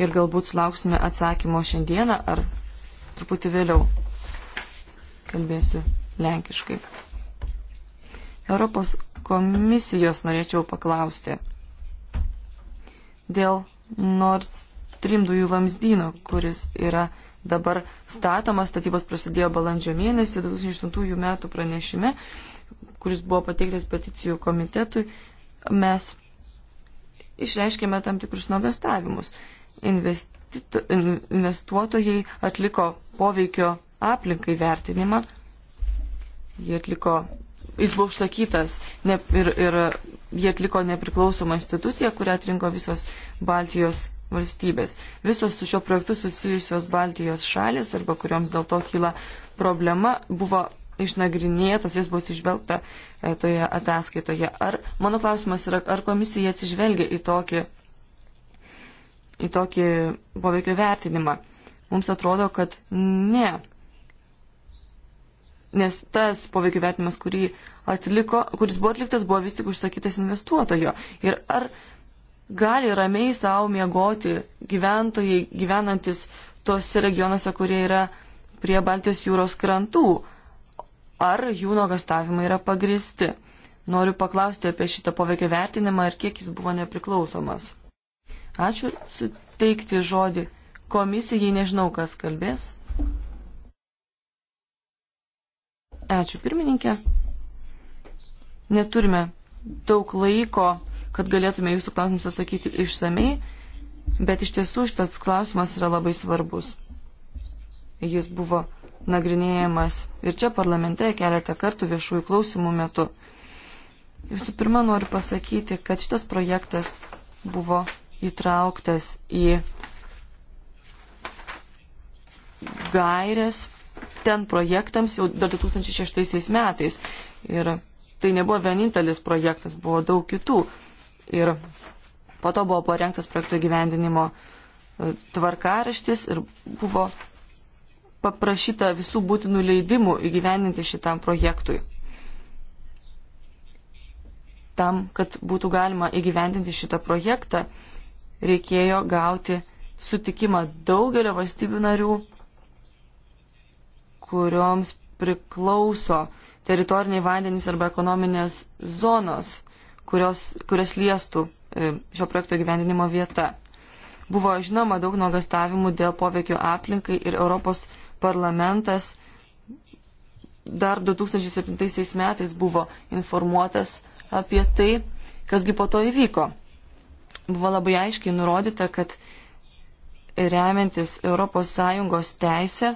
Ir galbūt sulauksime atsakymo šiandieną ar truputį vėliau. Kalbėsiu lenkiškai. Europos komisijos norėčiau paklausti dėl Nors trimdujų vamzdyno, kuris yra dabar statomas, statybos prasidėjo balandžio mėnesį 2008 metų pranešime kuris buvo pateiktas peticijų komitetui, mes išreiškėme tam tikrus nuogastavimus. Investuotojai atliko poveikio aplinkai vertinimą, jie atliko, jis buvo užsakytas ne, ir, ir jie atliko nepriklausomą instituciją, kurią atrinko visos Baltijos valstybės. Visos su šiuo projektu susijusios Baltijos šalis arba kurioms dėl to kyla problema buvo išnagrinėtos, jis bus išvelgta e, toje ataskaitoje. Ar, mano klausimas yra, ar komisija atsižvelgia į tokį, į tokį poveikio vertinimą? Mums atrodo, kad ne. Nes tas poveikio vertinimas, kurį atliko, kuris buvo atliktas, buvo vis tik užsakytas investuotojo. Ir ar gali ramiai savo miegoti gyventojai gyvenantis tose regionuose, kurie yra prie Baltijos jūros krantų, ar jų nuogastavimai yra pagristi. Noriu paklausti apie šitą poveikio vertinimą ir kiek jis buvo nepriklausomas. Ačiū suteikti žodį komisijai, nežinau, kas kalbės. Ačiū pirmininkė. Neturime daug laiko, kad galėtume jūsų klausimus atsakyti išsamei, bet iš tiesų šitas klausimas yra labai svarbus. Jis buvo nagrinėjamas ir čia parlamente keletą kartų viešųjų klausimų metu. Visų pirma, noriu pasakyti, kad šitas projektas buvo įtrauktas į gairės ten projektams jau dar 2006 metais. Ir tai nebuvo vienintelis projektas, buvo daug kitų. Ir po to buvo parengtas projekto gyvendinimo e, tvarkaraštis ir buvo paprašyta visų būtinų leidimų įgyveninti šitam projektui. Tam, kad būtų galima įgyvendinti šitą projektą, reikėjo gauti sutikimą daugelio valstybių narių, kurioms priklauso teritoriniai vandenys arba ekonominės zonos, kurios, kurias liestų e, šio projekto gyvendinimo vieta. Buvo žinoma daug nuogastavimų dėl poveikio aplinkai ir Europos parlamentas dar 2007 metais buvo informuotas apie tai, kasgi po to įvyko. Buvo labai aiškiai nurodyta, kad remiantis ES teisę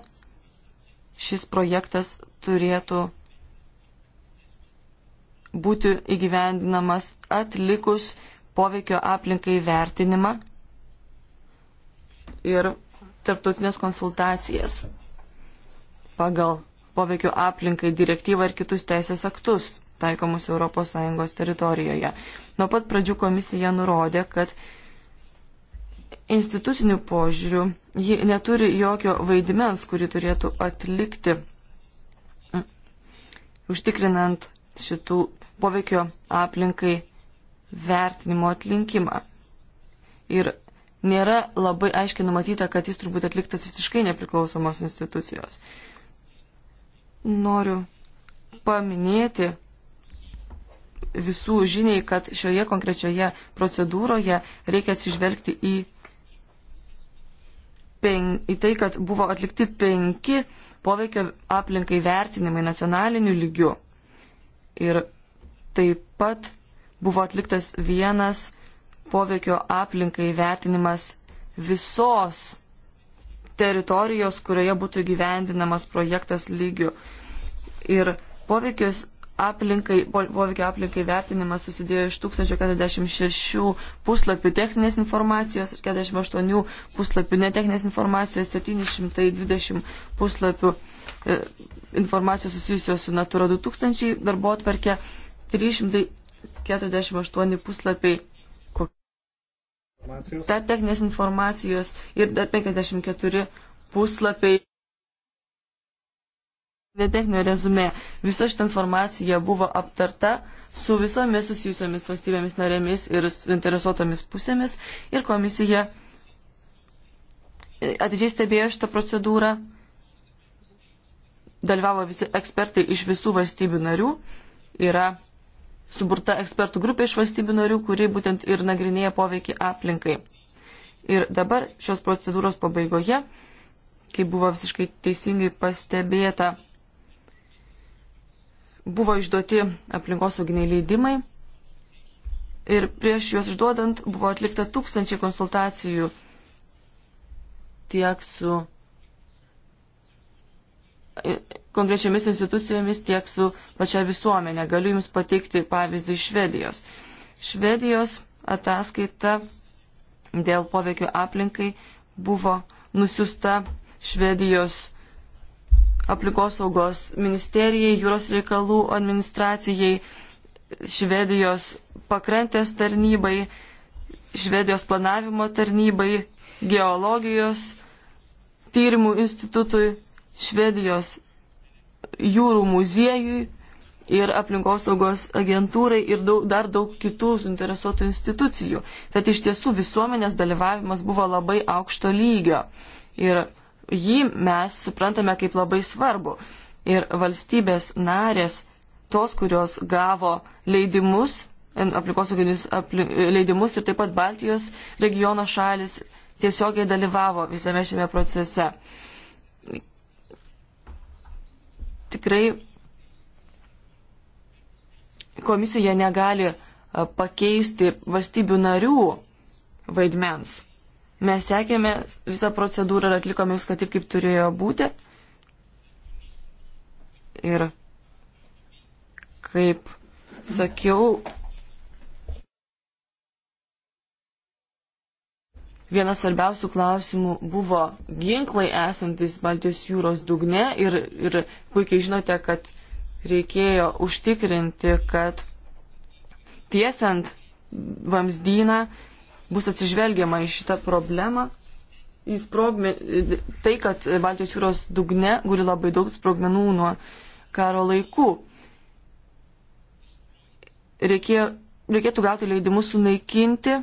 šis projektas turėtų būti įgyvendinamas atlikus poveikio aplinkai vertinimą ir tarptautinės konsultacijas pagal poveikio aplinkai direktyvą ir kitus teisės aktus taikomus ES teritorijoje. Nuo pat pradžių komisija nurodė, kad institucinių požiūrių ji neturi jokio vaidmens, kurį turėtų atlikti, užtikrinant šitų poveikio aplinkai vertinimo atlinkimą. Ir nėra labai aiškiai numatyta, kad jis turbūt atliktas visiškai nepriklausomos institucijos noriu paminėti visų žiniai, kad šioje konkrečioje procedūroje reikia atsižvelgti į, pen, į tai, kad buvo atlikti penki poveikio aplinkai vertinimai nacionaliniu lygiu. Ir taip pat buvo atliktas vienas poveikio aplinkai vertinimas visos teritorijos, kurioje būtų gyvendinamas projektas lygiu ir poveikius aplinkai, poveikio aplinkai vertinimas susidėjo iš 1046 puslapių techninės informacijos ir 48 puslapių netechninės informacijos, 720 puslapių e, informacijos susijusios su Natura 2000 darbo atvarkė, 348 puslapiai. Ta techninės informacijos ir dar 54 puslapiai techninio rezumė. Visa šitą informaciją buvo aptarta su visomis susijusiamis valstybėmis narėmis ir interesuotomis pusėmis ir komisija atidžiai stebėjo šitą procedūrą, dalyvavo visi ekspertai iš visų valstybių narių, yra suburta ekspertų grupė iš valstybių narių, kuri būtent ir nagrinėja poveikį aplinkai. Ir dabar šios procedūros pabaigoje, kaip buvo visiškai teisingai pastebėta, buvo išduoti aplinkosauginiai leidimai ir prieš juos išduodant buvo atlikta tūkstančiai konsultacijų tiek su e, konkrečiamis institucijomis, tiek su pačia visuomenė. Galiu Jums pateikti pavyzdį iš Švedijos. Švedijos ataskaita dėl poveikio aplinkai buvo nusiusta Švedijos aplinkosaugos ministerijai, jūros reikalų administracijai, Švedijos pakrantės tarnybai, Švedijos planavimo tarnybai, geologijos tyrimų institutui, Švedijos jūrų muziejui ir aplinkosaugos agentūrai ir daug, dar daug kitų suinteresuotų institucijų. Tad iš tiesų visuomenės dalyvavimas buvo labai aukšto lygio. Ir jį mes suprantame kaip labai svarbu. Ir valstybės narės, tos, kurios gavo leidimus, aplinkosauginius apli, leidimus ir taip pat Baltijos regiono šalis tiesiogiai dalyvavo visame šiame procese. Tikrai komisija negali pakeisti valstybių narių vaidmens. Mes sekėme visą procedūrą ir atlikome viską taip, kaip turėjo būti. Ir kaip sakiau, vienas svarbiausių klausimų buvo ginklai esantis Baltijos jūros dugne ir, ir puikiai žinote, kad reikėjo užtikrinti, kad tiesiant vamzdyną bus atsižvelgiama į šitą problemą, į sprogme, tai, kad Baltijos jūros dugne guli labai daug sprogmenų nuo karo laikų. Reikė, reikėtų gauti leidimus sunaikinti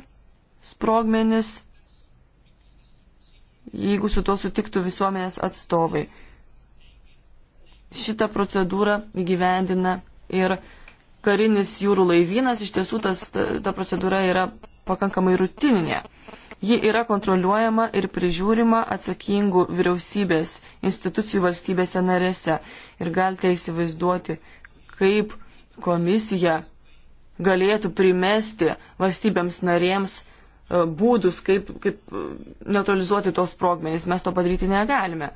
sprogmenis, jeigu su to sutiktų visuomenės atstovai. Šitą procedūrą gyvendina ir karinis jūrų laivynas, iš tiesų tas, ta, ta procedūra yra pakankamai rutininė. Ji yra kontroliuojama ir prižiūrima atsakingų vyriausybės institucijų valstybėse narėse. Ir galite įsivaizduoti, kaip komisija galėtų primesti valstybėms narėms e, būdus, kaip, kaip e, neutralizuoti tos sprogmenys. Mes to padaryti negalime.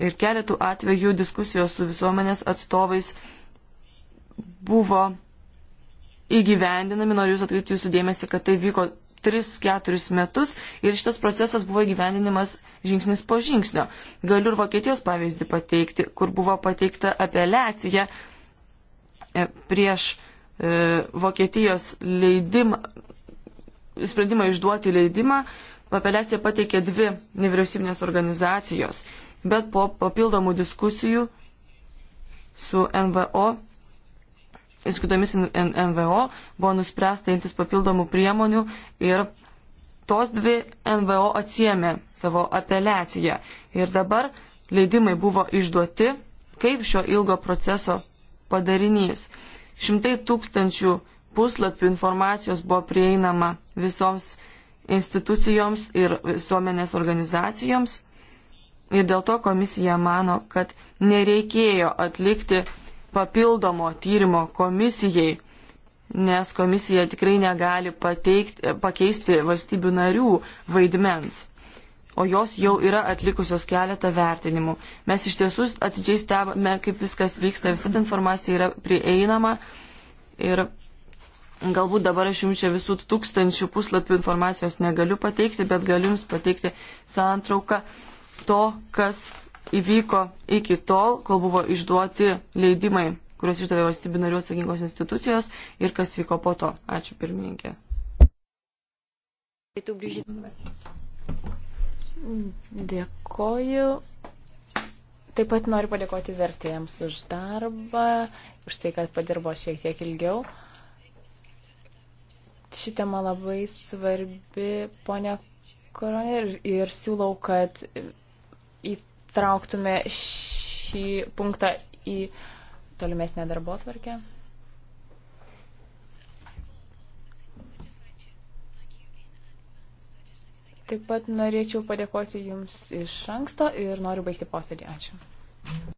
Ir keletų atvejų diskusijos su visuomenės atstovais buvo įgyvendinami, noriu Jūs atkreipti Jūsų dėmesį, kad tai vyko 3-4 metus ir šitas procesas buvo įgyvendinimas žingsnis po žingsnio. Galiu ir Vokietijos pavyzdį pateikti, kur buvo pateikta apeliacija e, prieš e, Vokietijos leidimą, sprendimą išduoti leidimą. Apeliaciją pateikė dvi nevyriausybinės organizacijos, bet po papildomų diskusijų su NVO ir su kitomis NVO buvo nuspręsta imtis papildomų priemonių ir tos dvi NVO atsiemė savo apeliaciją. Ir dabar leidimai buvo išduoti kaip šio ilgo proceso padarinys. Šimtai tūkstančių puslapių informacijos buvo prieinama visoms institucijoms ir visuomenės organizacijoms. Ir dėl to komisija mano, kad nereikėjo atlikti papildomo tyrimo komisijai, nes komisija tikrai negali pateikti, pakeisti valstybių narių vaidmens o jos jau yra atlikusios keletą vertinimų. Mes iš tiesų atidžiai stebame, kaip viskas vyksta, visa ta informacija yra prieinama ir galbūt dabar aš jums čia visų tūkstančių puslapių informacijos negaliu pateikti, bet galiu jums pateikti santrauką to, kas įvyko iki tol, kol buvo išduoti leidimai, kuriuos išdavė valstybių narių atsakingos institucijos ir kas vyko po to. Ačiū pirmininkė. Dėkoju. Taip pat noriu padėkoti vertėjams už darbą, už tai, kad padirbo šiek tiek ilgiau. Ši tema labai svarbi, ponia Koronė, ir, ir siūlau, kad į įtrauktume šį punktą į tolimesnę darbo tvarkę. Taip pat norėčiau padėkoti Jums iš anksto ir noriu baigti posėdį. Ačiū.